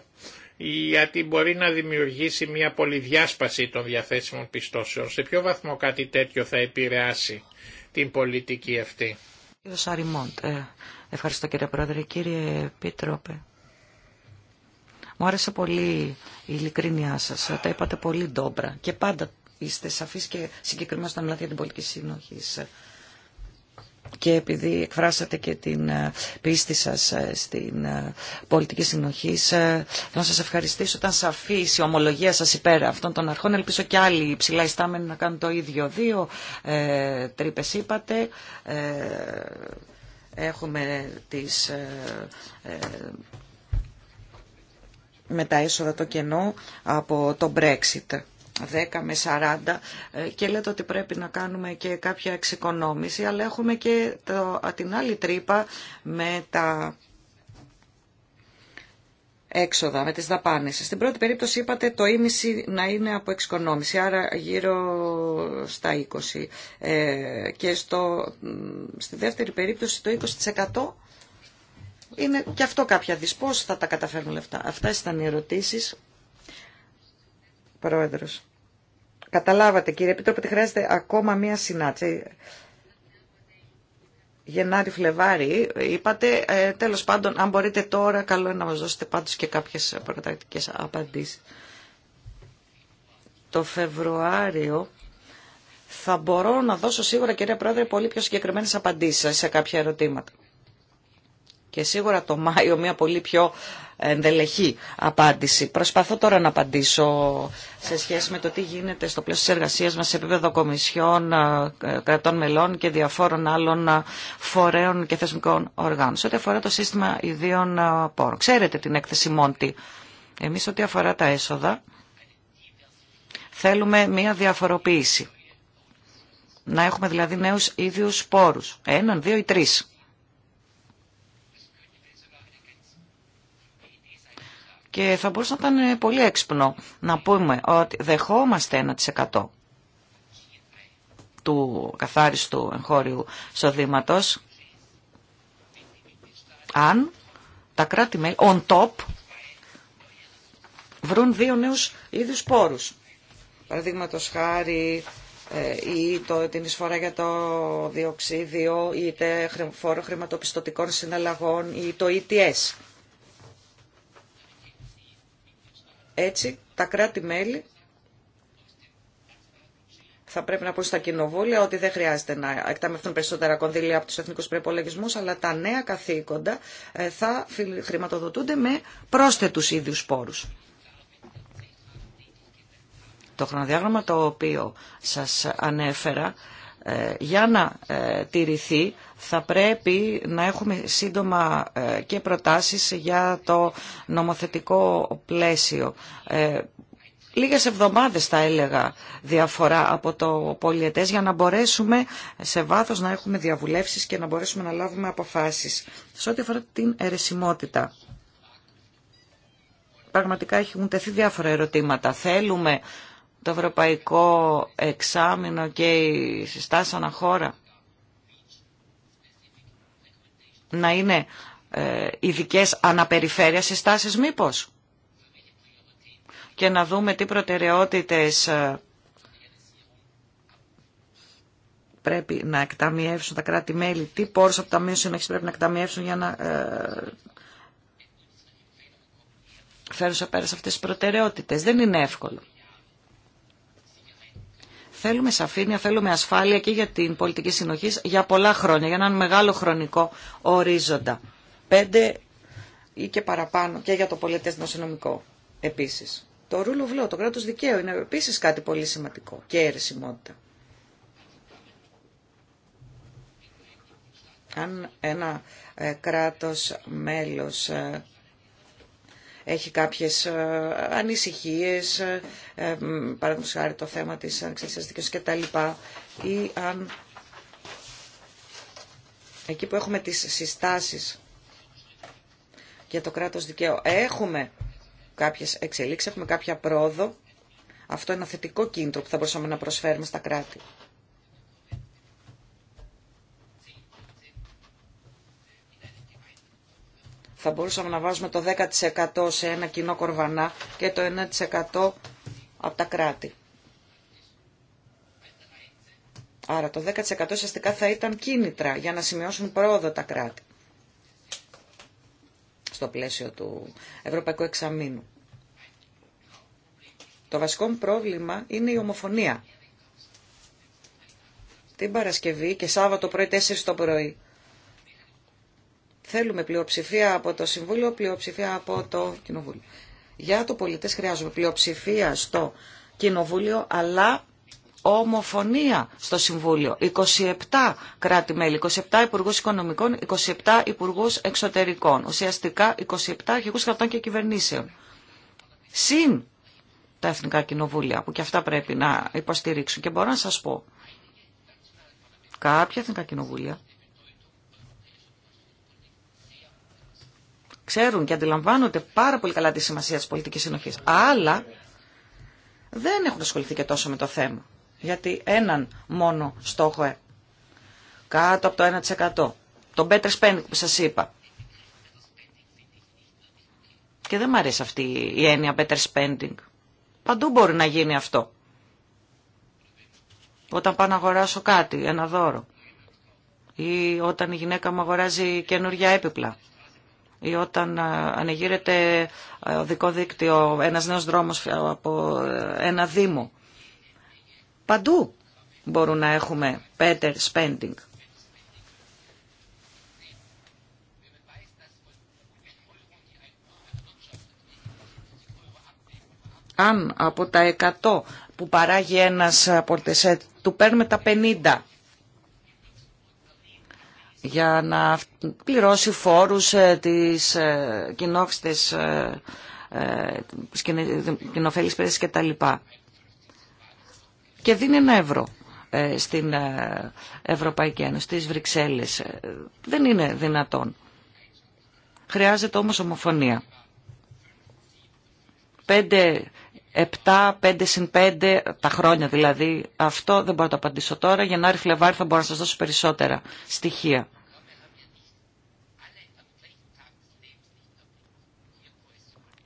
γιατί μπορεί να δημιουργήσει μια πολυδιάσπαση των διαθέσιμων πιστώσεων. Σε ποιο βαθμό κάτι τέτοιο θα επηρεάσει την πολιτική αυτή. Κύριε Σαριμόντ, ευχαριστώ κύριε Πρόεδρε. Κύριε Πίτροπε, μου άρεσε πολύ η ειλικρίνειά σας, τα είπατε πολύ ντόμπρα και πάντα είστε σαφεί και συγκεκριμένα στην μιλάτε για την πολιτική συνοχή. Και επειδή εκφράσατε και την ε, πίστη σας ε, στην ε, πολιτική συνοχή, θέλω να σας ευχαριστήσω. Ήταν σαφής η ομολογία σας υπέρ αυτών των αρχών. Ελπίζω και άλλοι υψηλά ιστάμενοι να κάνουν το ίδιο. Δύο ε, είπατε. έχουμε τις με τα έσοδα το κενό από το Brexit. 10 με 40 ε, και λέτε ότι πρέπει να κάνουμε και κάποια εξοικονόμηση αλλά έχουμε και το, την άλλη τρύπα με τα έξοδα, με τις δαπάνες. Στην πρώτη περίπτωση είπατε το ίμιση να είναι από εξοικονόμηση, άρα γύρω στα 20. Ε, και στο, στη δεύτερη περίπτωση το 20% είναι και αυτό κάποια δις. Πώς θα τα καταφέρουν αυτά. Αυτά ήταν οι ερωτήσεις. Πρόεδρος. Καταλάβατε κύριε Επίτροπε ότι χρειάζεται ακόμα μία συνάντηση. Γενάρη, Φλεβάρη, είπατε, ε, τέλος πάντων, αν μπορείτε τώρα, καλό είναι να μας δώσετε πάντως και κάποιες προκαταρκτικές απαντήσεις. Το Φεβρουάριο θα μπορώ να δώσω σίγουρα, κυρία Πρόεδρε, πολύ πιο συγκεκριμένες απαντήσεις σε κάποια ερωτήματα και σίγουρα το Μάιο μια πολύ πιο ενδελεχή απάντηση. Προσπαθώ τώρα να απαντήσω σε σχέση με το τι γίνεται στο πλαίσιο της εργασίας μας σε επίπεδο κομισιών, ε, κρατών μελών και διαφόρων άλλων ε, φορέων και θεσμικών οργάνων. Σε ό,τι αφορά το σύστημα ιδίων ε, πόρων. Ξέρετε την έκθεση Μόντι. Εμείς ό,τι αφορά τα έσοδα θέλουμε μια διαφοροποίηση. Να έχουμε δηλαδή νέους ίδιους πόρους. Έναν, δύο ή τρεις Και θα μπορούσε να ήταν ε, πολύ έξυπνο να πούμε ότι δεχόμαστε 1% του καθάριστου εγχώριου εισοδήματος αν τα κράτη-μέλη on top βρουν δύο νέους είδους πόρους. Παραδείγματο χάρη ή ε, το, την εισφορά για το διοξίδιο, είτε φόρο χρηματοπιστωτικών συναλλαγών ή το ETS. Έτσι, τα κράτη-μέλη θα πρέπει να πούν στα κοινοβούλια ότι δεν χρειάζεται να εκταμευτούν περισσότερα κονδύλια από τους εθνικούς προπολογισμού, αλλά τα νέα καθήκοντα ε, θα χρηματοδοτούνται με πρόσθετους ίδιου πόρους. Το χρονοδιάγραμμα το οποίο σας ανέφερα ε, για να ε, τηρηθεί θα πρέπει να έχουμε σύντομα ε, και προτάσεις για το νομοθετικό πλαίσιο. Λίγες εβδομάδες θα έλεγα διαφορά από το πολιετές για να μπορέσουμε σε βάθος να έχουμε διαβουλεύσεις και να μπορέσουμε να λάβουμε αποφάσεις. Σε ό,τι αφορά την αιρεσιμότητα. Πραγματικά έχουν τεθεί διάφορα ερωτήματα. Θέλουμε το ευρωπαϊκό εξάμεινο και η συστάση αναχώρα να είναι ε, ειδικέ αναπεριφέρειας συστάσεις μήπως και να δούμε τι προτεραιότητες ε, πρέπει να εκταμιεύσουν τα κράτη-μέλη, τι πόρους από τα να πρέπει να εκταμιεύσουν για να ε, φέρουν σε πέρα σε αυτές τις προτεραιότητες. Δεν είναι εύκολο. Θέλουμε σαφήνεια, θέλουμε ασφάλεια και για την πολιτική συνοχή για πολλά χρόνια, για έναν μεγάλο χρονικό ορίζοντα. Πέντε ή και παραπάνω και για το πολιτές συνομικό επίσης. Το ρούλο βλό, το κράτος δικαίου είναι επίσης κάτι πολύ σημαντικό και αιρεσιμότητα. Αν ένα ε, κράτος μέλος ε, έχει κάποιες ε, ανησυχίες, ε, ε, παραδείγματος χάρη το θέμα της ανεξαρτησίας τα κτλ. Ή αν εκεί που έχουμε τις συστάσεις για το κράτος δικαίου έχουμε κάποιες εξελίξεις, έχουμε κάποια πρόοδο. Αυτό είναι ένα θετικό κίνητρο που θα μπορούσαμε να προσφέρουμε στα κράτη. θα μπορούσαμε να βάζουμε το 10% σε ένα κοινό κορβανά και το 1% από τα κράτη. Άρα το 10% ουσιαστικά θα ήταν κίνητρα για να σημειώσουν πρόοδο τα κράτη στο πλαίσιο του Ευρωπαϊκού Εξαμήνου. Το βασικό μου πρόβλημα είναι η ομοφωνία. Την Παρασκευή και Σάββατο πρωί 4 το πρωί Θέλουμε πλειοψηφία από το Συμβούλιο, πλειοψηφία από το Κοινοβούλιο. Για το πολιτέ χρειάζομαι πλειοψηφία στο Κοινοβούλιο, αλλά ομοφωνία στο Συμβούλιο. 27 κράτη-μέλη, 27 υπουργού οικονομικών, 27 υπουργού εξωτερικών. Ουσιαστικά 27 αρχηγού κρατών και κυβερνήσεων. Συν τα εθνικά κοινοβούλια, που και αυτά πρέπει να υποστηρίξουν. Και μπορώ να σα πω, κάποια εθνικά κοινοβούλια ξέρουν και αντιλαμβάνονται πάρα πολύ καλά τη σημασία της πολιτικής συνοχής. Αλλά δεν έχουν ασχοληθεί και τόσο με το θέμα. Γιατί έναν μόνο στόχο κάτω από το 1%. το better spending που σας είπα. Και δεν μου αρέσει αυτή η έννοια better spending. Παντού μπορεί να γίνει αυτό. Όταν πάω να αγοράσω κάτι, ένα δώρο. Ή όταν η γυναίκα μου αγοράζει καινούργια έπιπλα ή όταν ε, ανεγείρεται ε, δικό δίκτυο, ένας νέος δρόμος ε, από ένα δήμο. Παντού μπορούν να έχουμε better spending. Αν από τα 100 που παράγει ένας πορτεσέτ του παίρνουμε τα 50 για να πληρώσει φόρους ε, τις ε, κοινόχρηστες ε, κοινοφέλης πέσης και τα λοιπά. Και δίνει ένα ευρώ στην Ευρωπαϊκή Ένωση, στις Βρυξέλλες. Δεν είναι δυνατόν. Χρειάζεται όμως ομοφωνία. Πέντε Επτά, πέντε συν 5, τα χρόνια δηλαδή. Αυτό δεν μπορώ να το απαντήσω τώρα. Γενάρη, Φλεβάρη θα μπορώ να σας δώσω περισσότερα στοιχεία.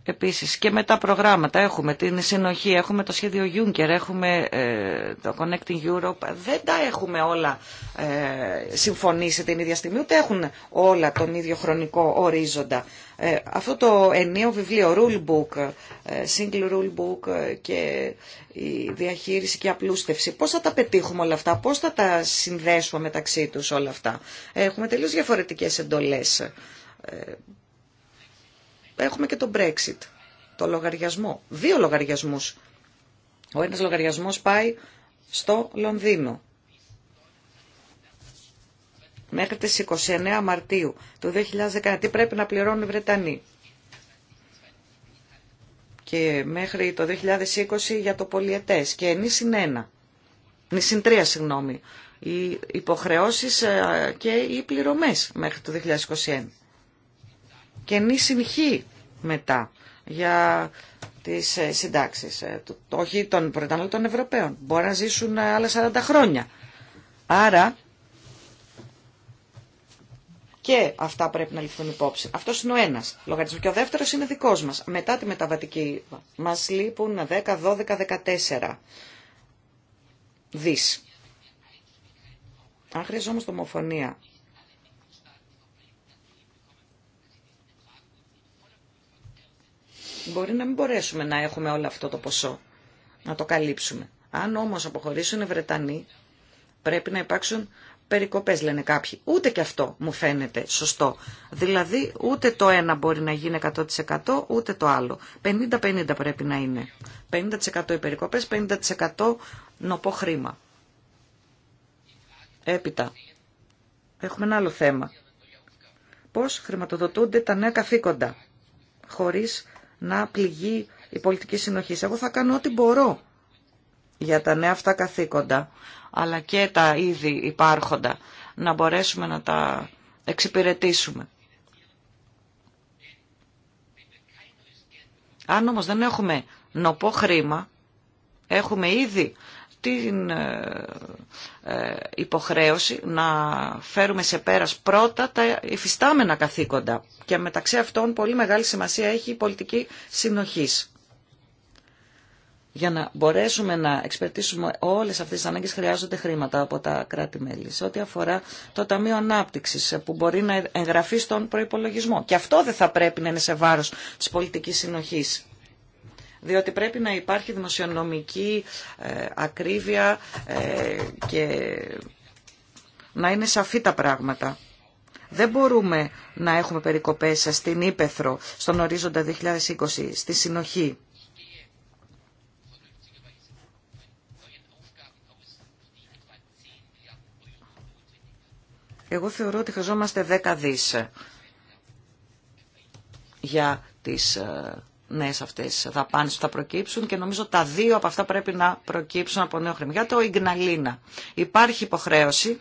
Επίσης και με τα προγράμματα έχουμε την συνοχή, έχουμε το σχέδιο Juncker, έχουμε ε, το Connecting Europe. Δεν τα έχουμε όλα ε, συμφωνήσει την ίδια στιγμή, ούτε έχουν όλα τον ίδιο χρονικό ορίζοντα. Ε, αυτό το ενίο βιβλίο, Rule Book, ε, Single Rule Book και η διαχείριση και απλούστευση, πώς θα τα πετύχουμε όλα αυτά, πώς θα τα συνδέσουμε μεταξύ τους όλα αυτά. Έχουμε τελείως διαφορετικές εντολές έχουμε και το Brexit, το λογαριασμό. Δύο λογαριασμούς. Ο ένας λογαριασμός πάει στο Λονδίνο. Μέχρι τις 29 Μαρτίου του 2019 τι πρέπει να πληρώνουν οι Βρετανοί. Και μέχρι το 2020 για το πολιετές. Και εμείς είναι ένα. Νησιν τρία, συγγνώμη. Οι υποχρεώσεις ε, και οι πληρωμές μέχρι το 2021 καινή συνεχί μετά για τις ε, συντάξεις, ε, όχι των των Ευρωπαίων. Μπορεί να ζήσουν ε, άλλα 40 χρόνια. Άρα και αυτά πρέπει να ληφθούν υπόψη. Αυτό είναι ο ένα λογαριασμό. Και ο δεύτερο είναι δικό μα. Μετά τη μεταβατική μα λείπουν 10, 12, 14 δι. Αν χρειαζόμαστε ομοφωνία μπορεί να μην μπορέσουμε να έχουμε όλο αυτό το ποσό, να το καλύψουμε. Αν όμως αποχωρήσουν οι Βρετανοί, πρέπει να υπάρξουν περικοπές λένε κάποιοι. Ούτε και αυτό μου φαίνεται σωστό. Δηλαδή ούτε το ένα μπορεί να γίνει 100% ούτε το άλλο. 50-50 πρέπει να είναι. 50% οι περικοπές, 50% νοπό χρήμα. Έπειτα, έχουμε ένα άλλο θέμα. Πώς χρηματοδοτούνται τα νέα καθήκοντα χωρίς να πληγεί η πολιτική συνοχή. Εγώ θα κάνω ό,τι μπορώ για τα νέα αυτά καθήκοντα, αλλά και τα ήδη υπάρχοντα, να μπορέσουμε να τα εξυπηρετήσουμε. Αν όμως δεν έχουμε νοπό χρήμα, έχουμε ήδη την ε, ε, υποχρέωση να φέρουμε σε πέρας πρώτα τα υφιστάμενα καθήκοντα και μεταξύ αυτών πολύ μεγάλη σημασία έχει η πολιτική συνοχής. Για να μπορέσουμε να εξυπηρετήσουμε όλε αυτέ τι ανάγκε, χρειάζονται χρήματα από τα κράτη-μέλη. Σε ό,τι αφορά το Ταμείο Ανάπτυξη, ε, που μπορεί να εγγραφεί στον προπολογισμό. Και αυτό δεν θα πρέπει να είναι σε βάρο τη πολιτική συνοχή διότι πρέπει να υπάρχει δημοσιονομική ε, ακρίβεια ε, και να είναι σαφή τα πράγματα. Δεν μπορούμε να έχουμε περικοπές στην Ήπεθρο, στον ορίζοντα 2020, στη συνοχή. Εγώ θεωρώ ότι χρειαζόμαστε δέκα δις για τις ε, νέε αυτέ δαπάνε που θα προκύψουν και νομίζω τα δύο από αυτά πρέπει να προκύψουν από νέο χρήμα. Για το Ιγναλίνα. Υπάρχει υποχρέωση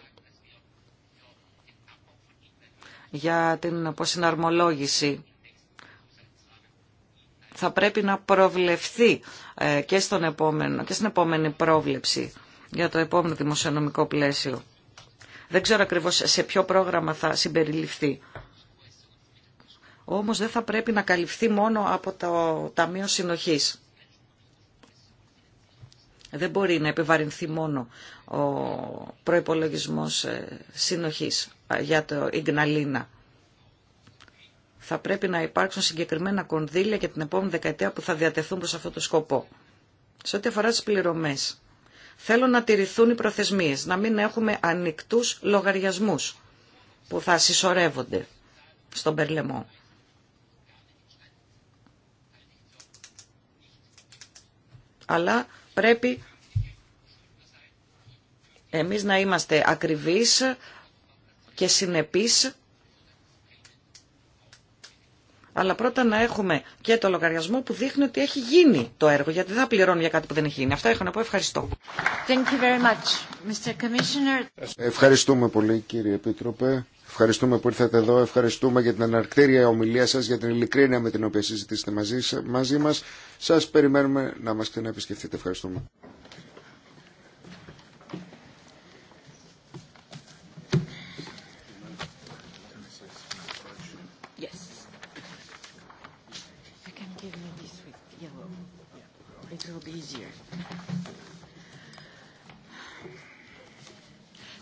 για την αποσυναρμολόγηση. Θα πρέπει να προβλεφθεί ε, και, στον επόμενο, και στην επόμενη πρόβλεψη για το επόμενο δημοσιονομικό πλαίσιο. Δεν ξέρω ακριβώς σε ποιο πρόγραμμα θα συμπεριληφθεί όμως δεν θα πρέπει να καλυφθεί μόνο από το Ταμείο Συνοχής. Δεν μπορεί να επιβαρυνθεί μόνο ο προϋπολογισμός ε, συνοχής ε, για το Ιγναλίνα. Θα πρέπει να υπάρξουν συγκεκριμένα κονδύλια για την επόμενη δεκαετία που θα διατεθούν προς αυτό το σκοπό. Σε ό,τι αφορά τις πληρωμές, θέλω να τηρηθούν οι προθεσμίες, να μην έχουμε ανοιχτούς λογαριασμούς που θα συσσωρεύονται στον Περλεμό. αλλά πρέπει εμείς να είμαστε ακριβείς και συνεπείς αλλά πρώτα να έχουμε και το λογαριασμό που δείχνει ότι έχει γίνει το έργο, γιατί δεν θα πληρώνω για κάτι που δεν έχει γίνει. Αυτά έχω να πω. Ευχαριστώ. Thank you very much, Mr. Ευχαριστούμε πολύ κύριε Επίτροπε. Ευχαριστούμε που ήρθατε εδώ, ευχαριστούμε για την αναρκτήρια ομιλία σας, για την ειλικρίνεια με την οποία συζητήσετε μαζί, μαζί μας. Σας περιμένουμε να μας ξαναεπισκεφτείτε. Ευχαριστούμε.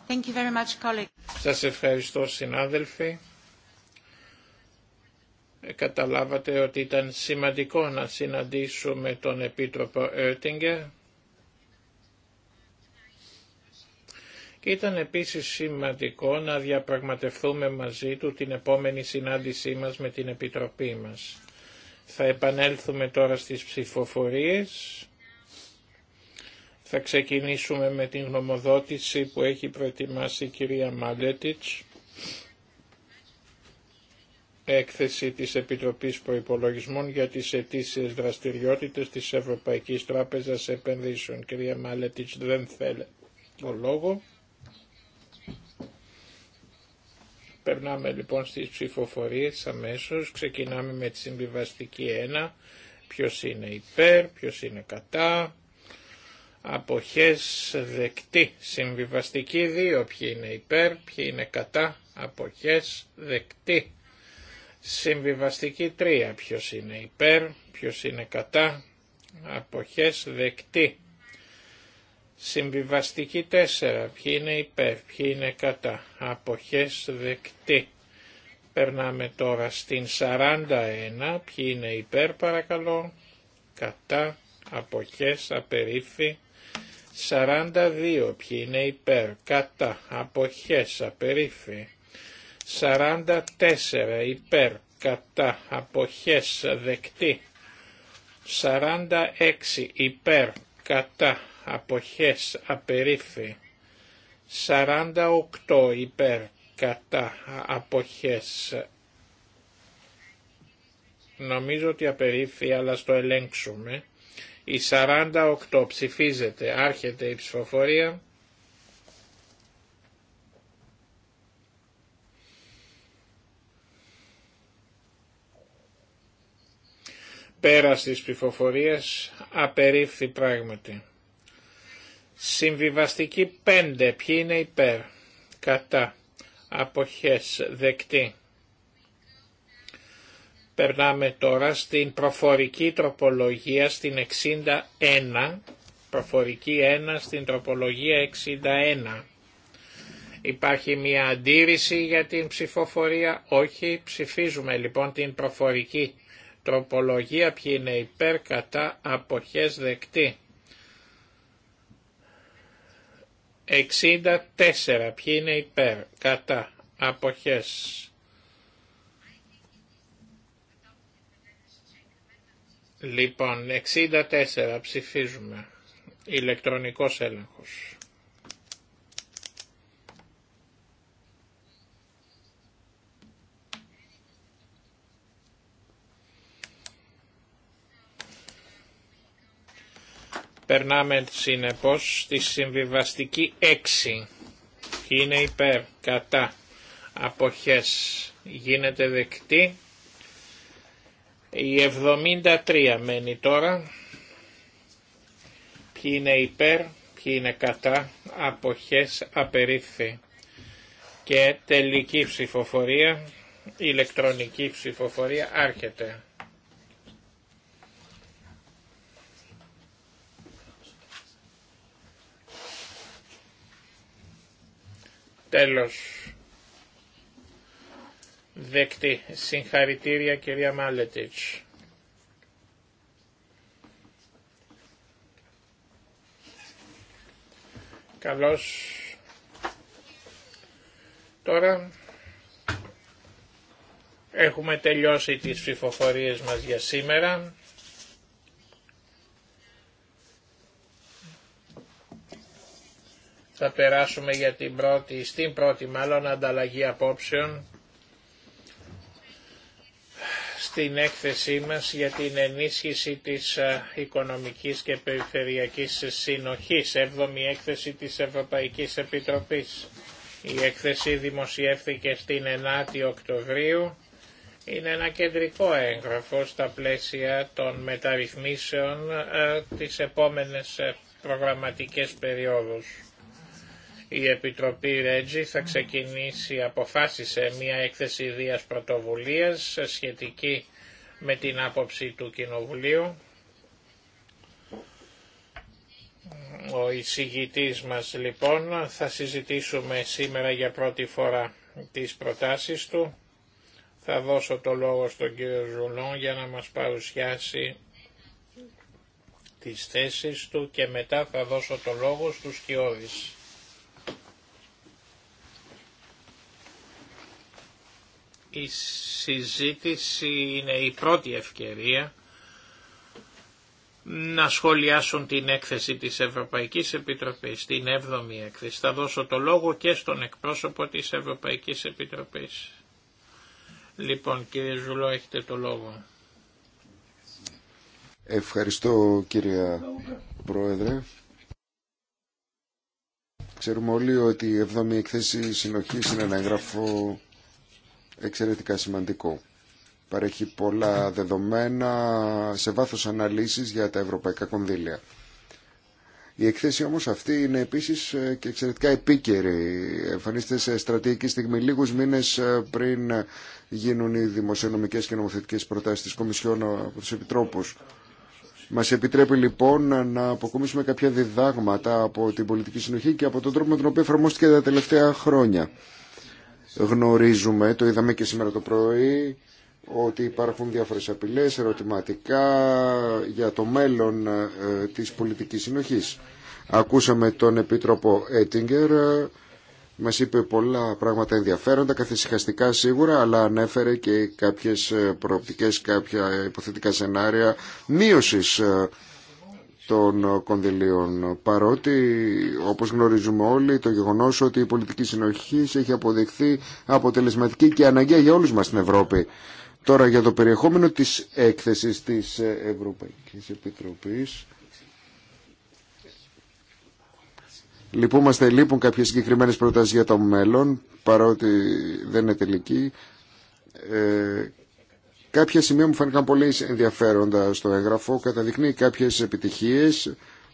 Thank you very much, σας ευχαριστώ συνάδελφοι. Ε, καταλάβατε ότι ήταν σημαντικό να συναντήσουμε τον Επίτροπο Έρτιγκερ. Και ήταν επίσης σημαντικό να διαπραγματευτούμε μαζί του την επόμενη συνάντησή μας με την Επιτροπή μας. Θα επανέλθουμε τώρα στις ψηφοφορίες. Θα ξεκινήσουμε με την γνωμοδότηση που έχει προετοιμάσει η κυρία Μαλέτιτς, έκθεση της Επιτροπής Προϋπολογισμών για τις αιτήσιες δραστηριότητες της Ευρωπαϊκής Τράπεζας Επενδύσεων. Κυρία Μαλέτιτς δεν θέλει το λόγο. Περνάμε λοιπόν στις ψηφοφορίες αμέσως. Ξεκινάμε με τη συμβιβαστική 1. Ποιος είναι υπέρ, ποιος είναι κατά, αποχές δεκτή. Συμβιβαστική 2. Ποιοι είναι υπέρ, ποιοι είναι κατά, αποχές δεκτή. Συμβιβαστική 3. Ποιος είναι υπέρ, ποιος είναι κατά, αποχές δεκτή. Συμβιβαστική 4. Ποιοι είναι υπέρ, ποιοι είναι κατά, αποχές δεκτή. Περνάμε τώρα στην 41. Ποιοι είναι υπέρ παρακαλώ, κατά, αποχές απερίφη 42 ποιοι είναι υπέρ, κατά, αποχές, απερίφη. 44 υπέρ, κατά, αποχές, δεκτή. 46 υπέρ, κατά, αποχές, απερίφη. 48 υπέρ, κατά, αποχές. Νομίζω ότι απερίφη, αλλά στο ελέγξουμε. Η 48 ψηφίζεται, άρχεται η ψηφοφορία. Πέρα στις ψηφοφορίες απερίφθη πράγματι. Συμβιβαστική 5. Ποιοι είναι υπέρ. Κατά. Αποχές. Δεκτή. Περνάμε τώρα στην προφορική τροπολογία στην 61, προφορική 1 στην τροπολογία 61. Υπάρχει μια αντίρρηση για την ψηφοφορία, όχι, ψηφίζουμε λοιπόν την προφορική τροπολογία, ποιοι είναι υπέρ κατά αποχές δεκτή. 64, ποιοι είναι υπέρ κατά αποχές Λοιπόν, 64 ψηφίζουμε. Ηλεκτρονικός έλεγχος. Περνάμε συνεπώς στη συμβιβαστική 6. Είναι υπέρ, κατά, αποχές. Γίνεται δεκτή η 73 μένει τώρα. Ποιοι είναι υπέρ, ποιοι είναι κατά, αποχές απερίφθη. Και τελική ψηφοφορία, ηλεκτρονική ψηφοφορία άρχεται. Τέλος. Δεκτή. Συγχαρητήρια κυρία Μάλετιτς. Καλώς. Τώρα έχουμε τελειώσει τις ψηφοφορίες μας για σήμερα. Θα περάσουμε για την πρώτη, στην πρώτη μάλλον ανταλλαγή απόψεων στην έκθεσή μας για την ενίσχυση της ε, οικονομικής και περιφερειακής συνοχής, 7η έκθεση της Ευρωπαϊκής Επιτροπής. Η έκθεση δημοσιεύθηκε στην 9η Οκτωβρίου. Είναι ένα κεντρικό έγγραφο στα πλαίσια των μεταρρυθμίσεων ε, της επομενης ε, προγραμματικης περιόδου. Η Επιτροπή Ρέτζι θα ξεκινήσει, αποφάσισε μια έκθεση ιδίας πρωτοβουλίας σχετική με την άποψη του Κοινοβουλίου. Ο εισηγητής μας λοιπόν θα συζητήσουμε σήμερα για πρώτη φορά τις προτάσεις του. Θα δώσω το λόγο στον κύριο Ζουλόν για να μας παρουσιάσει τις θέσεις του και μετά θα δώσω το λόγο στους Κιώδης. η συζήτηση είναι η πρώτη ευκαιρία να σχολιάσουν την έκθεση της Ευρωπαϊκής Επιτροπής, την 7η έκθεση. Θα δώσω το λόγο και στον εκπρόσωπο της Ευρωπαϊκής Επιτροπής. Λοιπόν, κύριε Ζουλό, έχετε το λόγο. Ευχαριστώ, κύριε Πρόεδρε. Ξέρουμε όλοι ότι η 7η εκθέση συνοχής είναι ένα έγγραφο εξαιρετικά σημαντικό. Παρέχει πολλά δεδομένα σε βάθος αναλύσεις για τα ευρωπαϊκά κονδύλια. Η εκθέση όμως αυτή είναι επίσης ε, και εξαιρετικά επίκαιρη. εμφανίστε σε στρατηγική στιγμή λίγους μήνες ε, πριν γίνουν οι δημοσιονομικές και νομοθετικές προτάσεις της Κομισιόν από τους Επιτρόπους. Μας επιτρέπει λοιπόν να αποκομίσουμε κάποια διδάγματα από την πολιτική συνοχή και από τον τρόπο με τον οποίο εφαρμόστηκε τα τελευταία χρόνια. Γνωρίζουμε, το είδαμε και σήμερα το πρωί, ότι υπάρχουν διάφορες απειλές, ερωτηματικά για το μέλλον ε, της πολιτικής συνοχής. Ακούσαμε τον Επίτροπο Έτιγκερ, μας είπε πολλά πράγματα ενδιαφέροντα, καθησυχαστικά σίγουρα, αλλά ανέφερε και κάποιες προοπτικές, κάποια υποθετικά σενάρια μείωσης ε, των κονδυλίων. Παρότι, όπως γνωρίζουμε όλοι, το γεγονό ότι η πολιτική συνοχή έχει αποδειχθεί αποτελεσματική και αναγκαία για όλους μας στην Ευρώπη. Τώρα για το περιεχόμενο της έκθεσης της Ευρωπαϊκής Επιτροπής. Λυπούμαστε, λείπουν κάποιες συγκεκριμένες προτάσεις για το μέλλον, παρότι δεν είναι τελική. Ε, Κάποια σημεία μου φάνηκαν πολύ ενδιαφέροντα στο έγγραφο. Καταδεικνύει κάποιε επιτυχίε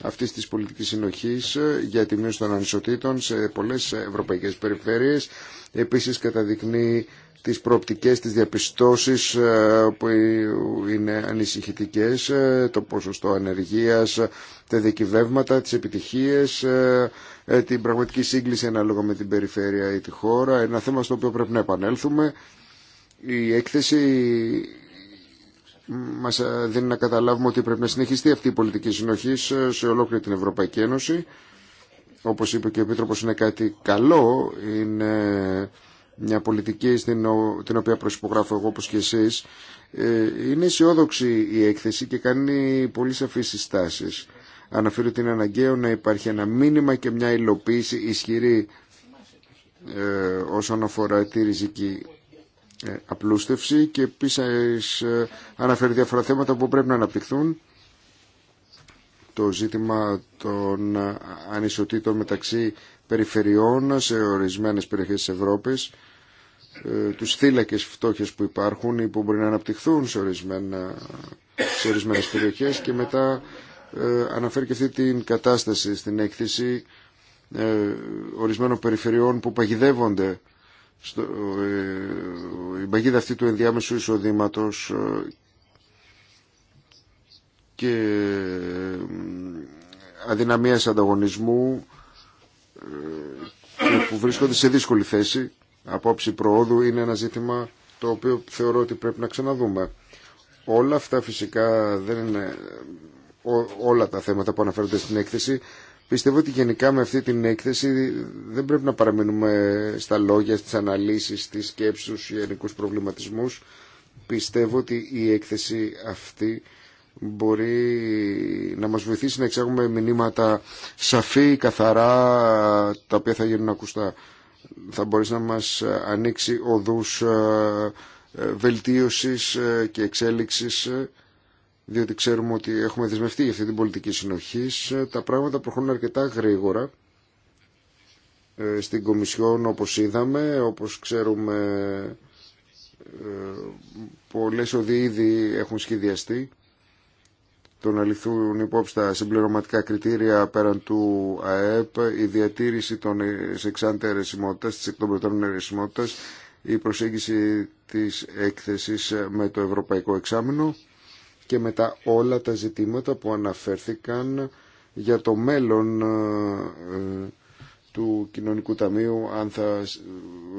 αυτή τη πολιτική συνοχή για τη μείωση των ανισοτήτων σε πολλέ ευρωπαϊκέ περιφέρειε Επίση, καταδεικνύει τι προοπτικέ, τι διαπιστώσει ε, που είναι ανησυχητικέ, ε, το ποσοστό ανεργία, τα διακυβεύματα, τι επιτυχίε, ε, την πραγματική σύγκληση ανάλογα με την περιφέρεια ή τη χώρα. Ένα θέμα στο οποίο πρέπει να επανέλθουμε η έκθεση μας ε, δίνει να καταλάβουμε ότι πρέπει να συνεχιστεί αυτή η πολιτική συνοχή σε ολόκληρη την Ευρωπαϊκή Ένωση. Όπως είπε και ο Επίτροπος είναι κάτι καλό, είναι μια πολιτική στην την οποία προσυπογράφω εγώ όπως και εσείς. Ε, είναι αισιόδοξη η έκθεση και κάνει πολύ σαφείς συστάσεις. Αναφέρει ότι είναι αναγκαίο να υπάρχει ένα μήνυμα και μια υλοποίηση ισχυρή ε, όσον αφορά τη ριζική ε, απλούστευση και επίσης ε, αναφέρει διάφορα θέματα που πρέπει να αναπτυχθούν το ζήτημα των ε, ανισοτήτων μεταξύ περιφερειών σε ορισμένες περιοχές της Ευρώπης τους θύλακες φτώχες που υπάρχουν ή που μπορεί να αναπτυχθούν σε, ορισμένα, σε ορισμένες περιοχές και μετά αναφέρει και αυτή την κατάσταση στην έκθεση ορισμένων περιφερειών που παγιδεύονται ε, η παγίδα αυτή του ενδιάμεσου εισοδήματο ε, και ε, αδυναμίας ανταγωνισμού που βρίσκονται σε δύσκολη θέση απόψη προόδου είναι ένα ζήτημα το οποίο θεωρώ ότι πρέπει να ξαναδούμε. Όλα αυτά φυσικά δεν είναι όλα τα θέματα που αναφέρονται στην έκθεση Πιστεύω ότι γενικά με αυτή την έκθεση δεν πρέπει να παραμείνουμε στα λόγια, στις αναλύσεις, στις σκέψεις, στους γενικούς προβληματισμούς. Πιστεύω ότι η έκθεση αυτή μπορεί να μας βοηθήσει να εξάγουμε μηνύματα σαφή, καθαρά, τα οποία θα γίνουν ακουστά. Θα μπορείς να μας ανοίξει οδούς ε, ε, βελτίωσης ε, και εξέλιξης διότι ξέρουμε ότι έχουμε δεσμευτεί για αυτή την πολιτική συνοχή. Τα πράγματα προχωρούν αρκετά γρήγορα ε, στην Κομισιόν όπως είδαμε, όπως ξέρουμε ε, πολλές οδοί ήδη έχουν σχεδιαστεί το να ληφθούν υπόψη τα συμπληρωματικά κριτήρια πέραν του ΑΕΠ, η διατήρηση των εξάντε αιρεσιμότητας, της εκ των η προσέγγιση της έκθεσης με το Ευρωπαϊκό Εξάμεινο και μετά όλα τα ζητήματα που αναφέρθηκαν για το μέλλον ε, του Κοινωνικού Ταμείου, αν θα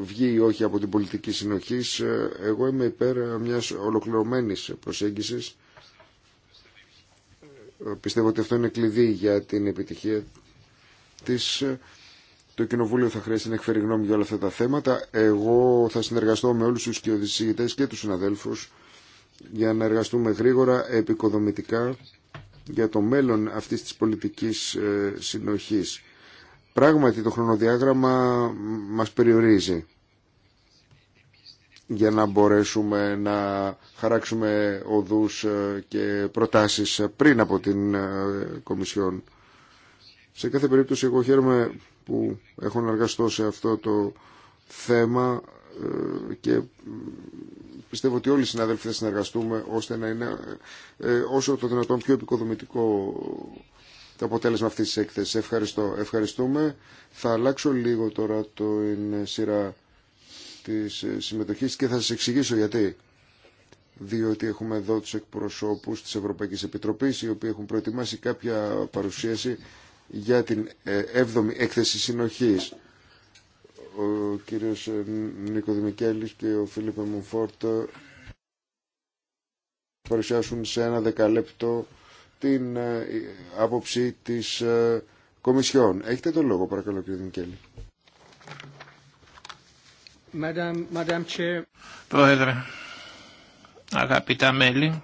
βγει ή όχι από την πολιτική συνοχή. Ε, εγώ είμαι υπέρ μιας ολοκληρωμένης προσέγγισης. Ε, πιστεύω ότι αυτό είναι κλειδί για την επιτυχία της. Το Κοινοβούλιο θα χρειαστεί να εκφέρει γνώμη για όλα αυτά τα θέματα. Εγώ θα συνεργαστώ με όλους τους κοιοδησίγητες και τους συναδέλφους για να εργαστούμε γρήγορα επικοδομητικά για το μέλλον αυτής της πολιτικής ε, συνοχής. Πράγματι το χρονοδιάγραμμα μας περιορίζει για να μπορέσουμε να χαράξουμε οδούς ε, και προτάσεις πριν από την ε, Κομισιόν. Σε κάθε περίπτωση εγώ χαίρομαι που έχω εργαστώ σε αυτό το θέμα και Πιστεύω ότι όλοι οι συνάδελφοι θα συνεργαστούμε ώστε να είναι ε, όσο το δυνατόν πιο επικοδομητικό το αποτέλεσμα αυτής της έκθεσης. Ευχαριστώ. Ευχαριστούμε. Θα αλλάξω λίγο τώρα το σειρά της ε, συμμετοχής και θα σας εξηγήσω γιατί. Διότι έχουμε εδώ τους εκπροσώπους της Ευρωπαϊκής Επιτροπής οι οποίοι έχουν προετοιμάσει κάποια παρουσίαση για την 7η ε, έκθεση συνοχής ο κύριος Νίκο Δημικέλης και ο Φίλιππος Μουφόρτ παρουσιάσουν σε ένα δεκαλέπτο την ε, άποψη της ε, Κομισιόν. Έχετε το λόγο παρακαλώ κύριε Δημικέλη. Πρόεδρε, αγαπητά μέλη,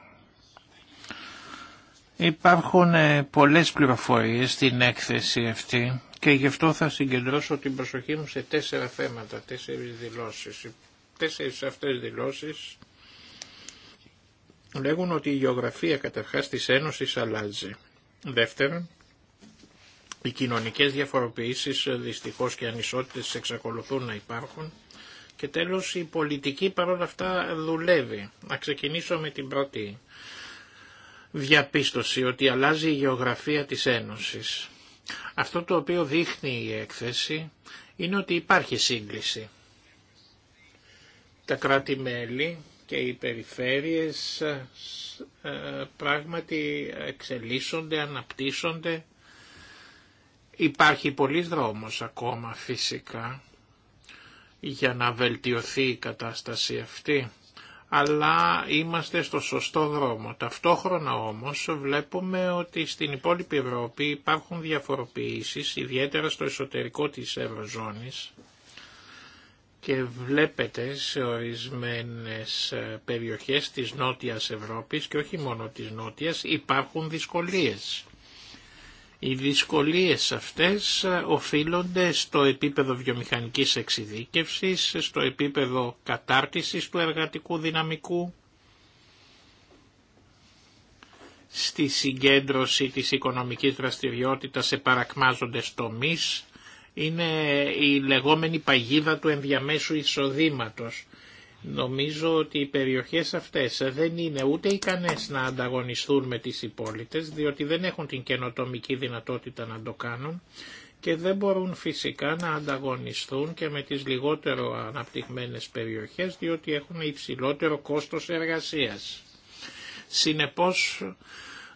υπάρχουν ε, πολλές πληροφορίες στην έκθεση αυτή και γι' αυτό θα συγκεντρώσω την προσοχή μου σε τέσσερα θέματα, τέσσερις δηλώσεις. τέσσερις αυτές δηλώσεις λέγουν ότι η γεωγραφία καταρχάς της Ένωσης αλλάζει. Δεύτερον, οι κοινωνικές διαφοροποιήσεις δυστυχώς και ανισότητες εξακολουθούν να υπάρχουν. Και τέλος η πολιτική παρόλα αυτά δουλεύει. Να ξεκινήσω με την πρώτη διαπίστωση ότι αλλάζει η γεωγραφία της Ένωσης. Αυτό το οποίο δείχνει η έκθεση είναι ότι υπάρχει σύγκληση. Τα κράτη-μέλη και οι περιφέρειες ε, πράγματι εξελίσσονται, αναπτύσσονται. Υπάρχει πολλής δρόμος ακόμα φυσικά για να βελτιωθεί η κατάσταση αυτή αλλά είμαστε στο σωστό δρόμο. Ταυτόχρονα όμως βλέπουμε ότι στην υπόλοιπη Ευρώπη υπάρχουν διαφοροποιήσεις, ιδιαίτερα στο εσωτερικό της Ευρωζώνης και βλέπετε σε ορισμένες ε, περιοχές της Νότιας Ευρώπης και όχι μόνο της Νότιας υπάρχουν δυσκολίες οι δυσκολίες αυτές ε, οφείλονται στο επίπεδο βιομηχανικής εξειδίκευσης, στο επίπεδο κατάρτισης του εργατικού δυναμικού, στη συγκέντρωση της οικονομικής δραστηριότητας σε παρακμάζοντες τομείς, είναι η λεγόμενη παγίδα του ενδιαμέσου εισοδήματος Νομίζω ότι οι περιοχές αυτές δεν είναι ούτε ικανές να ανταγωνιστούν με τις υπόλοιπες, διότι δεν έχουν την καινοτομική δυνατότητα να το κάνουν και δεν μπορούν φυσικά να ανταγωνιστούν και με τις λιγότερο αναπτυγμένες περιοχές, διότι έχουν υψηλότερο κόστος εργασίας. Συνεπώς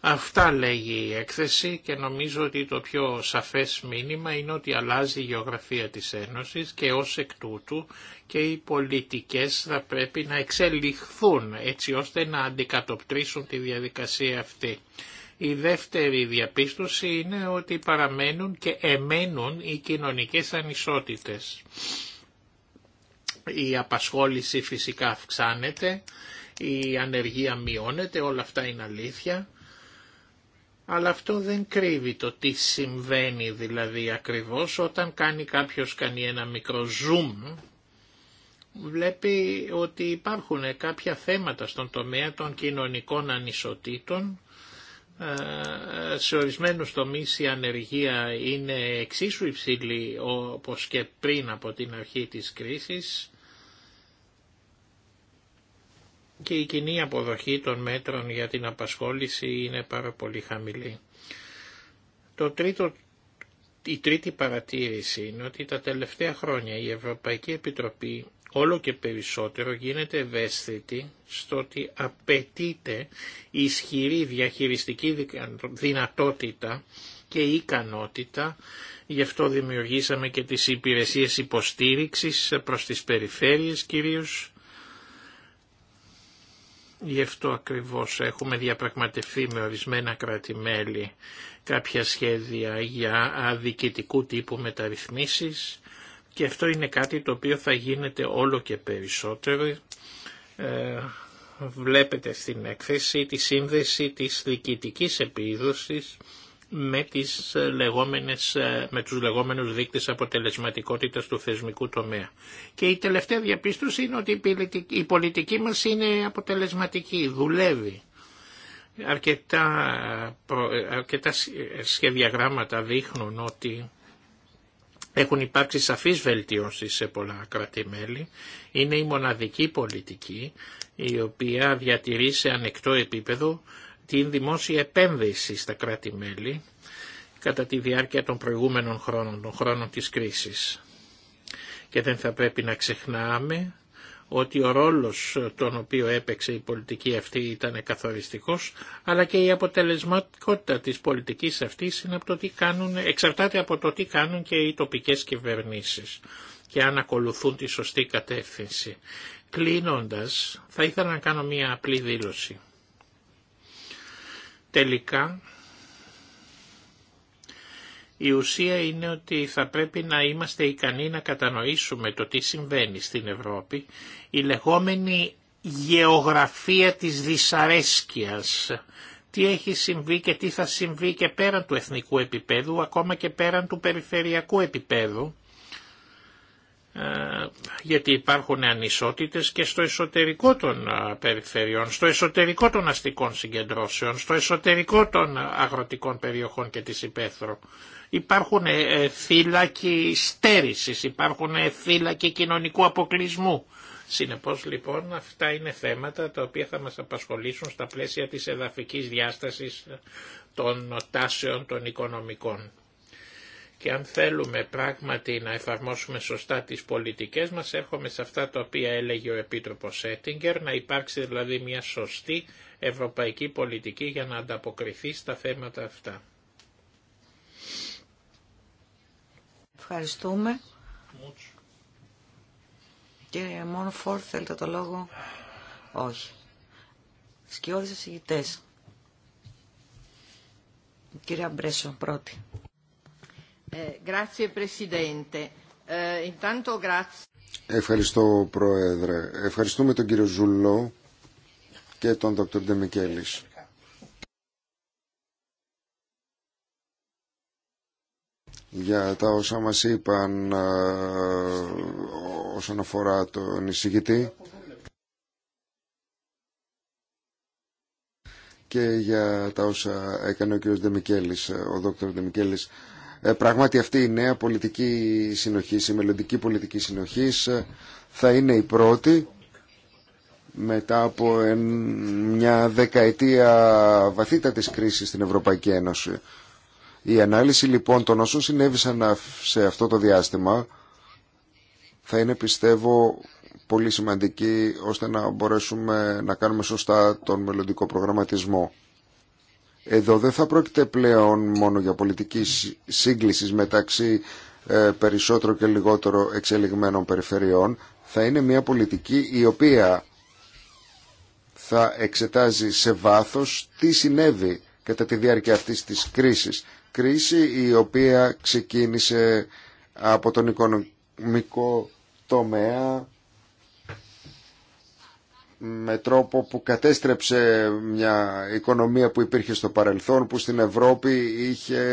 Αυτά λέγει η έκθεση και νομίζω ότι το πιο σαφές μήνυμα είναι ότι αλλάζει η γεωγραφία της Ένωσης και ως εκ τούτου και οι πολιτικές θα πρέπει να εξελιχθούν έτσι ώστε να αντικατοπτρίσουν τη διαδικασία αυτή. Η δεύτερη διαπίστωση είναι ότι παραμένουν και εμένουν οι κοινωνικές ανισότητες. Η απασχόληση φυσικά αυξάνεται, η ανεργία μειώνεται, όλα αυτά είναι αλήθεια αλλά αυτό δεν κρύβει το τι συμβαίνει δηλαδή ακριβώς όταν κάνει κάποιος κάνει ένα μικρό zoom βλέπει ότι υπάρχουν κάποια θέματα στον τομέα των κοινωνικών ανισοτήτων ε, σε ορισμένους τομείς η ανεργία είναι εξίσου υψηλή όπως και πριν από την αρχή της κρίσης και η κοινή αποδοχή των μέτρων για την απασχόληση είναι πάρα πολύ χαμηλή. Το τρίτο, η τρίτη παρατήρηση είναι ότι τα τελευταία χρόνια η Ευρωπαϊκή Επιτροπή όλο και περισσότερο γίνεται ευαίσθητη στο ότι απαιτείται ισχυρή διαχειριστική δυνατότητα και ικανότητα. Γι' αυτό δημιουργήσαμε και τις υπηρεσίες υποστήριξης προς τις περιφέρειες κυρίως Γι' αυτό ακριβώς έχουμε διαπραγματευτεί με ορισμένα κράτη-μέλη κάποια σχέδια για αδικητικού τύπου μεταρρυθμίσεις και αυτό είναι κάτι το οποίο θα γίνεται όλο και περισσότερο. Ε, βλέπετε στην έκθεση τη σύνδεση της διοικητικής επίδοσης με, τις ε, λεγόμενες, ε, με τους λεγόμενους δείκτες αποτελεσματικότητας του θεσμικού τομέα. Και η τελευταία διαπίστωση είναι ότι η πολιτική μας είναι αποτελεσματική, δουλεύει. Αρκετά, ε, αρκετά σχεδιαγράμματα δείχνουν ότι έχουν υπάρξει σαφείς βελτιώσεις σε πολλά Είναι η μοναδική πολιτική η οποία διατηρεί σε ανεκτό επίπεδο την δημόσια επένδυση στα κράτη-μέλη κατά τη διάρκεια των προηγούμενων χρόνων, των χρόνων της κρίσης. Και δεν θα πρέπει να ξεχνάμε ότι ο ρόλος τον οποίο έπαιξε η πολιτική αυτή ήταν καθοριστικός, αλλά και η αποτελεσματικότητα της πολιτικής αυτής είναι κάνουν, εξαρτάται από το τι κάνουν και οι τοπικές κυβερνήσεις και αν ακολουθούν τη σωστή κατεύθυνση. Κλείνοντας, θα ήθελα να κάνω μία απλή δήλωση. Τελικά, η ουσία είναι ότι θα πρέπει να είμαστε ικανοί να κατανοήσουμε το τι συμβαίνει στην Ευρώπη, η λεγόμενη γεωγραφία της δυσαρέσκειας, τι έχει συμβεί και τι θα συμβεί και πέραν του εθνικού επίπεδου, ακόμα και πέραν του περιφερειακού επίπεδου, ε, γιατί υπάρχουν ανισότητες και στο εσωτερικό των ε, περιφερειών, στο εσωτερικό των αστικών συγκεντρώσεων, στο εσωτερικό των αγροτικών περιοχών και της υπαίθρου. Υπάρχουν ε, θύλακοι στέρησης, υπάρχουν θύλακοι κοινωνικού αποκλεισμού. Συνεπώς λοιπόν αυτά είναι θέματα τα οποία θα μας απασχολήσουν στα πλαίσια της εδαφικής διάστασης των τάσεων των οικονομικών και αν θέλουμε πράγματι να εφαρμόσουμε σωστά τις πολιτικές μας, έχουμε σε αυτά τα οποία έλεγε ο Επίτροπος Έτιγκερ, να υπάρξει δηλαδή μια σωστή ευρωπαϊκή πολιτική για να ανταποκριθεί στα θέματα αυτά. Ευχαριστούμε. Κύριε Μόνφορ, θέλετε το λόγο. Όχι. Σκιώδης εισηγητές. Κύριε Αμπρέσο, πρώτη. Eh, eh, Ευχαριστώ, Πρόεδρε. Ευχαριστούμε τον κύριο Ζουλό και τον δόκτωρ Ντεμικέλης. για τα όσα μας είπαν ε, όσον αφορά τον εισηγητή και για τα όσα έκανε ο κύριος Δεμικέλης, ε, ο δόκτωρ Δεμικέλης. Ε, πράγματι αυτή η νέα πολιτική συνοχή, η μελλοντική πολιτική συνοχής ε, θα είναι η πρώτη μετά από μια δεκαετία βαθύτατης κρίσης στην Ευρωπαϊκή Ένωση. Η ανάλυση λοιπόν των όσων συνέβησαν σε αυτό το διάστημα θα είναι πιστεύω πολύ σημαντική ώστε να μπορέσουμε να κάνουμε σωστά τον μελλοντικό προγραμματισμό. Εδώ δεν θα πρόκειται πλέον μόνο για πολιτική σύγκληση μεταξύ ε, περισσότερο και λιγότερο εξελιγμένων περιφερειών. Θα είναι μια πολιτική η οποία θα εξετάζει σε βάθος τι συνέβη κατά τη διάρκεια αυτής της κρίσης. Κρίση η οποία ξεκίνησε από τον οικονομικό τομέα με τρόπο που κατέστρεψε μια οικονομία που υπήρχε στο παρελθόν, που στην Ευρώπη είχε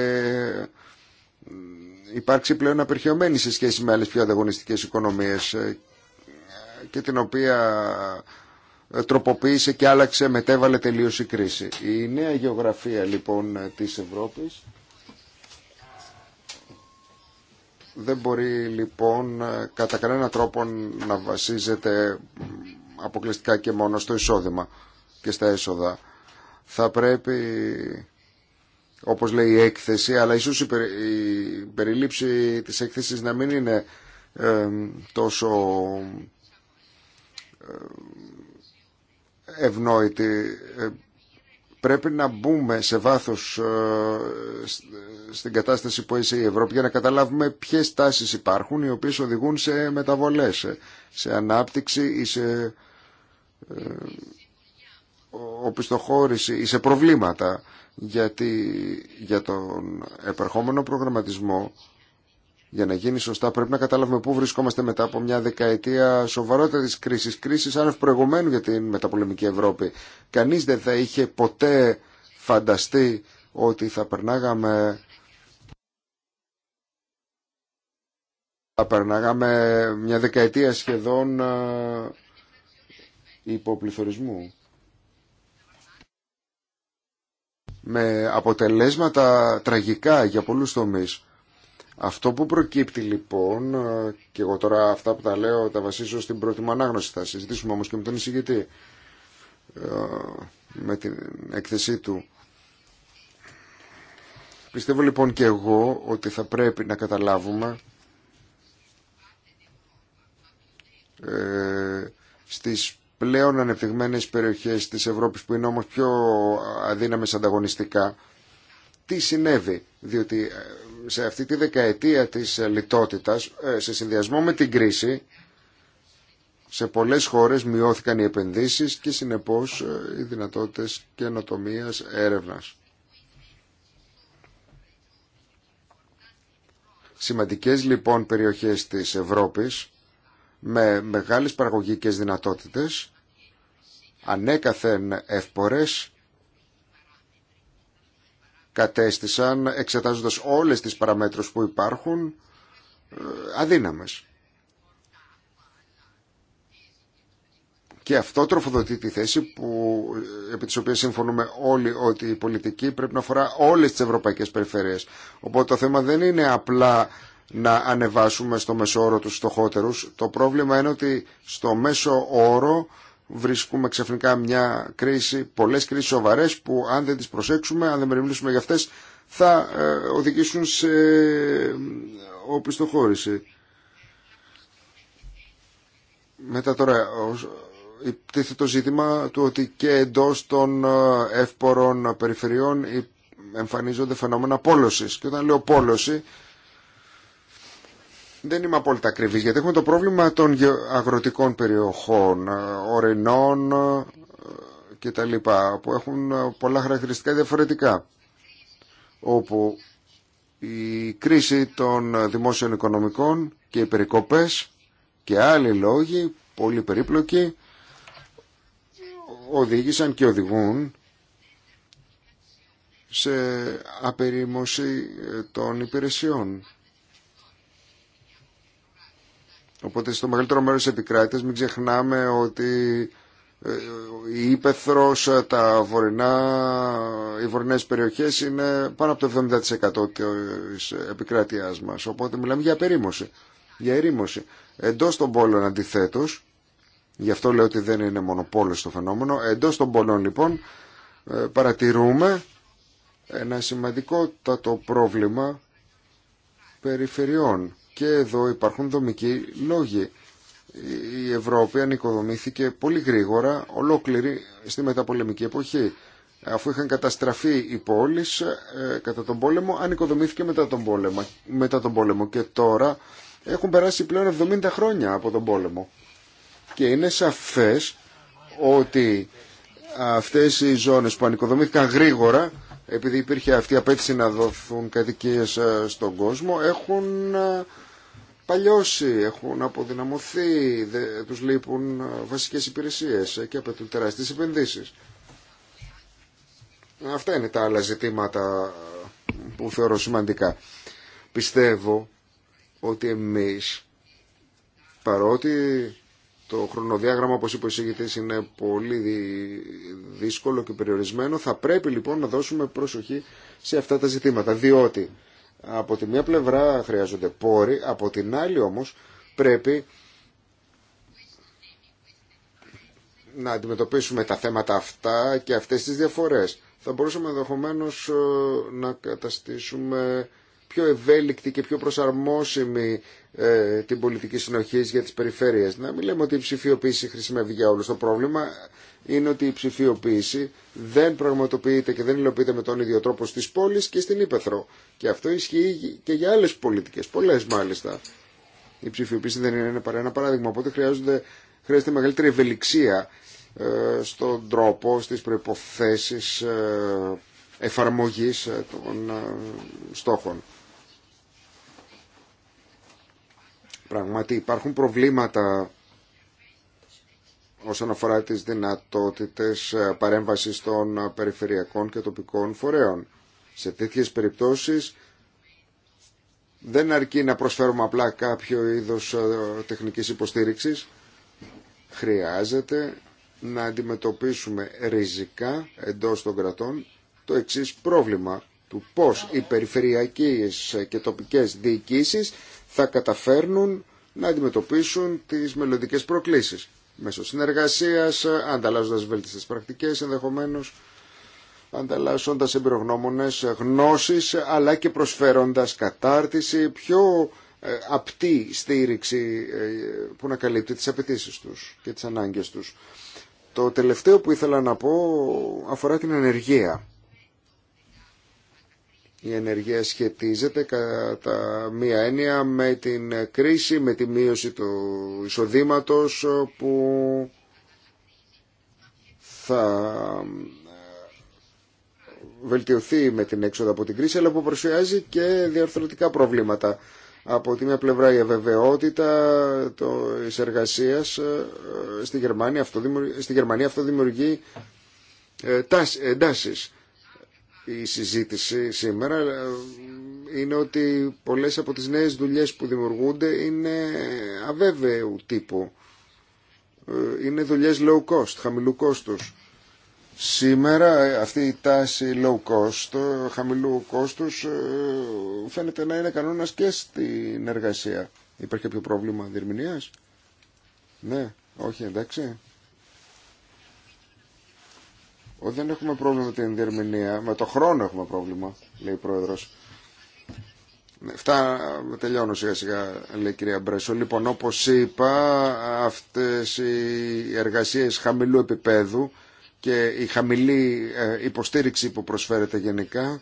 υπάρξει πλέον απερχαιωμένη σε σχέση με άλλες πιο ανταγωνιστικές οικονομίες ε, και την οποία ε, τροποποίησε και άλλαξε, μετέβαλε τελείως η κρίση. Η νέα γεωγραφία λοιπόν της Ευρώπης δεν μπορεί λοιπόν ε, κατά κανένα τρόπο να βασίζεται αποκλειστικά και μόνο στο εισόδημα και στα έσοδα. Θα πρέπει, όπως λέει η έκθεση, αλλά ίσως η, περιλήψη της έκθεσης να μην είναι τόσο ευνόητη. Ε, πρέπει να μπούμε σε βάθος ε, στην κατάσταση που έχει η Ευρώπη για να καταλάβουμε ποιες τάσεις υπάρχουν οι οποίες οδηγούν σε μεταβολές, σε ανάπτυξη ή σε ε, οπισθοχώρηση ή σε προβλήματα γιατί για τον επερχόμενο προγραμματισμό για να γίνει σωστά πρέπει να καταλάβουμε πού βρισκόμαστε μετά από μια δεκαετία σοβαρότερης κρίσης, κρίσης άνευ προηγουμένου για την μεταπολεμική Ευρώπη. Κανείς δεν θα είχε ποτέ φανταστεί ότι θα περνάγαμε θα περνάγαμε μια δεκαετία σχεδόν ε, υποπληθωρισμού με αποτελέσματα τραγικά για πολλούς τομείς. Αυτό που προκύπτει λοιπόν, ε, και εγώ τώρα αυτά που τα λέω τα βασίζω στην πρώτη μου ανάγνωση, θα συζητήσουμε όμως και με τον εισηγητή, ε, με την έκθεσή του. Πιστεύω λοιπόν και εγώ ότι θα πρέπει να καταλάβουμε ε, στις πλέον ανεπτυγμένες περιοχές της Ευρώπης που είναι όμως πιο αδύναμες ανταγωνιστικά. Τι συνέβη, διότι ε, σε αυτή τη δεκαετία της λιτότητας, ε, σε συνδυασμό με την κρίση, σε πολλές χώρες μειώθηκαν οι επενδύσεις και συνεπώς ε, οι δυνατότητες καινοτομία έρευνας. Σημαντικές λοιπόν περιοχές της Ευρώπης με μεγάλες παραγωγικές δυνατότητες, ανέκαθεν εύπορες, κατέστησαν, εξετάζοντας όλες τις παραμέτρους που υπάρχουν, ε, αδύναμες. Και αυτό τροφοδοτεί τη θέση που, ε, επί της οποίας συμφωνούμε όλοι ότι η πολιτική πρέπει να αφορά όλες τις ευρωπαϊκές περιφέρειες. Οπότε το θέμα δεν είναι απλά να ανεβάσουμε στο μέσο όρο τους στοχότερους. Το πρόβλημα είναι ότι στο μέσο όρο βρίσκουμε ξαφνικά μια κρίση, πολλές κρίσεις σοβαρές που αν δεν τις προσέξουμε, αν δεν μεριμνήσουμε για αυτές, θα ε, οδηγήσουν σε ε, οπισθοχώρηση. Μετά τώρα υπήρχε το ζήτημα του ότι και εντός των ε, εύπορων περιφερειών εμφανίζονται φαινόμενα πόλωσης. Και όταν λέω πόλωση, δεν είμαι απόλυτα ακριβής, γιατί έχουμε το πρόβλημα των αγροτικών περιοχών, ε, ορεινών ε, και τα λοιπά, που έχουν ε, πολλά χαρακτηριστικά διαφορετικά, όπου η κρίση των δημόσιων οικονομικών και οι περικοπές και άλλοι λόγοι, πολύ περίπλοκοι, οδήγησαν και οδηγούν σε απερίμωση των υπηρεσιών Οπότε στο μεγαλύτερο μέρος της επικράτειας μην ξεχνάμε ότι ε, η ύπεθρος, ε, τα βορεινά, οι βορεινές περιοχές είναι πάνω από το 70% της επικράτειάς μας. Οπότε μιλάμε για περίμωση, για ερήμωση. Εντός των πόλων αντιθέτως, γι' αυτό λέω ότι δεν είναι πόλος το φαινόμενο, εντός των πόλων λοιπόν ε, παρατηρούμε ένα σημαντικότατο πρόβλημα περιφερειών και εδώ υπάρχουν δομικοί λόγοι. Η Ευρώπη ανοικοδομήθηκε πολύ γρήγορα, ολόκληρη στη μεταπολεμική εποχή. Αφού είχαν καταστραφεί οι πόλεις ε, κατά τον πόλεμο, ανοικοδομήθηκε μετά τον πόλεμο, μετά τον πόλεμο. Και τώρα έχουν περάσει πλέον 70 χρόνια από τον πόλεμο. Και είναι σαφές ότι αυτές οι ζώνες που ανοικοδομήθηκαν γρήγορα επειδή υπήρχε αυτή η απέτηση να δοθούν κατοικίες ε, στον κόσμο έχουν ε, παλιώσει, έχουν αποδυναμωθεί, δε, τους λείπουν ε, βασικές υπηρεσίες ε, και απαιτούν τεράστιες επενδύσεις. Αυτά είναι τα άλλα ζητήματα ε, που θεωρώ σημαντικά. Πιστεύω ότι εμείς, παρότι το χρονοδιάγραμμα, όπως είπε ο εισηγητής, είναι πολύ δύσκολο και περιορισμένο, θα πρέπει λοιπόν να δώσουμε προσοχή σε αυτά τα ζητήματα, διότι από τη μία πλευρά χρειάζονται πόροι, από την άλλη όμως πρέπει να αντιμετωπίσουμε τα θέματα αυτά και αυτές τις διαφορές. Θα μπορούσαμε ενδεχομένω ε, να καταστήσουμε πιο ευέλικτη και πιο προσαρμόσιμη ε, την πολιτική συνοχή για τι περιφέρειες. Να μην λέμε ότι η ψηφιοποίηση χρησιμεύει για όλου. Το πρόβλημα είναι ότι η ψηφιοποίηση δεν πραγματοποιείται και δεν υλοποιείται με τον ίδιο τρόπο στις πόλεις και στην Ήπεθρο. Και αυτό ισχύει και για άλλε πολιτικέ, πολλέ μάλιστα. Η ψηφιοποίηση δεν είναι ένα παράδειγμα, οπότε χρειάζεται μεγαλύτερη ευελιξία ε, στον τρόπο, στι προποθέσει ε, εφαρμογής ε, των ε, στόχων. Πραγματικά υπάρχουν προβλήματα όσον αφορά τις δυνατότητες ε, παρέμβασης των ε, περιφερειακών και τοπικών φορέων. Σε τέτοιες περιπτώσεις δεν αρκεί να προσφέρουμε απλά κάποιο είδος ε, τεχνικής υποστήριξης. Χρειάζεται να αντιμετωπίσουμε ριζικά εντός των κρατών το εξής πρόβλημα του πώς οι περιφερειακές και τοπικές διοικήσεις θα καταφέρνουν να αντιμετωπίσουν τις μελλοντικές προκλήσεις μέσω συνεργασίας, ανταλλάσσοντας βέλτιστες πρακτικές ενδεχομένως, ανταλλάσσοντας εμπειρογνώμονες γνώσεις, αλλά και προσφέροντας κατάρτιση, πιο ε, απτή στήριξη ε, που να καλύπτει τις απαιτήσει τους και τις ανάγκες τους. Το τελευταίο που ήθελα να πω αφορά την ενεργεία η ενεργεία σχετίζεται κατά μία έννοια με την κρίση, με τη μείωση του εισοδήματος που θα ε, βελτιωθεί με την έξοδο από την κρίση αλλά που και διαρθρωτικά προβλήματα. Από τη μια πλευρά η αβεβαιότητα της εργασίας ε, στη Γερμανία αυτό δημιουργεί, ε, στη εντάσεις η συζήτηση σήμερα ε, είναι ότι πολλές από τις νέες δουλειές που δημιουργούνται είναι αβέβαιου τύπου. Ε, είναι δουλειές low cost, χαμηλού κόστους. Σήμερα ε, αυτή η τάση low cost, χαμηλού κόστους, φαίνεται να είναι κανόνας και στην εργασία. Υπάρχει κάποιο πρόβλημα διερμηνίας? Ναι, όχι, εντάξει. Δεν έχουμε πρόβλημα με την διερμηνία. Με το χρόνο έχουμε πρόβλημα, λέει ο πρόεδρος. Αυτά ναι, τελειώνω σιγά σιγά, λέει η κυρία Μπρέσο. Λοιπόν, όπω είπα, αυτές οι εργασίε χαμηλού επίπεδου και η χαμηλή ε, υποστήριξη που προσφέρεται γενικά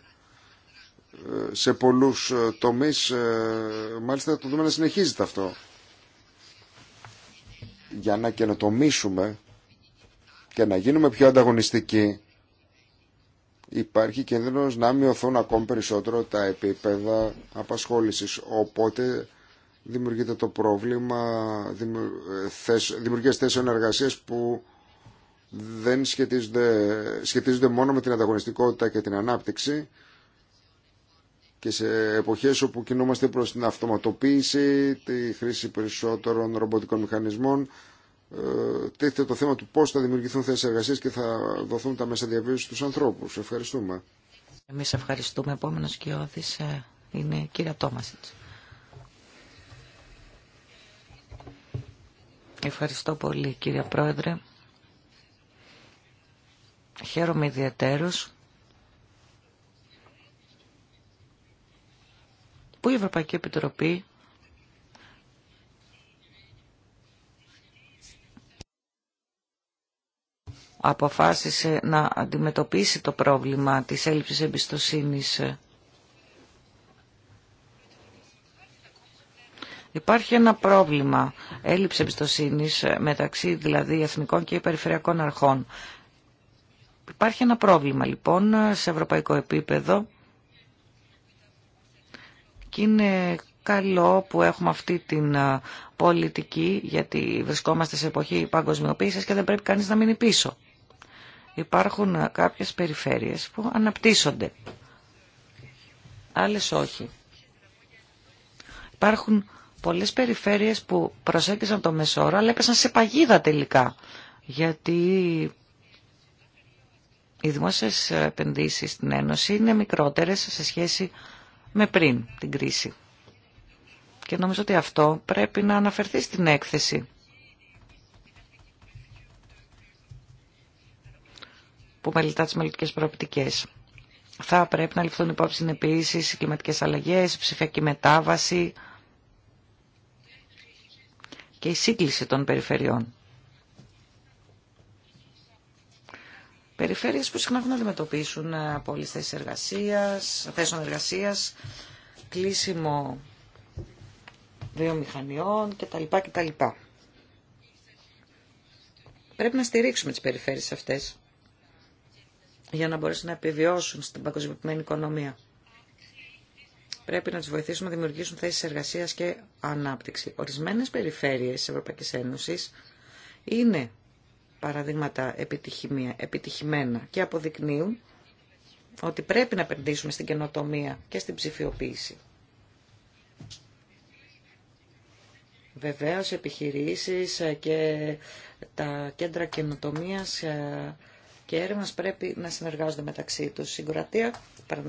ε, σε πολλούς ε, τομείς, μάλιστα το δούμε να συνεχίζεται αυτό. Για να καινοτομήσουμε και να γίνουμε πιο ανταγωνιστικοί υπάρχει κίνδυνος να μειωθούν ακόμη περισσότερο τα επίπεδα απασχόλησης. Οπότε δημιουργείται το πρόβλημα ε, δημιουργίας θέσεων εργασίας που δεν σχετίζονται, σχετίζονται μόνο με την ανταγωνιστικότητα και την ανάπτυξη και σε εποχές όπου κινούμαστε προς την αυτοματοποίηση, τη χρήση περισσότερων ρομποτικών μηχανισμών, ε, τίθεται το θέμα του πώς θα δημιουργηθούν θέσεις εργασίας και θα δοθούν τα μέσα διαβίωσης στους ανθρώπους. Ευχαριστούμε. Εμείς ευχαριστούμε. Επόμενος κοιόδης ε, είναι η κυρία Τόμασιτς. Ευχαριστώ πολύ κύριε Πρόεδρε. Χαίρομαι ιδιαίτερος που η Ευρωπαϊκή Επιτροπή αποφάσισε να αντιμετωπίσει το πρόβλημα της έλλειψης εμπιστοσύνης. Υπάρχει ένα πρόβλημα έλλειψη εμπιστοσύνης μεταξύ δηλαδή εθνικών και περιφερειακών αρχών. Υπάρχει ένα πρόβλημα λοιπόν σε ευρωπαϊκό επίπεδο και είναι καλό που έχουμε αυτή την πολιτική γιατί βρισκόμαστε σε εποχή παγκοσμιοποίησης και δεν πρέπει κανείς να μείνει πίσω υπάρχουν ε, κάποιες περιφέρειες που αναπτύσσονται, άλλες όχι. Υπάρχουν πολλές περιφέρειες που προσέγγισαν το Μεσόρο, αλλά έπεσαν σε παγίδα τελικά, γιατί οι δημόσιες επενδύσεις στην Ένωση είναι μικρότερες σε σχέση με πριν την κρίση. Και νομίζω ότι αυτό πρέπει να αναφερθεί στην έκθεση. που μελετά τι μελλοντικέ προοπτικέ. Θα πρέπει να ληφθούν υπόψη επίση οι κλιματικέ αλλαγές, η ψηφιακή μετάβαση και η σύγκληση των περιφερειών. Περιφέρειες που συχνά έχουν να αντιμετωπίσουν ε, απόλυτε θέσεις εργασίας, θέσεων εργασίας, κλείσιμο βιομηχανιών κτλ. κτλ. Πρέπει να στηρίξουμε τις περιφέρειες αυτές για να μπορέσουν να επιβιώσουν στην παγκοσμιοποιημένη οικονομία. Πρέπει να του βοηθήσουμε να δημιουργήσουν θέσει εργασία και ανάπτυξη. Ορισμένε περιφέρειε τη Ευρωπαϊκή Ένωση είναι παραδείγματα επιτυχημένα και αποδεικνύουν ότι πρέπει να επενδύσουμε στην καινοτομία και στην ψηφιοποίηση. Βεβαίως, επιχειρήσεις και τα κέντρα καινοτομίας ε, και έρευνα πρέπει να συνεργάζονται μεταξύ του. Στην παραδείγματο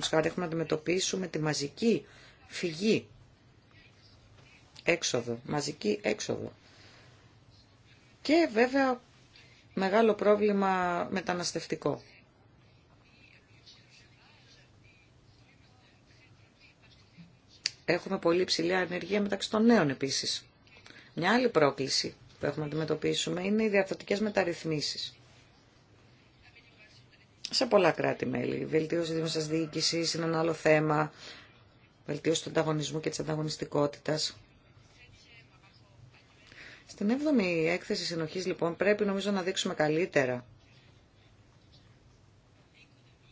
χάρη, έχουμε να αντιμετωπίσουμε τη μαζική φυγή. Έξοδο, μαζική έξοδο. Και βέβαια μεγάλο πρόβλημα μεταναστευτικό. Έχουμε πολύ ψηλή ανεργία μεταξύ των νέων επίσης. Μια άλλη πρόκληση που έχουμε να αντιμετωπίσουμε είναι οι διαθετικές μεταρρυθμίσεις σε πολλά κράτη-μέλη. Βελτίωση δημόσιας διοίκηση είναι ένα άλλο θέμα. Βελτίωση του ανταγωνισμού και της ανταγωνιστικότητας. Στην 7η έκθεση συνοχή, λοιπόν, πρέπει νομίζω να δείξουμε καλύτερα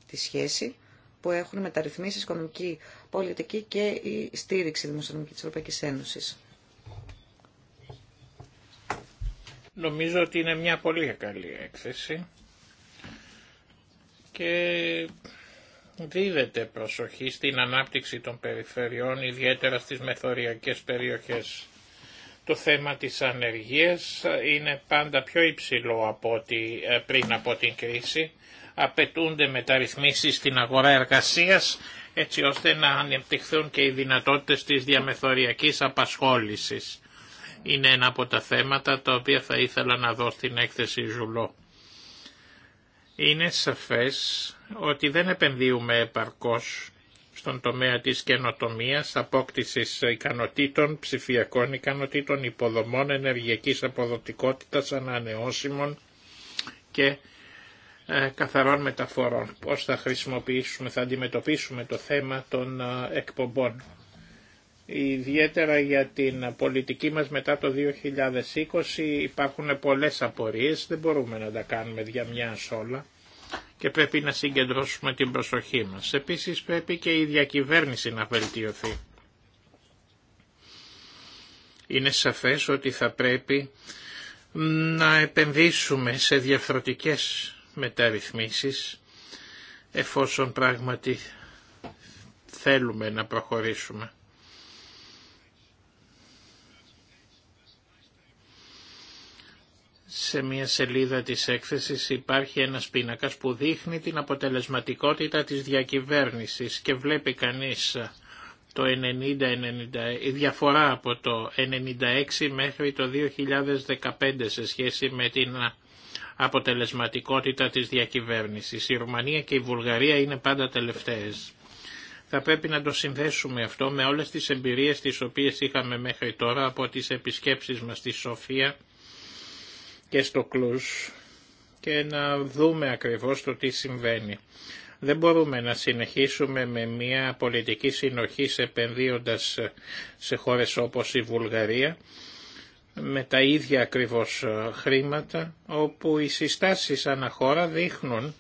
τη σχέση που έχουν ρυθμίσεις οικονομική πολιτική και η στήριξη δημοσιονομική της Ευρωπαϊκής Ένωσης. Νομίζω ότι είναι μια πολύ καλή έκθεση και δίδεται προσοχή στην ανάπτυξη των περιφερειών, ιδιαίτερα στις μεθοριακές περιοχές. Το θέμα της ανεργίας είναι πάντα πιο υψηλό από ε, πριν από την κρίση. Απαιτούνται μεταρρυθμίσεις στην αγορά εργασίας έτσι ώστε να ανεπτυχθούν και οι δυνατότητες της διαμεθοριακής απασχόλησης. Είναι ένα από τα θέματα τα οποία θα ήθελα να δω στην έκθεση Ζουλό είναι σαφές ότι δεν επενδύουμε επαρκώς στον τομέα της καινοτομίας, απόκτησης ικανοτήτων, ψηφιακών ικανοτήτων, υποδομών, ενεργειακής αποδοτικότητας, ανανεώσιμων και ε, καθαρών μεταφορών. Πώς θα χρησιμοποιήσουμε, θα αντιμετωπίσουμε το θέμα των ε, εκπομπών ιδιαίτερα για την πολιτική μας μετά το 2020 υπάρχουν πολλές απορίες, δεν μπορούμε να τα κάνουμε για μια όλα και πρέπει να συγκεντρώσουμε την προσοχή μας. Επίσης πρέπει και η διακυβέρνηση να βελτιωθεί. Είναι σαφές ότι θα πρέπει να επενδύσουμε σε διαφορετικές μεταρρυθμίσεις εφόσον πράγματι θέλουμε να προχωρήσουμε. σε μια σελίδα της έκθεσης υπάρχει ένας πίνακας που δείχνει την αποτελεσματικότητα της διακυβέρνησης και βλέπει κανείς το 90, 90, η διαφορά από το 96 μέχρι το 2015 σε σχέση με την αποτελεσματικότητα της διακυβέρνησης. Η Ρουμανία και η Βουλγαρία είναι πάντα τελευταίες. Θα πρέπει να το συνδέσουμε αυτό με όλες τις εμπειρίες τις οποίες είχαμε μέχρι τώρα από τις επισκέψεις μας στη Σοφία και στο κλούς και να δούμε ακριβώς το τι συμβαίνει. Δεν μπορούμε να συνεχίσουμε με μια πολιτική συνοχή επενδύοντας σε χώρες όπως η Βουλγαρία με τα ίδια ακριβώς χρήματα όπου οι συστάσεις αναχώρα δείχνουν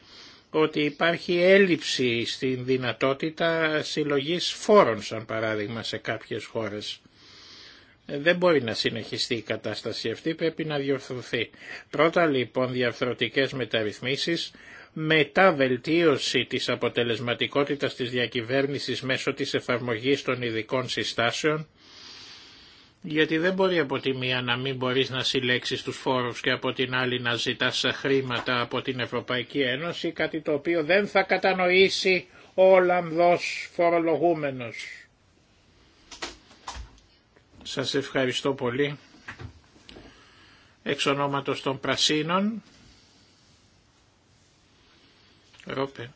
ότι υπάρχει έλλειψη στην δυνατότητα συλλογής φόρων σαν παράδειγμα σε κάποιες χώρες. Ε, δεν μπορεί να συνεχιστεί η κατάσταση αυτή, πρέπει να διορθωθεί. Πρώτα λοιπόν διαφθρωτικές μεταρρυθμίσεις, μετά βελτίωση της αποτελεσματικότητας της διακυβέρνησης μέσω της εφαρμογής των ειδικών συστάσεων, γιατί δεν μπορεί από τη μία να μην μπορείς να συλλέξεις τους φόρους και από την άλλη να ζητάς χρήματα από την Ευρωπαϊκή Ένωση, κάτι το οποίο δεν θα κατανοήσει ο Ολλανδός φορολογούμενος. Σας ευχαριστώ πολύ. Εξ ονόματος των Πρασίνων. Ρόπε.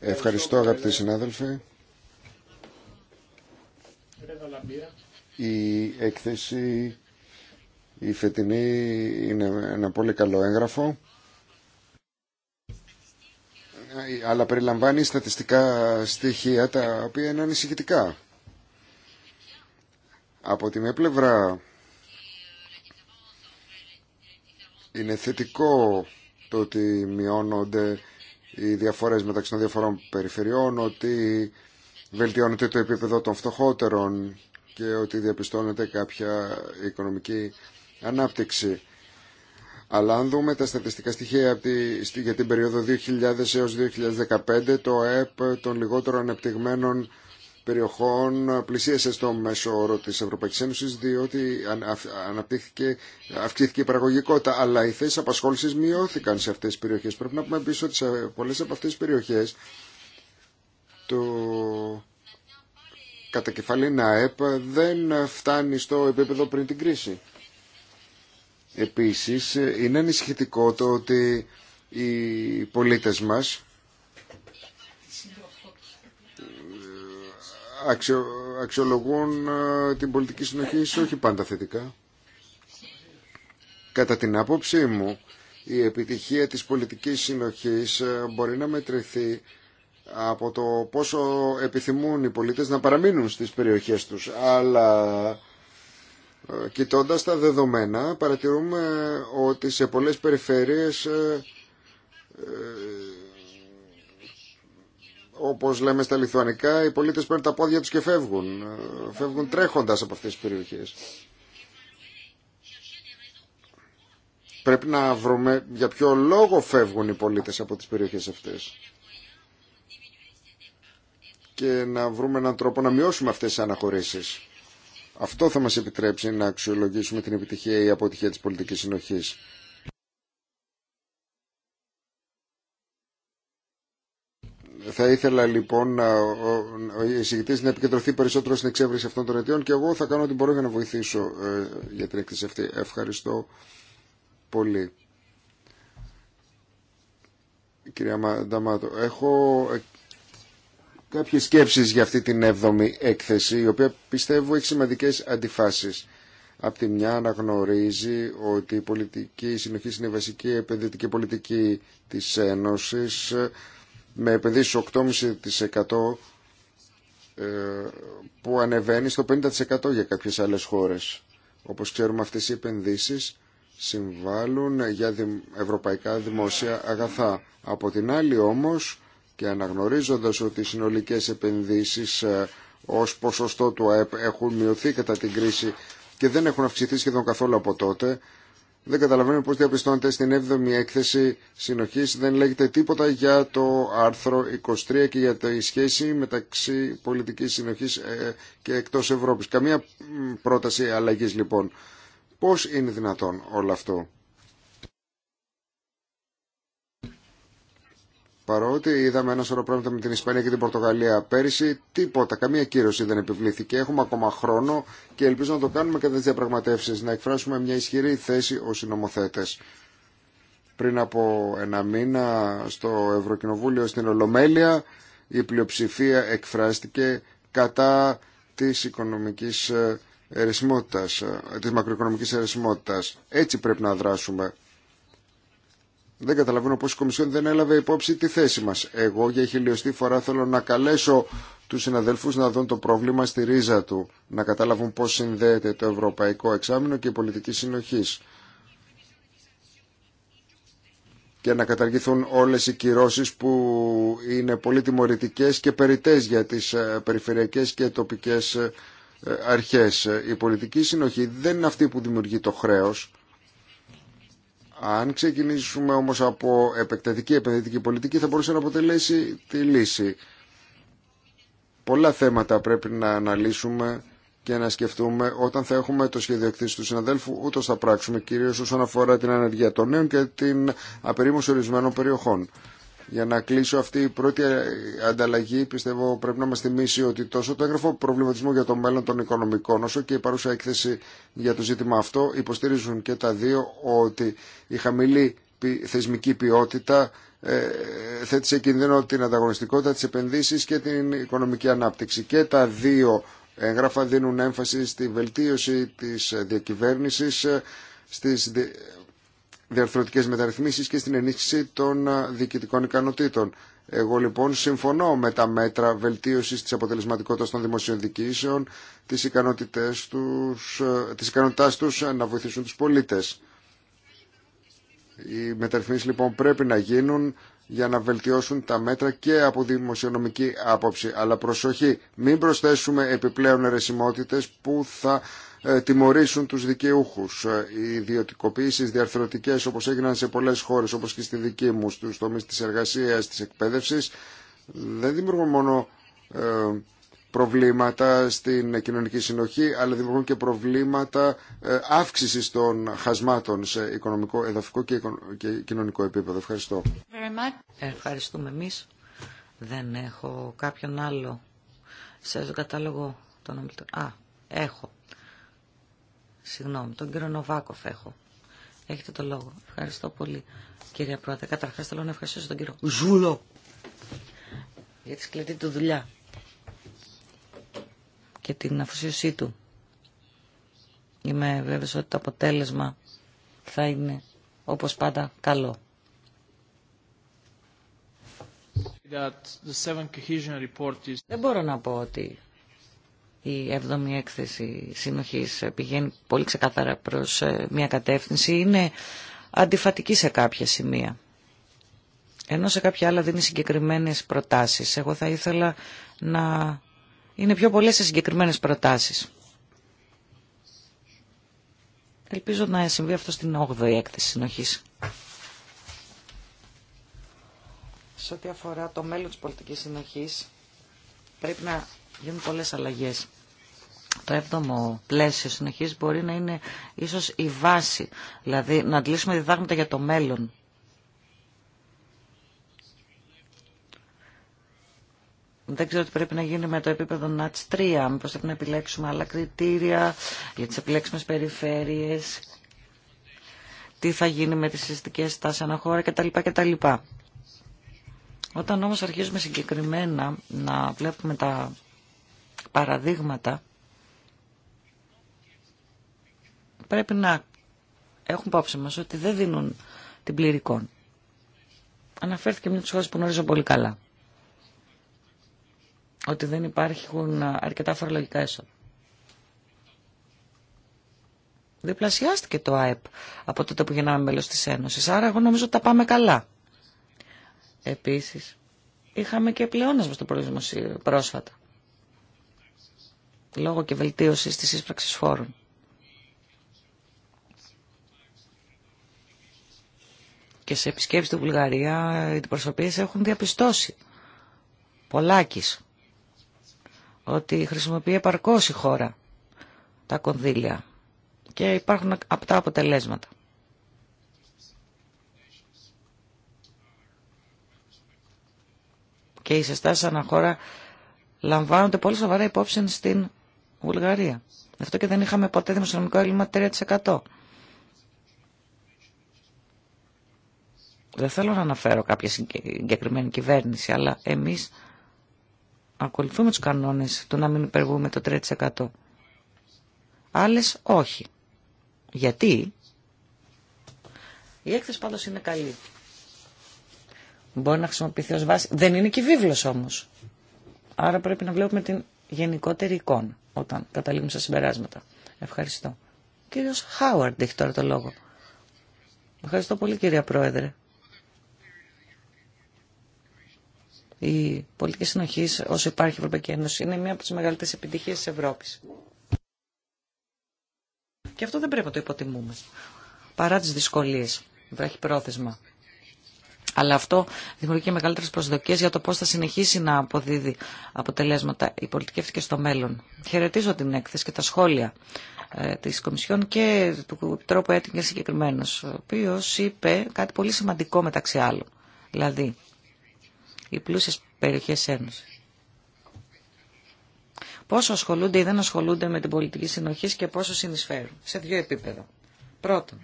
Ευχαριστώ αγαπητοί συνάδελφοι. Η έκθεση η φετινή είναι ένα πολύ καλό έγγραφο αλλά περιλαμβάνει στατιστικά στοιχεία τα οποία είναι ανησυχητικά. Από τη μία πλευρά είναι θετικό το ότι μειώνονται οι διαφορές μεταξύ των διαφορών περιφερειών, ότι βελτιώνεται το επίπεδο των φτωχότερων και ότι διαπιστώνεται κάποια οικονομική ανάπτυξη. Αλλά αν δούμε τα στατιστικά στοιχεία για την περίοδο 2000 έως 2015, το ΕΠ των λιγότερων ανεπτυγμένων περιοχών πλησίασε στο μέσο όρο της Ευρωπαϊκής Ένωσης διότι αναπτύχθηκε, αυξήθηκε η παραγωγικότητα αλλά οι θέσεις απασχόλησης μειώθηκαν σε αυτές τις περιοχές. Πρέπει να πούμε πίσω ότι σε πολλές από αυτές τις περιοχές το κατακεφαλήν ΑΕΠ δεν φτάνει στο επίπεδο πριν την κρίση. Επίσης είναι ανησυχητικό το ότι οι πολίτες μας αξιολογούν ε, την πολιτική συνοχή όχι πάντα θετικά. Κατά την άποψή μου, η επιτυχία της πολιτικής συνοχής ε, μπορεί να μετρηθεί από το πόσο επιθυμούν οι πολίτες να παραμείνουν στις περιοχές τους. Αλλά ε, κοιτώντας τα δεδομένα παρατηρούμε ότι σε πολλές περιφέρειες όπως λέμε στα λιθουανικά, οι πολίτες παίρνουν τα πόδια τους και φεύγουν. Φεύγουν τρέχοντας από αυτές τις περιοχές. Πρέπει να βρούμε για ποιο λόγο φεύγουν οι πολίτες από τις περιοχές αυτές. Και να βρούμε έναν τρόπο να μειώσουμε αυτές τις αναχωρήσεις. Αυτό θα μας επιτρέψει να αξιολογήσουμε την επιτυχία ή αποτυχία της πολιτικής συνοχής. Θα ήθελα λοιπόν να, ο, ο εισηγητή να επικεντρωθεί περισσότερο στην εξέβριση αυτών των αιτιών και εγώ θα κάνω ό,τι μπορώ για να βοηθήσω ε, για την έκθεση αυτή. Ευχαριστώ πολύ. Κυρία Μανταμάτο, έχω ε, κάποιες σκέψεις για αυτή την έβδομη έκθεση, η οποία πιστεύω έχει σημαντικές αντιφάσεις. Απ' τη μια αναγνωρίζει ότι η πολιτική συνοχή είναι η βασική επενδυτική πολιτική της Ένωσης, με επενδύσεις 8,5% ε, που ανεβαίνει στο 50% για κάποιες άλλες χώρες. Όπως ξέρουμε αυτές οι επενδύσεις συμβάλλουν για ευρωπαϊκά δημόσια αγαθά. Από την άλλη όμως και αναγνωρίζοντας ότι οι συνολικές επενδύσεις ε, ως ποσοστό του ΑΕΠ έχουν μειωθεί κατά την κρίση και δεν έχουν αυξηθεί σχεδόν καθόλου από τότε, δεν καταλαβαίνω πώς διαπιστώνεται στην 7η έκθεση συνοχής. Δεν λέγεται τίποτα για το άρθρο 23 και για τη σχέση μεταξύ πολιτικής συνοχής ε, και εκτός Ευρώπης. Καμία πρόταση αλλαγής λοιπόν. Πώς είναι δυνατόν όλο αυτό. Παρότι είδαμε ένα σωρό πράγματα με την Ισπανία και την Πορτογαλία πέρυσι, τίποτα, καμία κύρωση δεν επιβλήθηκε. Έχουμε ακόμα χρόνο και ελπίζω να το κάνουμε κατά τι διαπραγματεύσει, να εκφράσουμε μια ισχυρή θέση ω συνομοθέτε. Πριν από ένα μήνα στο Ευρωκοινοβούλιο στην Ολομέλεια, η πλειοψηφία εκφράστηκε κατά τη οικονομική, ερεσιμότητα, ε, μακροοικονομικής Έτσι πρέπει να δράσουμε. Δεν καταλαβαίνω πως η Κομισιόν δεν έλαβε υπόψη τη θέση μας. Εγώ για χιλιοστή φορά θέλω να καλέσω τους συναδελφούς να δουν το πρόβλημα στη ρίζα του, να καταλάβουν πώς συνδέεται το Ευρωπαϊκό Εξάμεινο και η πολιτική συνοχής και να καταργηθούν όλες οι κυρώσεις που είναι πολύ τιμωρητικέ και περιτές για τις ε, περιφερειακές και τοπικές ε, αρχές. Η πολιτική συνοχή δεν είναι αυτή που δημιουργεί το χρέος. Αν ξεκινήσουμε όμως από επεκτατική επενδυτική πολιτική θα μπορούσε να αποτελέσει τη λύση. Πολλά θέματα πρέπει να αναλύσουμε και να σκεφτούμε όταν θα έχουμε το σχέδιο εκτίση του συναδέλφου, ούτω θα πράξουμε κυρίω όσον αφορά την ανεργία των νέων και την απερίμωση ορισμένων περιοχών. Για να κλείσω αυτή η πρώτη ανταλλαγή, πιστεύω πρέπει να μας θυμίσει ότι τόσο το έγγραφο προβληματισμού για το μέλλον των οικονομικών, όσο και η παρούσα έκθεση για το ζήτημα αυτό, υποστηρίζουν και τα δύο ότι η χαμηλή θεσμική ποιότητα ε, θέτει σε κίνδυνο την ανταγωνιστικότητα, της επενδύσεις και την οικονομική ανάπτυξη. Και τα δύο έγγραφα δίνουν έμφαση στη βελτίωση της διακυβέρνησης, ε, στις διαρθρωτικές μεταρρυθμίσεις και στην ενίσχυση των διοικητικών ικανοτήτων. Εγώ λοιπόν συμφωνώ με τα μέτρα βελτίωσης της αποτελεσματικότητας των δημοσίων διοικήσεων, της, ικανότητές τους, να βοηθήσουν του πολίτες. Οι μεταρρυθμίσεις λοιπόν πρέπει να γίνουν για να βελτιώσουν τα μέτρα και από δημοσιονομική άποψη. Αλλά προσοχή, μην προσθέσουμε επιπλέον αιρεσιμότητες που θα ε, τιμωρήσουν τους δικαιούχους. Ε, οι ιδιωτικοποίησεις διαρθρωτικές όπως έγιναν σε πολλές χώρες όπως και στη δική μου στους τομείς της εργασίας, της εκπαίδευσης δεν δημιουργούν μόνο ε, προβλήματα στην κοινωνική συνοχή αλλά δημιουργούν και προβλήματα αύξησης των χασμάτων σε οικονομικό, εδαφικό και κοινωνικό επίπεδο. Ευχαριστώ. Ευχαριστούμε εμείς. Δεν έχω κάποιον άλλο σε κατάλογο των ομιλητών. Α, έχω. Συγγνώμη, τον κύριο Νοβάκοφ έχω. Έχετε το λόγο. Ευχαριστώ πολύ, κύριε Πρόεδρε. Καταρχά θέλω να ευχαριστήσω τον κύριο Ζούλο για τη σκληρή του δουλειά και την αφοσίωσή του. Είμαι βέβαιος ότι το αποτέλεσμα θα είναι όπως πάντα καλό. Δεν μπορώ να πω ότι η 7η έκθεση συνοχής πηγαίνει πολύ ξεκάθαρα προς ε, μια κατεύθυνση, είναι αντιφατική σε κάποια σημεία. Ενώ σε κάποια άλλα δίνει συγκεκριμένες προτάσεις. Εγώ θα ήθελα να είναι πιο πολλές σε συγκεκριμένες προτάσεις. Ελπίζω να συμβεί αυτό στην 8η έκθεση συνοχής. Σε ό,τι αφορά το μέλλον της πολιτικής συνοχής, πρέπει να γίνουν πολλές αλλαγές το έβδομο πλαίσιο συνεχής μπορεί να είναι ίσως η βάση, δηλαδή να αντλήσουμε διδάγματα για το μέλλον. Δεν ξέρω τι πρέπει να γίνει με το επίπεδο ΝΑΤΣ 3, μήπως πρέπει να επιλέξουμε άλλα κριτήρια για τις επιλέξιμες περιφέρειες, τι θα γίνει με τις συστικές στάσεις αναχώρα κτλ. κτλ. Όταν όμως αρχίζουμε συγκεκριμένα να βλέπουμε τα παραδείγματα πρέπει να έχουν υπόψη μα ότι δεν δίνουν την πλήρη εικόνα. Αναφέρθηκε μια τη χώρα που γνωρίζω πολύ καλά. Ότι δεν υπάρχουν αρκετά φορολογικά έσοδα. Διπλασιάστηκε το ΑΕΠ από τότε που γεννάμε μέλο τη Ένωση. Άρα εγώ νομίζω ότι τα πάμε καλά. Επίσης, είχαμε και πλεόνασμα στο προορισμό πρόσφατα. Λόγω και βελτίωση τη ύπραξη φόρων. και σε επισκέψεις στη Βουλγαρία οι προσωπίες έχουν διαπιστώσει πολλάκις ότι χρησιμοποιεί επαρκώς η χώρα τα κονδύλια και υπάρχουν απτά αποτελέσματα. Και οι συστάσεις αναχώρα λαμβάνονται πολύ σοβαρά υπόψη στην Βουλγαρία. Αυτό και δεν είχαμε ποτέ δημοσιονομικό έλλειμμα 3%. Δεν θέλω να αναφέρω κάποια συγκεκριμένη κυβέρνηση, αλλά εμείς ακολουθούμε τους κανόνες του να μην υπερβούμε το 3%. Άλλες όχι. Γιατί η έκθεση πάντως είναι καλή. Μπορεί να χρησιμοποιηθεί ως βάση. Δεν είναι και βίβλος όμως. Άρα πρέπει να βλέπουμε την γενικότερη εικόνα όταν καταλήγουμε στα συμπεράσματα. Ευχαριστώ. Κύριος Χάουαρντ έχει τώρα το λόγο. Ευχαριστώ πολύ κυρία Πρόεδρε. η πολιτική συνοχή όσο υπάρχει η Ευρωπαϊκή Ένωση είναι μία από τι μεγαλύτερε επιτυχίε τη Ευρώπη. Και αυτό δεν πρέπει να το υποτιμούμε. Παρά τις δυσκολίες, βράχει πρόθεσμα. Αλλά αυτό δημιουργεί και μεγαλύτερε προσδοκίε για το πώ θα συνεχίσει να αποδίδει αποτελέσματα η πολιτική αυτή και στο μέλλον. Χαιρετίζω την έκθεση και τα σχόλια ε, τη Κομισιόν και του Επιτρόπου έτοιμη συγκεκριμένο, ο οποίο είπε κάτι πολύ σημαντικό μεταξύ άλλων. Δηλαδή, οι πλούσιε περιοχέ Ένωση. Πόσο ασχολούνται ή δεν ασχολούνται με την πολιτική συνοχή και πόσο συνεισφέρουν. Σε δύο επίπεδα. Πρώτον,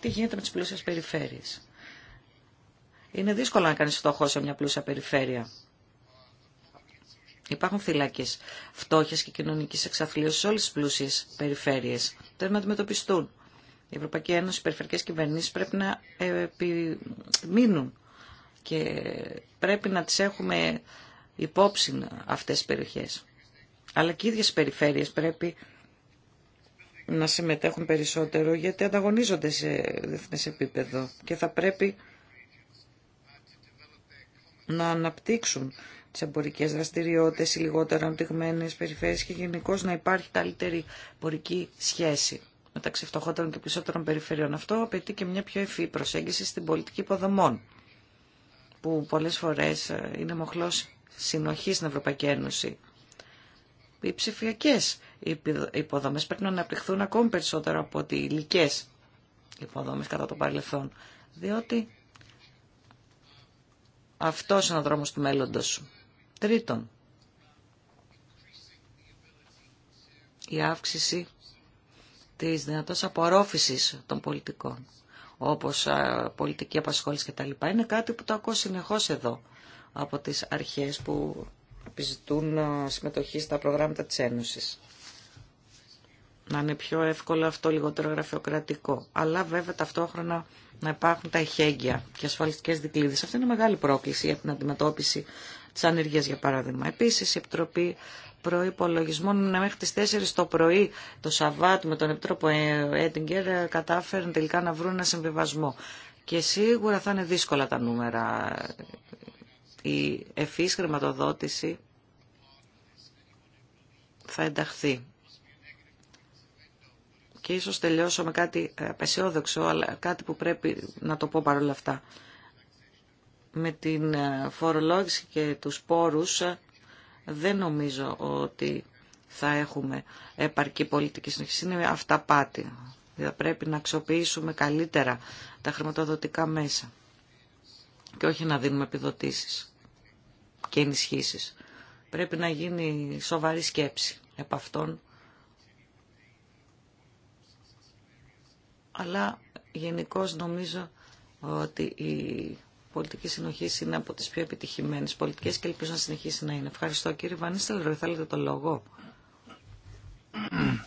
τι γίνεται με τι πλούσιες περιφέρειες. Είναι δύσκολο να κάνει φτωχό σε μια πλούσια περιφέρεια. Υπάρχουν φυλάκε φτώχεια και κοινωνική εξαθλίωση σε όλε τι πλούσιε περιφέρειε. Πρέπει να αντιμετωπιστούν. Η Ευρωπαϊκή Ένωση, οι περιφερειακέ κυβερνήσει πρέπει να επιμείνουν και πρέπει να τις έχουμε υπόψη αυτές τις περιοχές. Αλλά και οι ίδιες περιφέρειες πρέπει να συμμετέχουν περισσότερο γιατί ανταγωνίζονται σε διεθνέ επίπεδο και θα πρέπει να αναπτύξουν τις εμπορικέ δραστηριότητες, οι λιγότερο αναπτυγμένες περιφέρειες και γενικώ να υπάρχει καλύτερη εμπορική σχέση μεταξύ φτωχότερων και πλεισότερων περιφερειών. Αυτό απαιτεί και μια πιο ευφύ προσέγγιση στην πολιτική υποδομών που πολλές φορές ε, είναι μοχλός συνοχής στην Ευρωπαϊκή Ένωση. Οι ψηφιακέ υποδομές πρέπει να αναπτυχθούν ακόμη περισσότερο από ότι οι υλικές υποδομές κατά το παρελθόν, διότι αυτός είναι ο δρόμος του μέλλοντος. Τρίτον, η αύξηση της δυνατότητας απορρόφησης των πολιτικών όπως πολιτική απασχόληση λοιπά. Είναι κάτι που το ακούω συνεχώς εδώ από τις αρχές που επιζητούν συμμετοχή στα προγράμματα της Ένωσης. Να είναι πιο εύκολο αυτό, λιγότερο γραφειοκρατικό. Αλλά βέβαια ταυτόχρονα να υπάρχουν τα εχέγγυα και ασφαλιστικές δικλείδες. Αυτή είναι μεγάλη πρόκληση για την αντιμετώπιση της ανεργίας για παράδειγμα. Επίσης η Επιτροπή προϋπολογισμών ναι, μέχρι τις 4 το πρωί το Σαββάτ με τον Επιτρόπο Έντιγκερ κατάφεραν τελικά να βρουν ένα συμβιβασμό. Και σίγουρα θα είναι δύσκολα τα νούμερα. Η ευφύς χρηματοδότηση θα ενταχθεί. Και ίσως τελειώσω με κάτι απεσιόδοξο, αλλά κάτι που πρέπει να το πω παρόλα αυτά με την ε, φορολόγηση και τους πόρους ε, δεν νομίζω ότι θα έχουμε επαρκή πολιτική συνεχίση. Είναι αυταπάτη. πρέπει να αξιοποιήσουμε καλύτερα τα χρηματοδοτικά μέσα και όχι να δίνουμε επιδοτήσεις και ενισχύσεις. Πρέπει να γίνει σοβαρή σκέψη επ' αυτών. Αλλά γενικώ νομίζω ότι η πολιτική συνοχή είναι από τι πιο επιτυχημένε πολιτικέ και ελπίζω να συνεχίσει να είναι. Ευχαριστώ κύριε Βανίστελ Θέλετε το λόγο.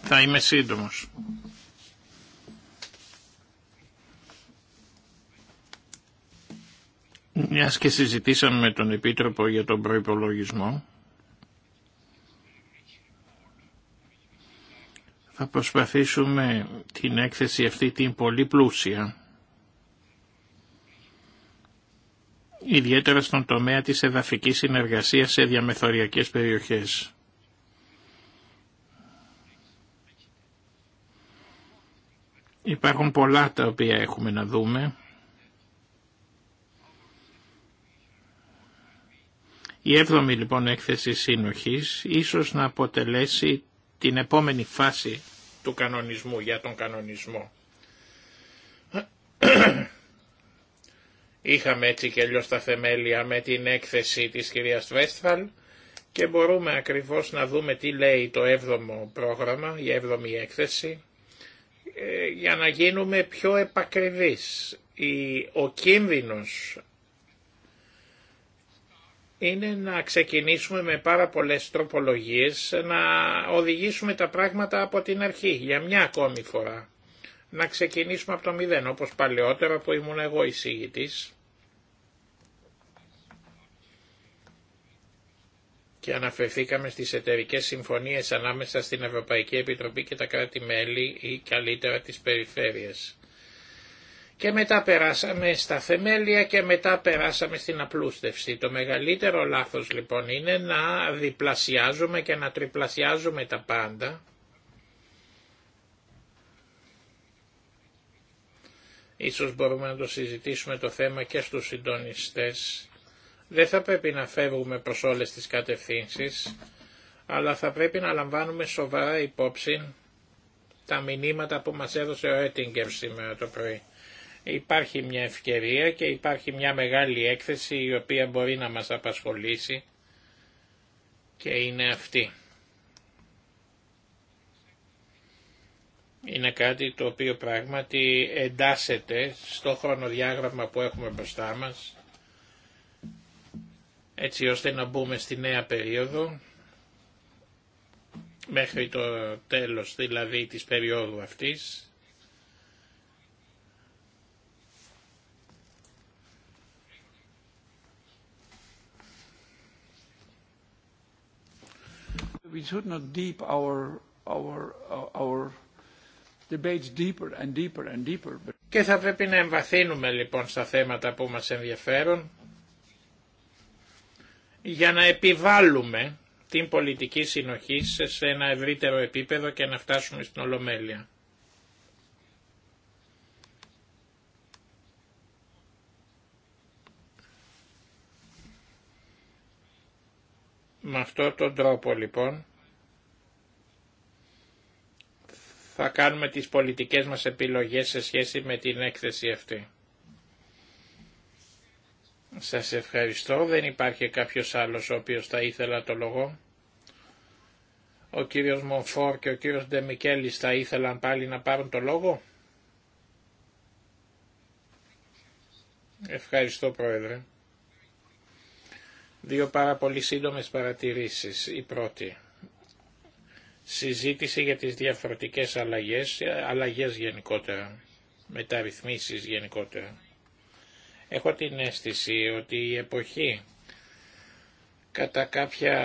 Θα είμαι σύντομο. Μια και συζητήσαμε με τον Επίτροπο για τον προπολογισμό. θα προσπαθήσουμε την έκθεση αυτή την πολύ πλούσια ιδιαίτερα στον τομέα της εδαφικής συνεργασίας σε διαμεθοριακές περιοχές. Υπάρχουν πολλά τα οποία έχουμε να δούμε. Η έβδομη λοιπόν έκθεση σύνοχης ίσως να αποτελέσει την επόμενη φάση του κανονισμού για τον κανονισμό. Είχαμε έτσι και αλλιώς τα θεμέλια με την έκθεση της κυρίας Βέστφαλ και μπορούμε ακριβώς να δούμε τι λέει το 7ο πρόγραμμα, η 7η έκθεση, ε, για να γίνουμε πιο επακριβείς. Ο κίνδυνος είναι να ξεκινήσουμε με πάρα πολλές τροπολογίες, να οδηγήσουμε τα πράγματα από την αρχή, για μια ακόμη φορά. Να ξεκινήσουμε από το μηδέν, όπως παλαιότερα που ήμουν εγώ εισηγητής. και αναφερθήκαμε στις εταιρικέ συμφωνίες ανάμεσα στην Ευρωπαϊκή Επιτροπή και τα κράτη-μέλη ή καλύτερα τις περιφέρειες. Και μετά περάσαμε στα θεμέλια και μετά περάσαμε στην απλούστευση. Το μεγαλύτερο λάθος λοιπόν είναι να διπλασιάζουμε και να τριπλασιάζουμε τα πάντα. Ίσως μπορούμε να το συζητήσουμε το θέμα και στους συντονιστές δεν θα πρέπει να φεύγουμε προς όλες τις κατευθύνσεις, αλλά θα πρέπει να λαμβάνουμε σοβαρά υπόψη τα μηνύματα που μας έδωσε ο Έτιγκερ σήμερα το πρωί. Υπάρχει μια ευκαιρία και υπάρχει μια μεγάλη έκθεση η οποία μπορεί να μας απασχολήσει και είναι αυτή. Είναι κάτι το οποίο πράγματι εντάσσεται στο χρονοδιάγραμμα που έχουμε μπροστά μας έτσι ώστε να μπούμε στη νέα περίοδο, μέχρι το τέλος δηλαδή της περίοδου αυτής, we should not deep our our our debates deeper and deeper and deeper. Και θα πρέπει να εμβαθύνουμε λοιπόν στα θέματα που μας ενδιαφέρουν για να επιβάλλουμε την πολιτική συνοχή σε ένα ευρύτερο επίπεδο και να φτάσουμε στην Ολομέλεια. Με αυτόν τον τρόπο λοιπόν θα κάνουμε τις πολιτικές μας επιλογές σε σχέση με την έκθεση αυτή. Σας ευχαριστώ. Δεν υπάρχει κάποιος άλλος ο οποίος θα ήθελα το λόγο. Ο κύριος Μονφόρ και ο κύριος Ντεμικέλης θα ήθελαν πάλι να πάρουν το λόγο. Ευχαριστώ Πρόεδρε. Δύο πάρα πολύ σύντομες παρατηρήσεις. Η πρώτη. Συζήτηση για τις διαφορετικές αλλαγές, αλλαγές γενικότερα, μεταρρυθμίσεις γενικότερα. Έχω την αίσθηση ότι η εποχή κατά κάποια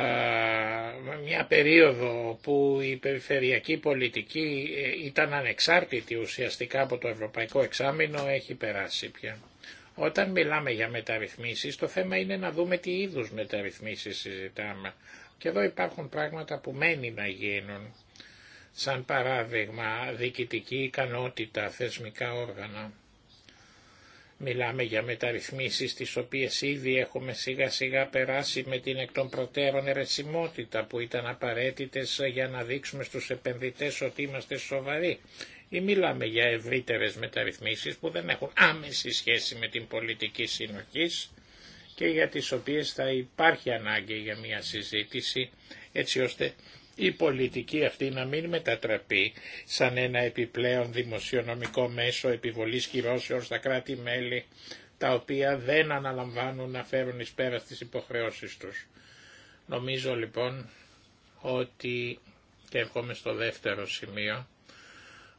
μια περίοδο που η περιφερειακή πολιτική ε, ήταν ανεξάρτητη ουσιαστικά από το Ευρωπαϊκό Εξάμεινο έχει περάσει πια. Όταν μιλάμε για μεταρρυθμίσεις το θέμα είναι να δούμε τι είδους μεταρρυθμίσεις συζητάμε. Και εδώ υπάρχουν πράγματα που μένει να γίνουν. Σαν παράδειγμα διοικητική ικανότητα, θεσμικά όργανα. Μιλάμε για μεταρρυθμίσεις τις οποίες ήδη έχουμε σιγά σιγά περάσει με την εκ των προτέρων ερεσιμότητα που ήταν απαραίτητες για να δείξουμε στους επενδυτές ότι είμαστε σοβαροί. Ή μιλάμε για ευρύτερες μεταρρυθμίσεις που δεν έχουν άμεση σχέση με την πολιτική συνοχής και για τις οποίες θα υπάρχει ανάγκη για μια συζήτηση έτσι ώστε η πολιτική αυτή να μην μετατραπεί σαν ένα επιπλέον δημοσιονομικό μέσο επιβολής κυρώσεων στα κράτη-μέλη τα οποία δεν αναλαμβάνουν να φέρουν εις πέρα στις υποχρεώσεις τους. Νομίζω λοιπόν ότι, και έρχομαι στο δεύτερο σημείο,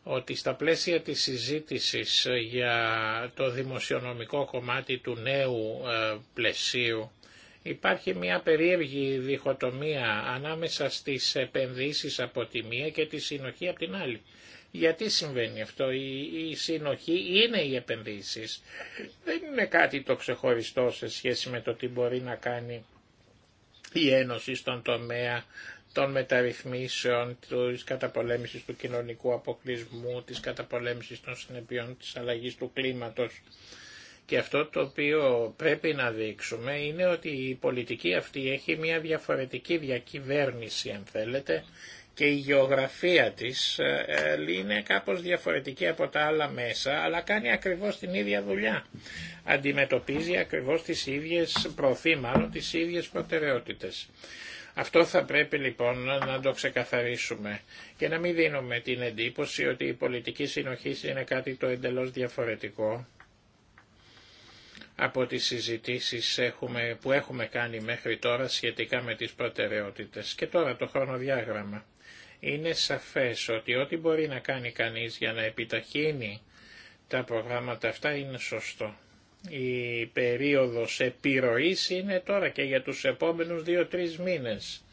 ότι στα πλαίσια της συζήτησης για το δημοσιονομικό κομμάτι του νέου ε, πλαισίου Υπάρχει μια περίεργη διχοτομία ανάμεσα στις επενδύσεις από τη μία και τη συνοχή από την άλλη. Γιατί συμβαίνει αυτό, η, συνοχή είναι οι επενδύσεις. Δεν είναι κάτι το ξεχωριστό σε σχέση με το τι μπορεί να κάνει η Ένωση στον τομέα των μεταρρυθμίσεων, της καταπολέμησης του κοινωνικού αποκλεισμού, της καταπολέμησης των συνεπειών της αλλαγής του κλίματος. Και αυτό το οποίο πρέπει να δείξουμε είναι ότι η πολιτική αυτή έχει μια διαφορετική διακυβέρνηση αν θέλετε και η γεωγραφία της ε, ε, είναι κάπως διαφορετική από τα άλλα μέσα, αλλά κάνει ακριβώς την ίδια δουλειά. Αντιμετωπίζει ακριβώς τις ίδιες προωθεί, μάλλον τις ίδιες προτεραιότητες. Αυτό θα πρέπει λοιπόν να το ξεκαθαρίσουμε και να μην δίνουμε την εντύπωση ότι η πολιτική συνοχή είναι κάτι το εντελώς διαφορετικό από τις συζητήσεις έχουμε, που έχουμε κάνει μέχρι τώρα σχετικά με τις προτεραιότητες. Και τώρα το χρονοδιάγραμμα. Είναι σαφές ότι ό,τι μπορεί να κάνει κανείς για να επιταχύνει τα προγράμματα αυτά είναι σωστό. Η περίοδος επιρροής είναι τώρα και για τους επόμενους δύο-τρεις μήνες.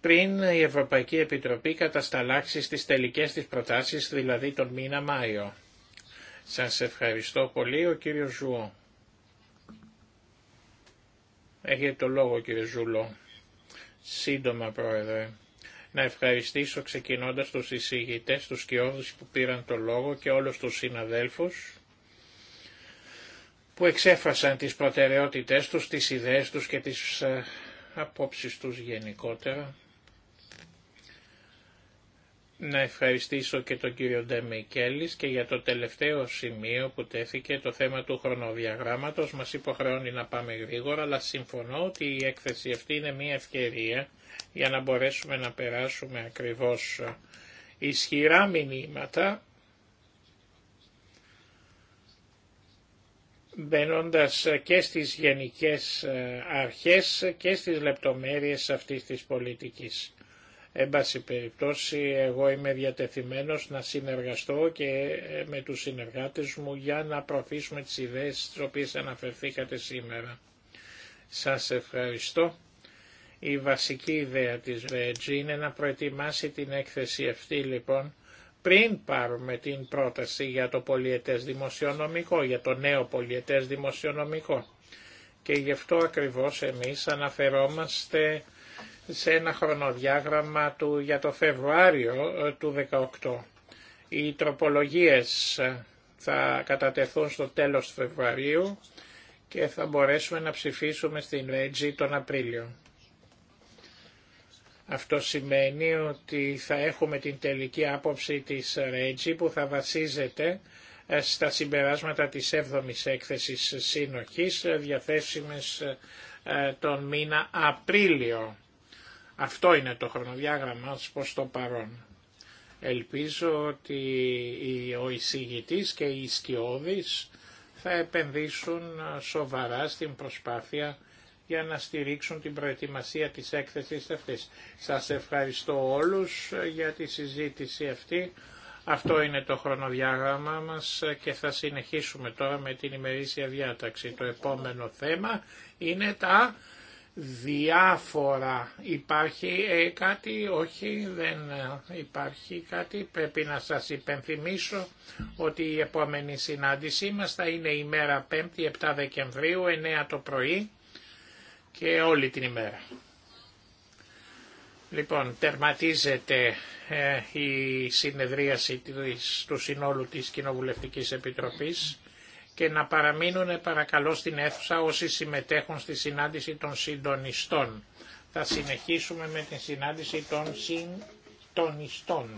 Πριν η Ευρωπαϊκή Επιτροπή κατασταλάξει στις τελικές της προτάσεις, δηλαδή τον μήνα Μάιο. Σας ευχαριστώ πολύ. Ο κύριος Ζουό. Έχετε το λόγο κύριε Ζουλό. Σύντομα πρόεδρε. Να ευχαριστήσω ξεκινώντας τους εισηγητές, τους κοιόδους που πήραν το λόγο και όλους τους συναδέλφους που εξέφρασαν τις προτεραιότητές τους, τις ιδέες τους και τις ε, απόψεις τους γενικότερα να ευχαριστήσω και τον κύριο Ντεμικέλης και για το τελευταίο σημείο που τέθηκε το θέμα του χρονοδιαγράμματος. Μας υποχρεώνει να πάμε γρήγορα, αλλά συμφωνώ ότι η έκθεση αυτή είναι μια ευκαιρία για να μπορέσουμε να περάσουμε ακριβώς ε, ισχυρά μηνύματα μπαίνοντας ε, και στις γενικές ε, αρχές και στις λεπτομέρειες αυτής της πολιτικής. Εν πάση περιπτώσει εγώ είμαι διατεθειμένος να συνεργαστώ και ε, με τους συνεργάτες μου για να προωθήσουμε τις ιδέες τις οποίες αναφερθήκατε σήμερα. Σας ευχαριστώ. Η βασική ιδέα της ΒΕΤΖ είναι να προετοιμάσει την έκθεση αυτή λοιπόν πριν πάρουμε την πρόταση για το πολιετές δημοσιονομικό, για το νέο πολιετές δημοσιονομικό. Και γι' αυτό ακριβώς εμείς αναφερόμαστε σε ένα χρονοδιάγραμμα του για το Φεβρουάριο ε, του 2018. Οι τροπολογίες ε, θα κατατεθούν στο τέλος Φεβρουαρίου και θα μπορέσουμε να ψηφίσουμε στην Ρέτζη τον Απρίλιο. Αυτό σημαίνει ότι θα έχουμε την τελική άποψη της Ρέτζη που θα βασίζεται ε, στα συμπεράσματα της 7ης έκθεσης συνοχής διαθέσιμες τον μήνα Απρίλιο. Αυτό είναι το χρονοδιάγραμμα προς το παρόν. Ελπίζω ότι ο εισηγητής και οι σκιώδεις θα επενδύσουν ε, σοβαρά στην προσπάθεια για να στηρίξουν την προετοιμασία της έκθεσης αυτής. Σας ευχαριστώ όλους ε, για τη συζήτηση αυτή. Αυτό είναι το χρονοδιάγραμμα μας ε, και θα συνεχίσουμε τώρα με την ημερήσια διάταξη. Το επόμενο θέμα είναι τα διάφορα. Υπάρχει ε, κάτι, όχι δεν ε, υπάρχει κάτι. Πρέπει να σας υπενθυμίσω ότι η επόμενη συνάντησή μας θα είναι η μέρα 5η 7 Δεκεμβρίου 9 το πρωί και όλη την ημέρα. Λοιπόν, τερματίζεται ε, η συνεδρίαση της, του συνόλου της Κοινοβουλευτικής Επιτροπής και να παραμείνουν παρακαλώ στην αίθουσα όσοι συμμετέχουν στη συνάντηση των συντονιστών. Θα συνεχίσουμε με τη συνάντηση των συντονιστών.